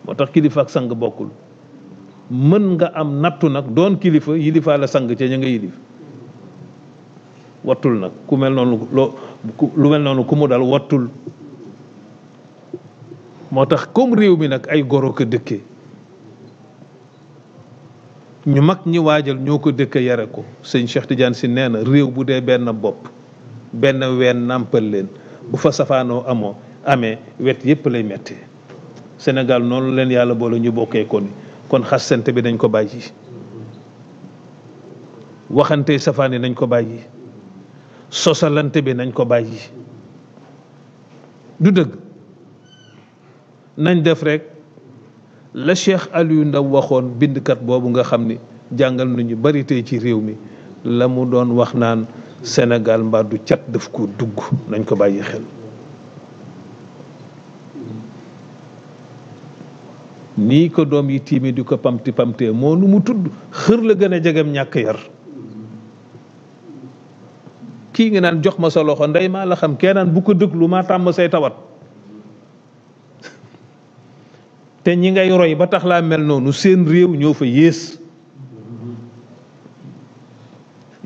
moo tax kilifa ak sang bokkul mën nga am nattu nag doon kilifa yilifaa la sang ca ña nga yilif wattul nag ku mel noonu lu mel noonu ku mu dal wattul moo tax comme réew mi nag ay goro ko dëkkee ñu mag ñi waajal ñoo ko dëkkee yare ko sëñ Cheikh Tidiane si nee na réew bu dee benn bopp benn ween nàmpal leen bu fa safaanoo amoo amee wet yépp lay mettee senegal noonu leen yàlla boole ñu bokkee ko ni kon xasante bi nañ ko bàyyi waxante safaan yi nañ ko bàyyi sosalante bi nañ ko bàyyi du dëgg nañ def rek la Cheikh Aliou Ndaw waxoon bindkat boobu nga xam ni jàngal nañu bari tey ci réew mi la mu doon wax naan senegal mbaa du cat def ko dugg nañ ko bàyyi xel nii ko doom yi tiimi di ko pamti pamtee moo nu mu tudd xër la gën a jegem ñàkk yar kii nga naan jox ma sa loxo ndey maa la xam kee bu ko déglu maa tàmm say tawat te ñi ngay roy ba tax laa mel noonu seen réew ñoo fa yées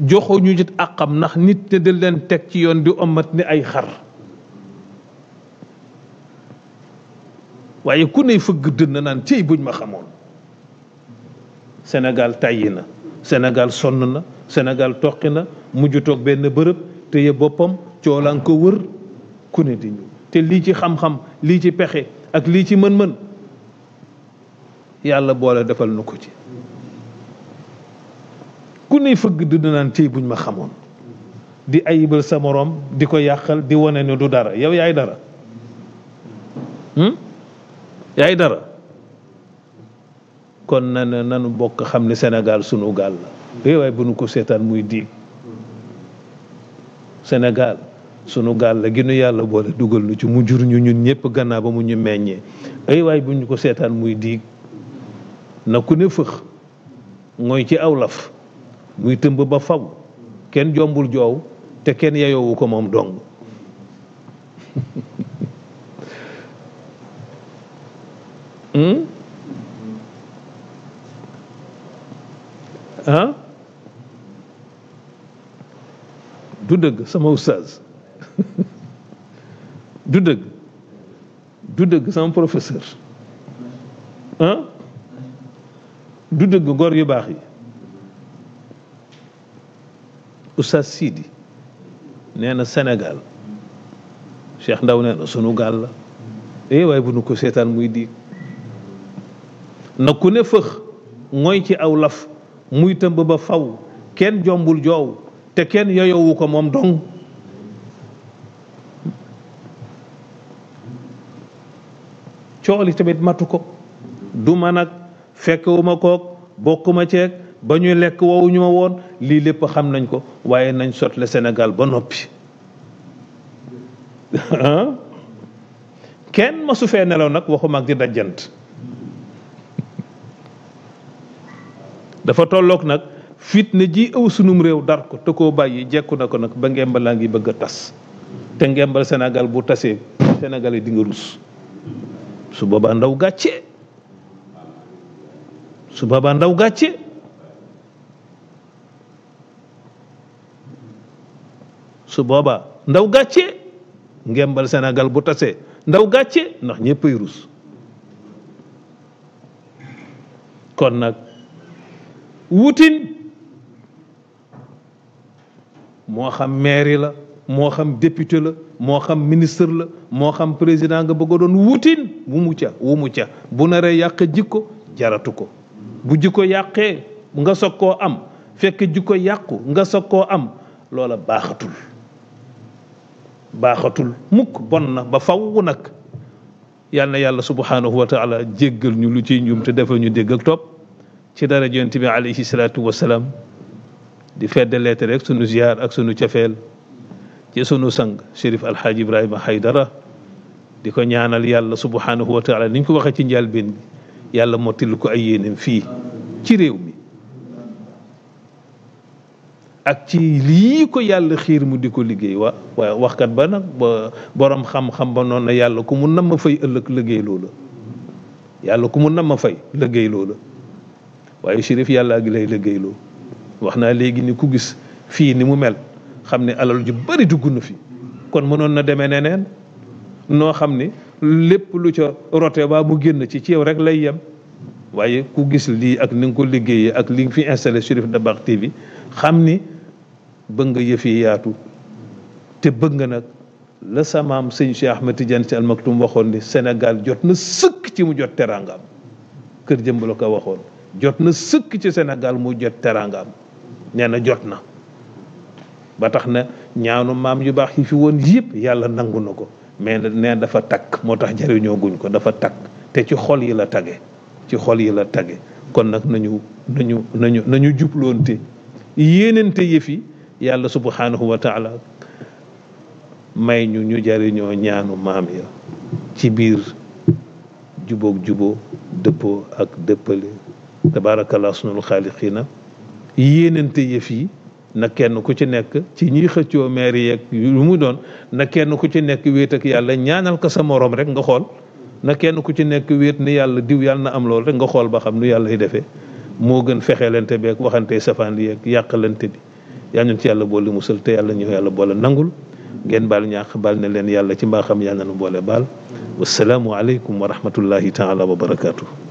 joxoñu nit àqam ndax nit te dal leen teg ci yoon di omat ni ay xar waaye ku ne fëgg dënn naan cey buñ ma xamoon senegal tàyyi na senegal sonn na senegal toqi na mujj toog benn bërëb téye boppam coolaan wër ku ne di ñu te lii ci xam-xam lii ci pexe ak lii ci mën-mën yàlla boole defal nu ko ci ku ney fëgg dënn naan cey buñ ma xamoon di ayibal sa moroom di ko yàqal di wone ne du dara yow yaay dara. Hmm? yaay dara kon nana nanu bokk xam ne senegaal sunu gaal la eh bu nu ko seetaan muy diig senegaal sunu gaal la ginu yàlla boole dugal nu ci mu jur ñu ñun ñëpp gannaaw ba mu ñu meññee ay waay bu ñu ko seetaan muy diig na ku ne fëx mooy ci aw laf muy tëmb ba faw kenn jombul joow te kenn yeyoowu ko moom dong Hmm? ah du dëgg sama oustaz du dëgg du dëgg sama professeur ah du dëgg góor yu baax yi oustaz Sidi nee na Sénégal Cheikh Ndaw nee na sunu la eh waaye bu nu ko seetaan muy diig na ku ne fëx mooy ci aw laf muy tëmb ba faw kenn jombul joow te kenn yoyowu ko moom dong coow tamit matu ko du man ak fekkewuma kook bokkuma ceeg ba ñuy lekk wowuñu ma woon lii lépp xam nañ ko waaye nañ sotle Sénégal ba noppi kenn masu fee nelaw nag waxuma ak di dajjant dafa tollook nag fitne ji ëw sunum réew dar ko te ko bàyyi jekku na ko nag ba ngembal laa ngi bëgg a tas te ngembal senegal bu tasee Sénégalais di nga rus su boobaa ndaw gàcce su boobaa gàcce su boobaa ndaw gàcce ngembal senegal bu tasee ndaw gàcce ndax ñëppay rus kon nag wutin moo xam maire la moo xam député la moo xam ministre la moo xam président nga bëgg a doon wutin wu mu ca wu mu ca bu naree yàq jikko jaratu ko bu jikko yàqee nga soog koo am fekk jikko yàqu nga soog koo am loola baaxatul baaxatul mukk bon na ba faw nag yal na yàlla subhanahu wa taala jéggal ñu lu ciy njuum te defal ñu dégg ak topp ci dara yonent bi alayhi salaatu wasalaam di feddaleete rek sunu ziyaar ak sunu cafeel ci sunu sang Chérif Alxaaji Ibrahima Haydara di ko ñaanal yàlla subhanahu wa taala ni ñu ko waxee ci njëlbéen bi yàlla mottil ko ay yéenam fii ci réew mi ak ci lii ko yàlla xiir mu di ko liggéey wa waaye waxkat ba nag borom xam-xam ba noonu na yàlla ku mu nama fay ëllëg liggéey loola yàlla ku mu nam fay liggéey loola waaye shérif yàlla gi lay liggéeyloo wax naa léegi ni ku gis fii ni mu mel xam ne alal ju bari dugg na fi kon mënoon na demee neneen noo xam ne lépp lu ca rote baa mu génn ci ci yow rek lay yem waaye ku gis lii ak ni nga ko liggéeyee ak li nga fi installé Cherif Dabakh TV xam ni bëgg nga yëf yaatu te bëgg nga nag la samaam sëñ Cheikh Ahmed Tidiane Sy Al Maktoum waxoon ni Sénégal jot na sëkk ci mu jot teraangaam kër jëmbala ko waxoon jot na sëkk ci senegal mu jot teraangaam nee jot na ba tax na ñaanu maam yu baax yi fi woon yëpp yàlla nangu na ko mais nee dafa takk moo tax jariñoo guñ ko dafa takk te ci xol yi la tage ci xol yi la tage kon nag nañu nañu nañu nañu jubloonte yéenante yëf yàlla subhanahu wa taala may ñu ñu jariñoo ñaanu maam ya ci biir jubóog juboo dëppoo ak dëppale tabaarakallaa sunul xaaliqiina yéenante yëf yi na kenn ku ci nekk ci ñuy xëccoo maire yeeg yu mu doon na kenn ku ci nekk wéet ak yàlla ñaanal ko sa morom rek nga xool na kenn ku ci nekk wéet ni yàlla diw yàlla na am loolu rek nga xool ba xam nu yàlla lay defee moo gën fexeelante beek waxante safaan yeeg yàqalante bi yaa ñun ci yàlla boole musal te yàlla ñu yàlla boole nangul ngeen baal ñax baal na leen yàlla ci mbaaxam yàlla na nu boole baal wasalaamu aleykum wa rahmatullahi taala wa barakaatu.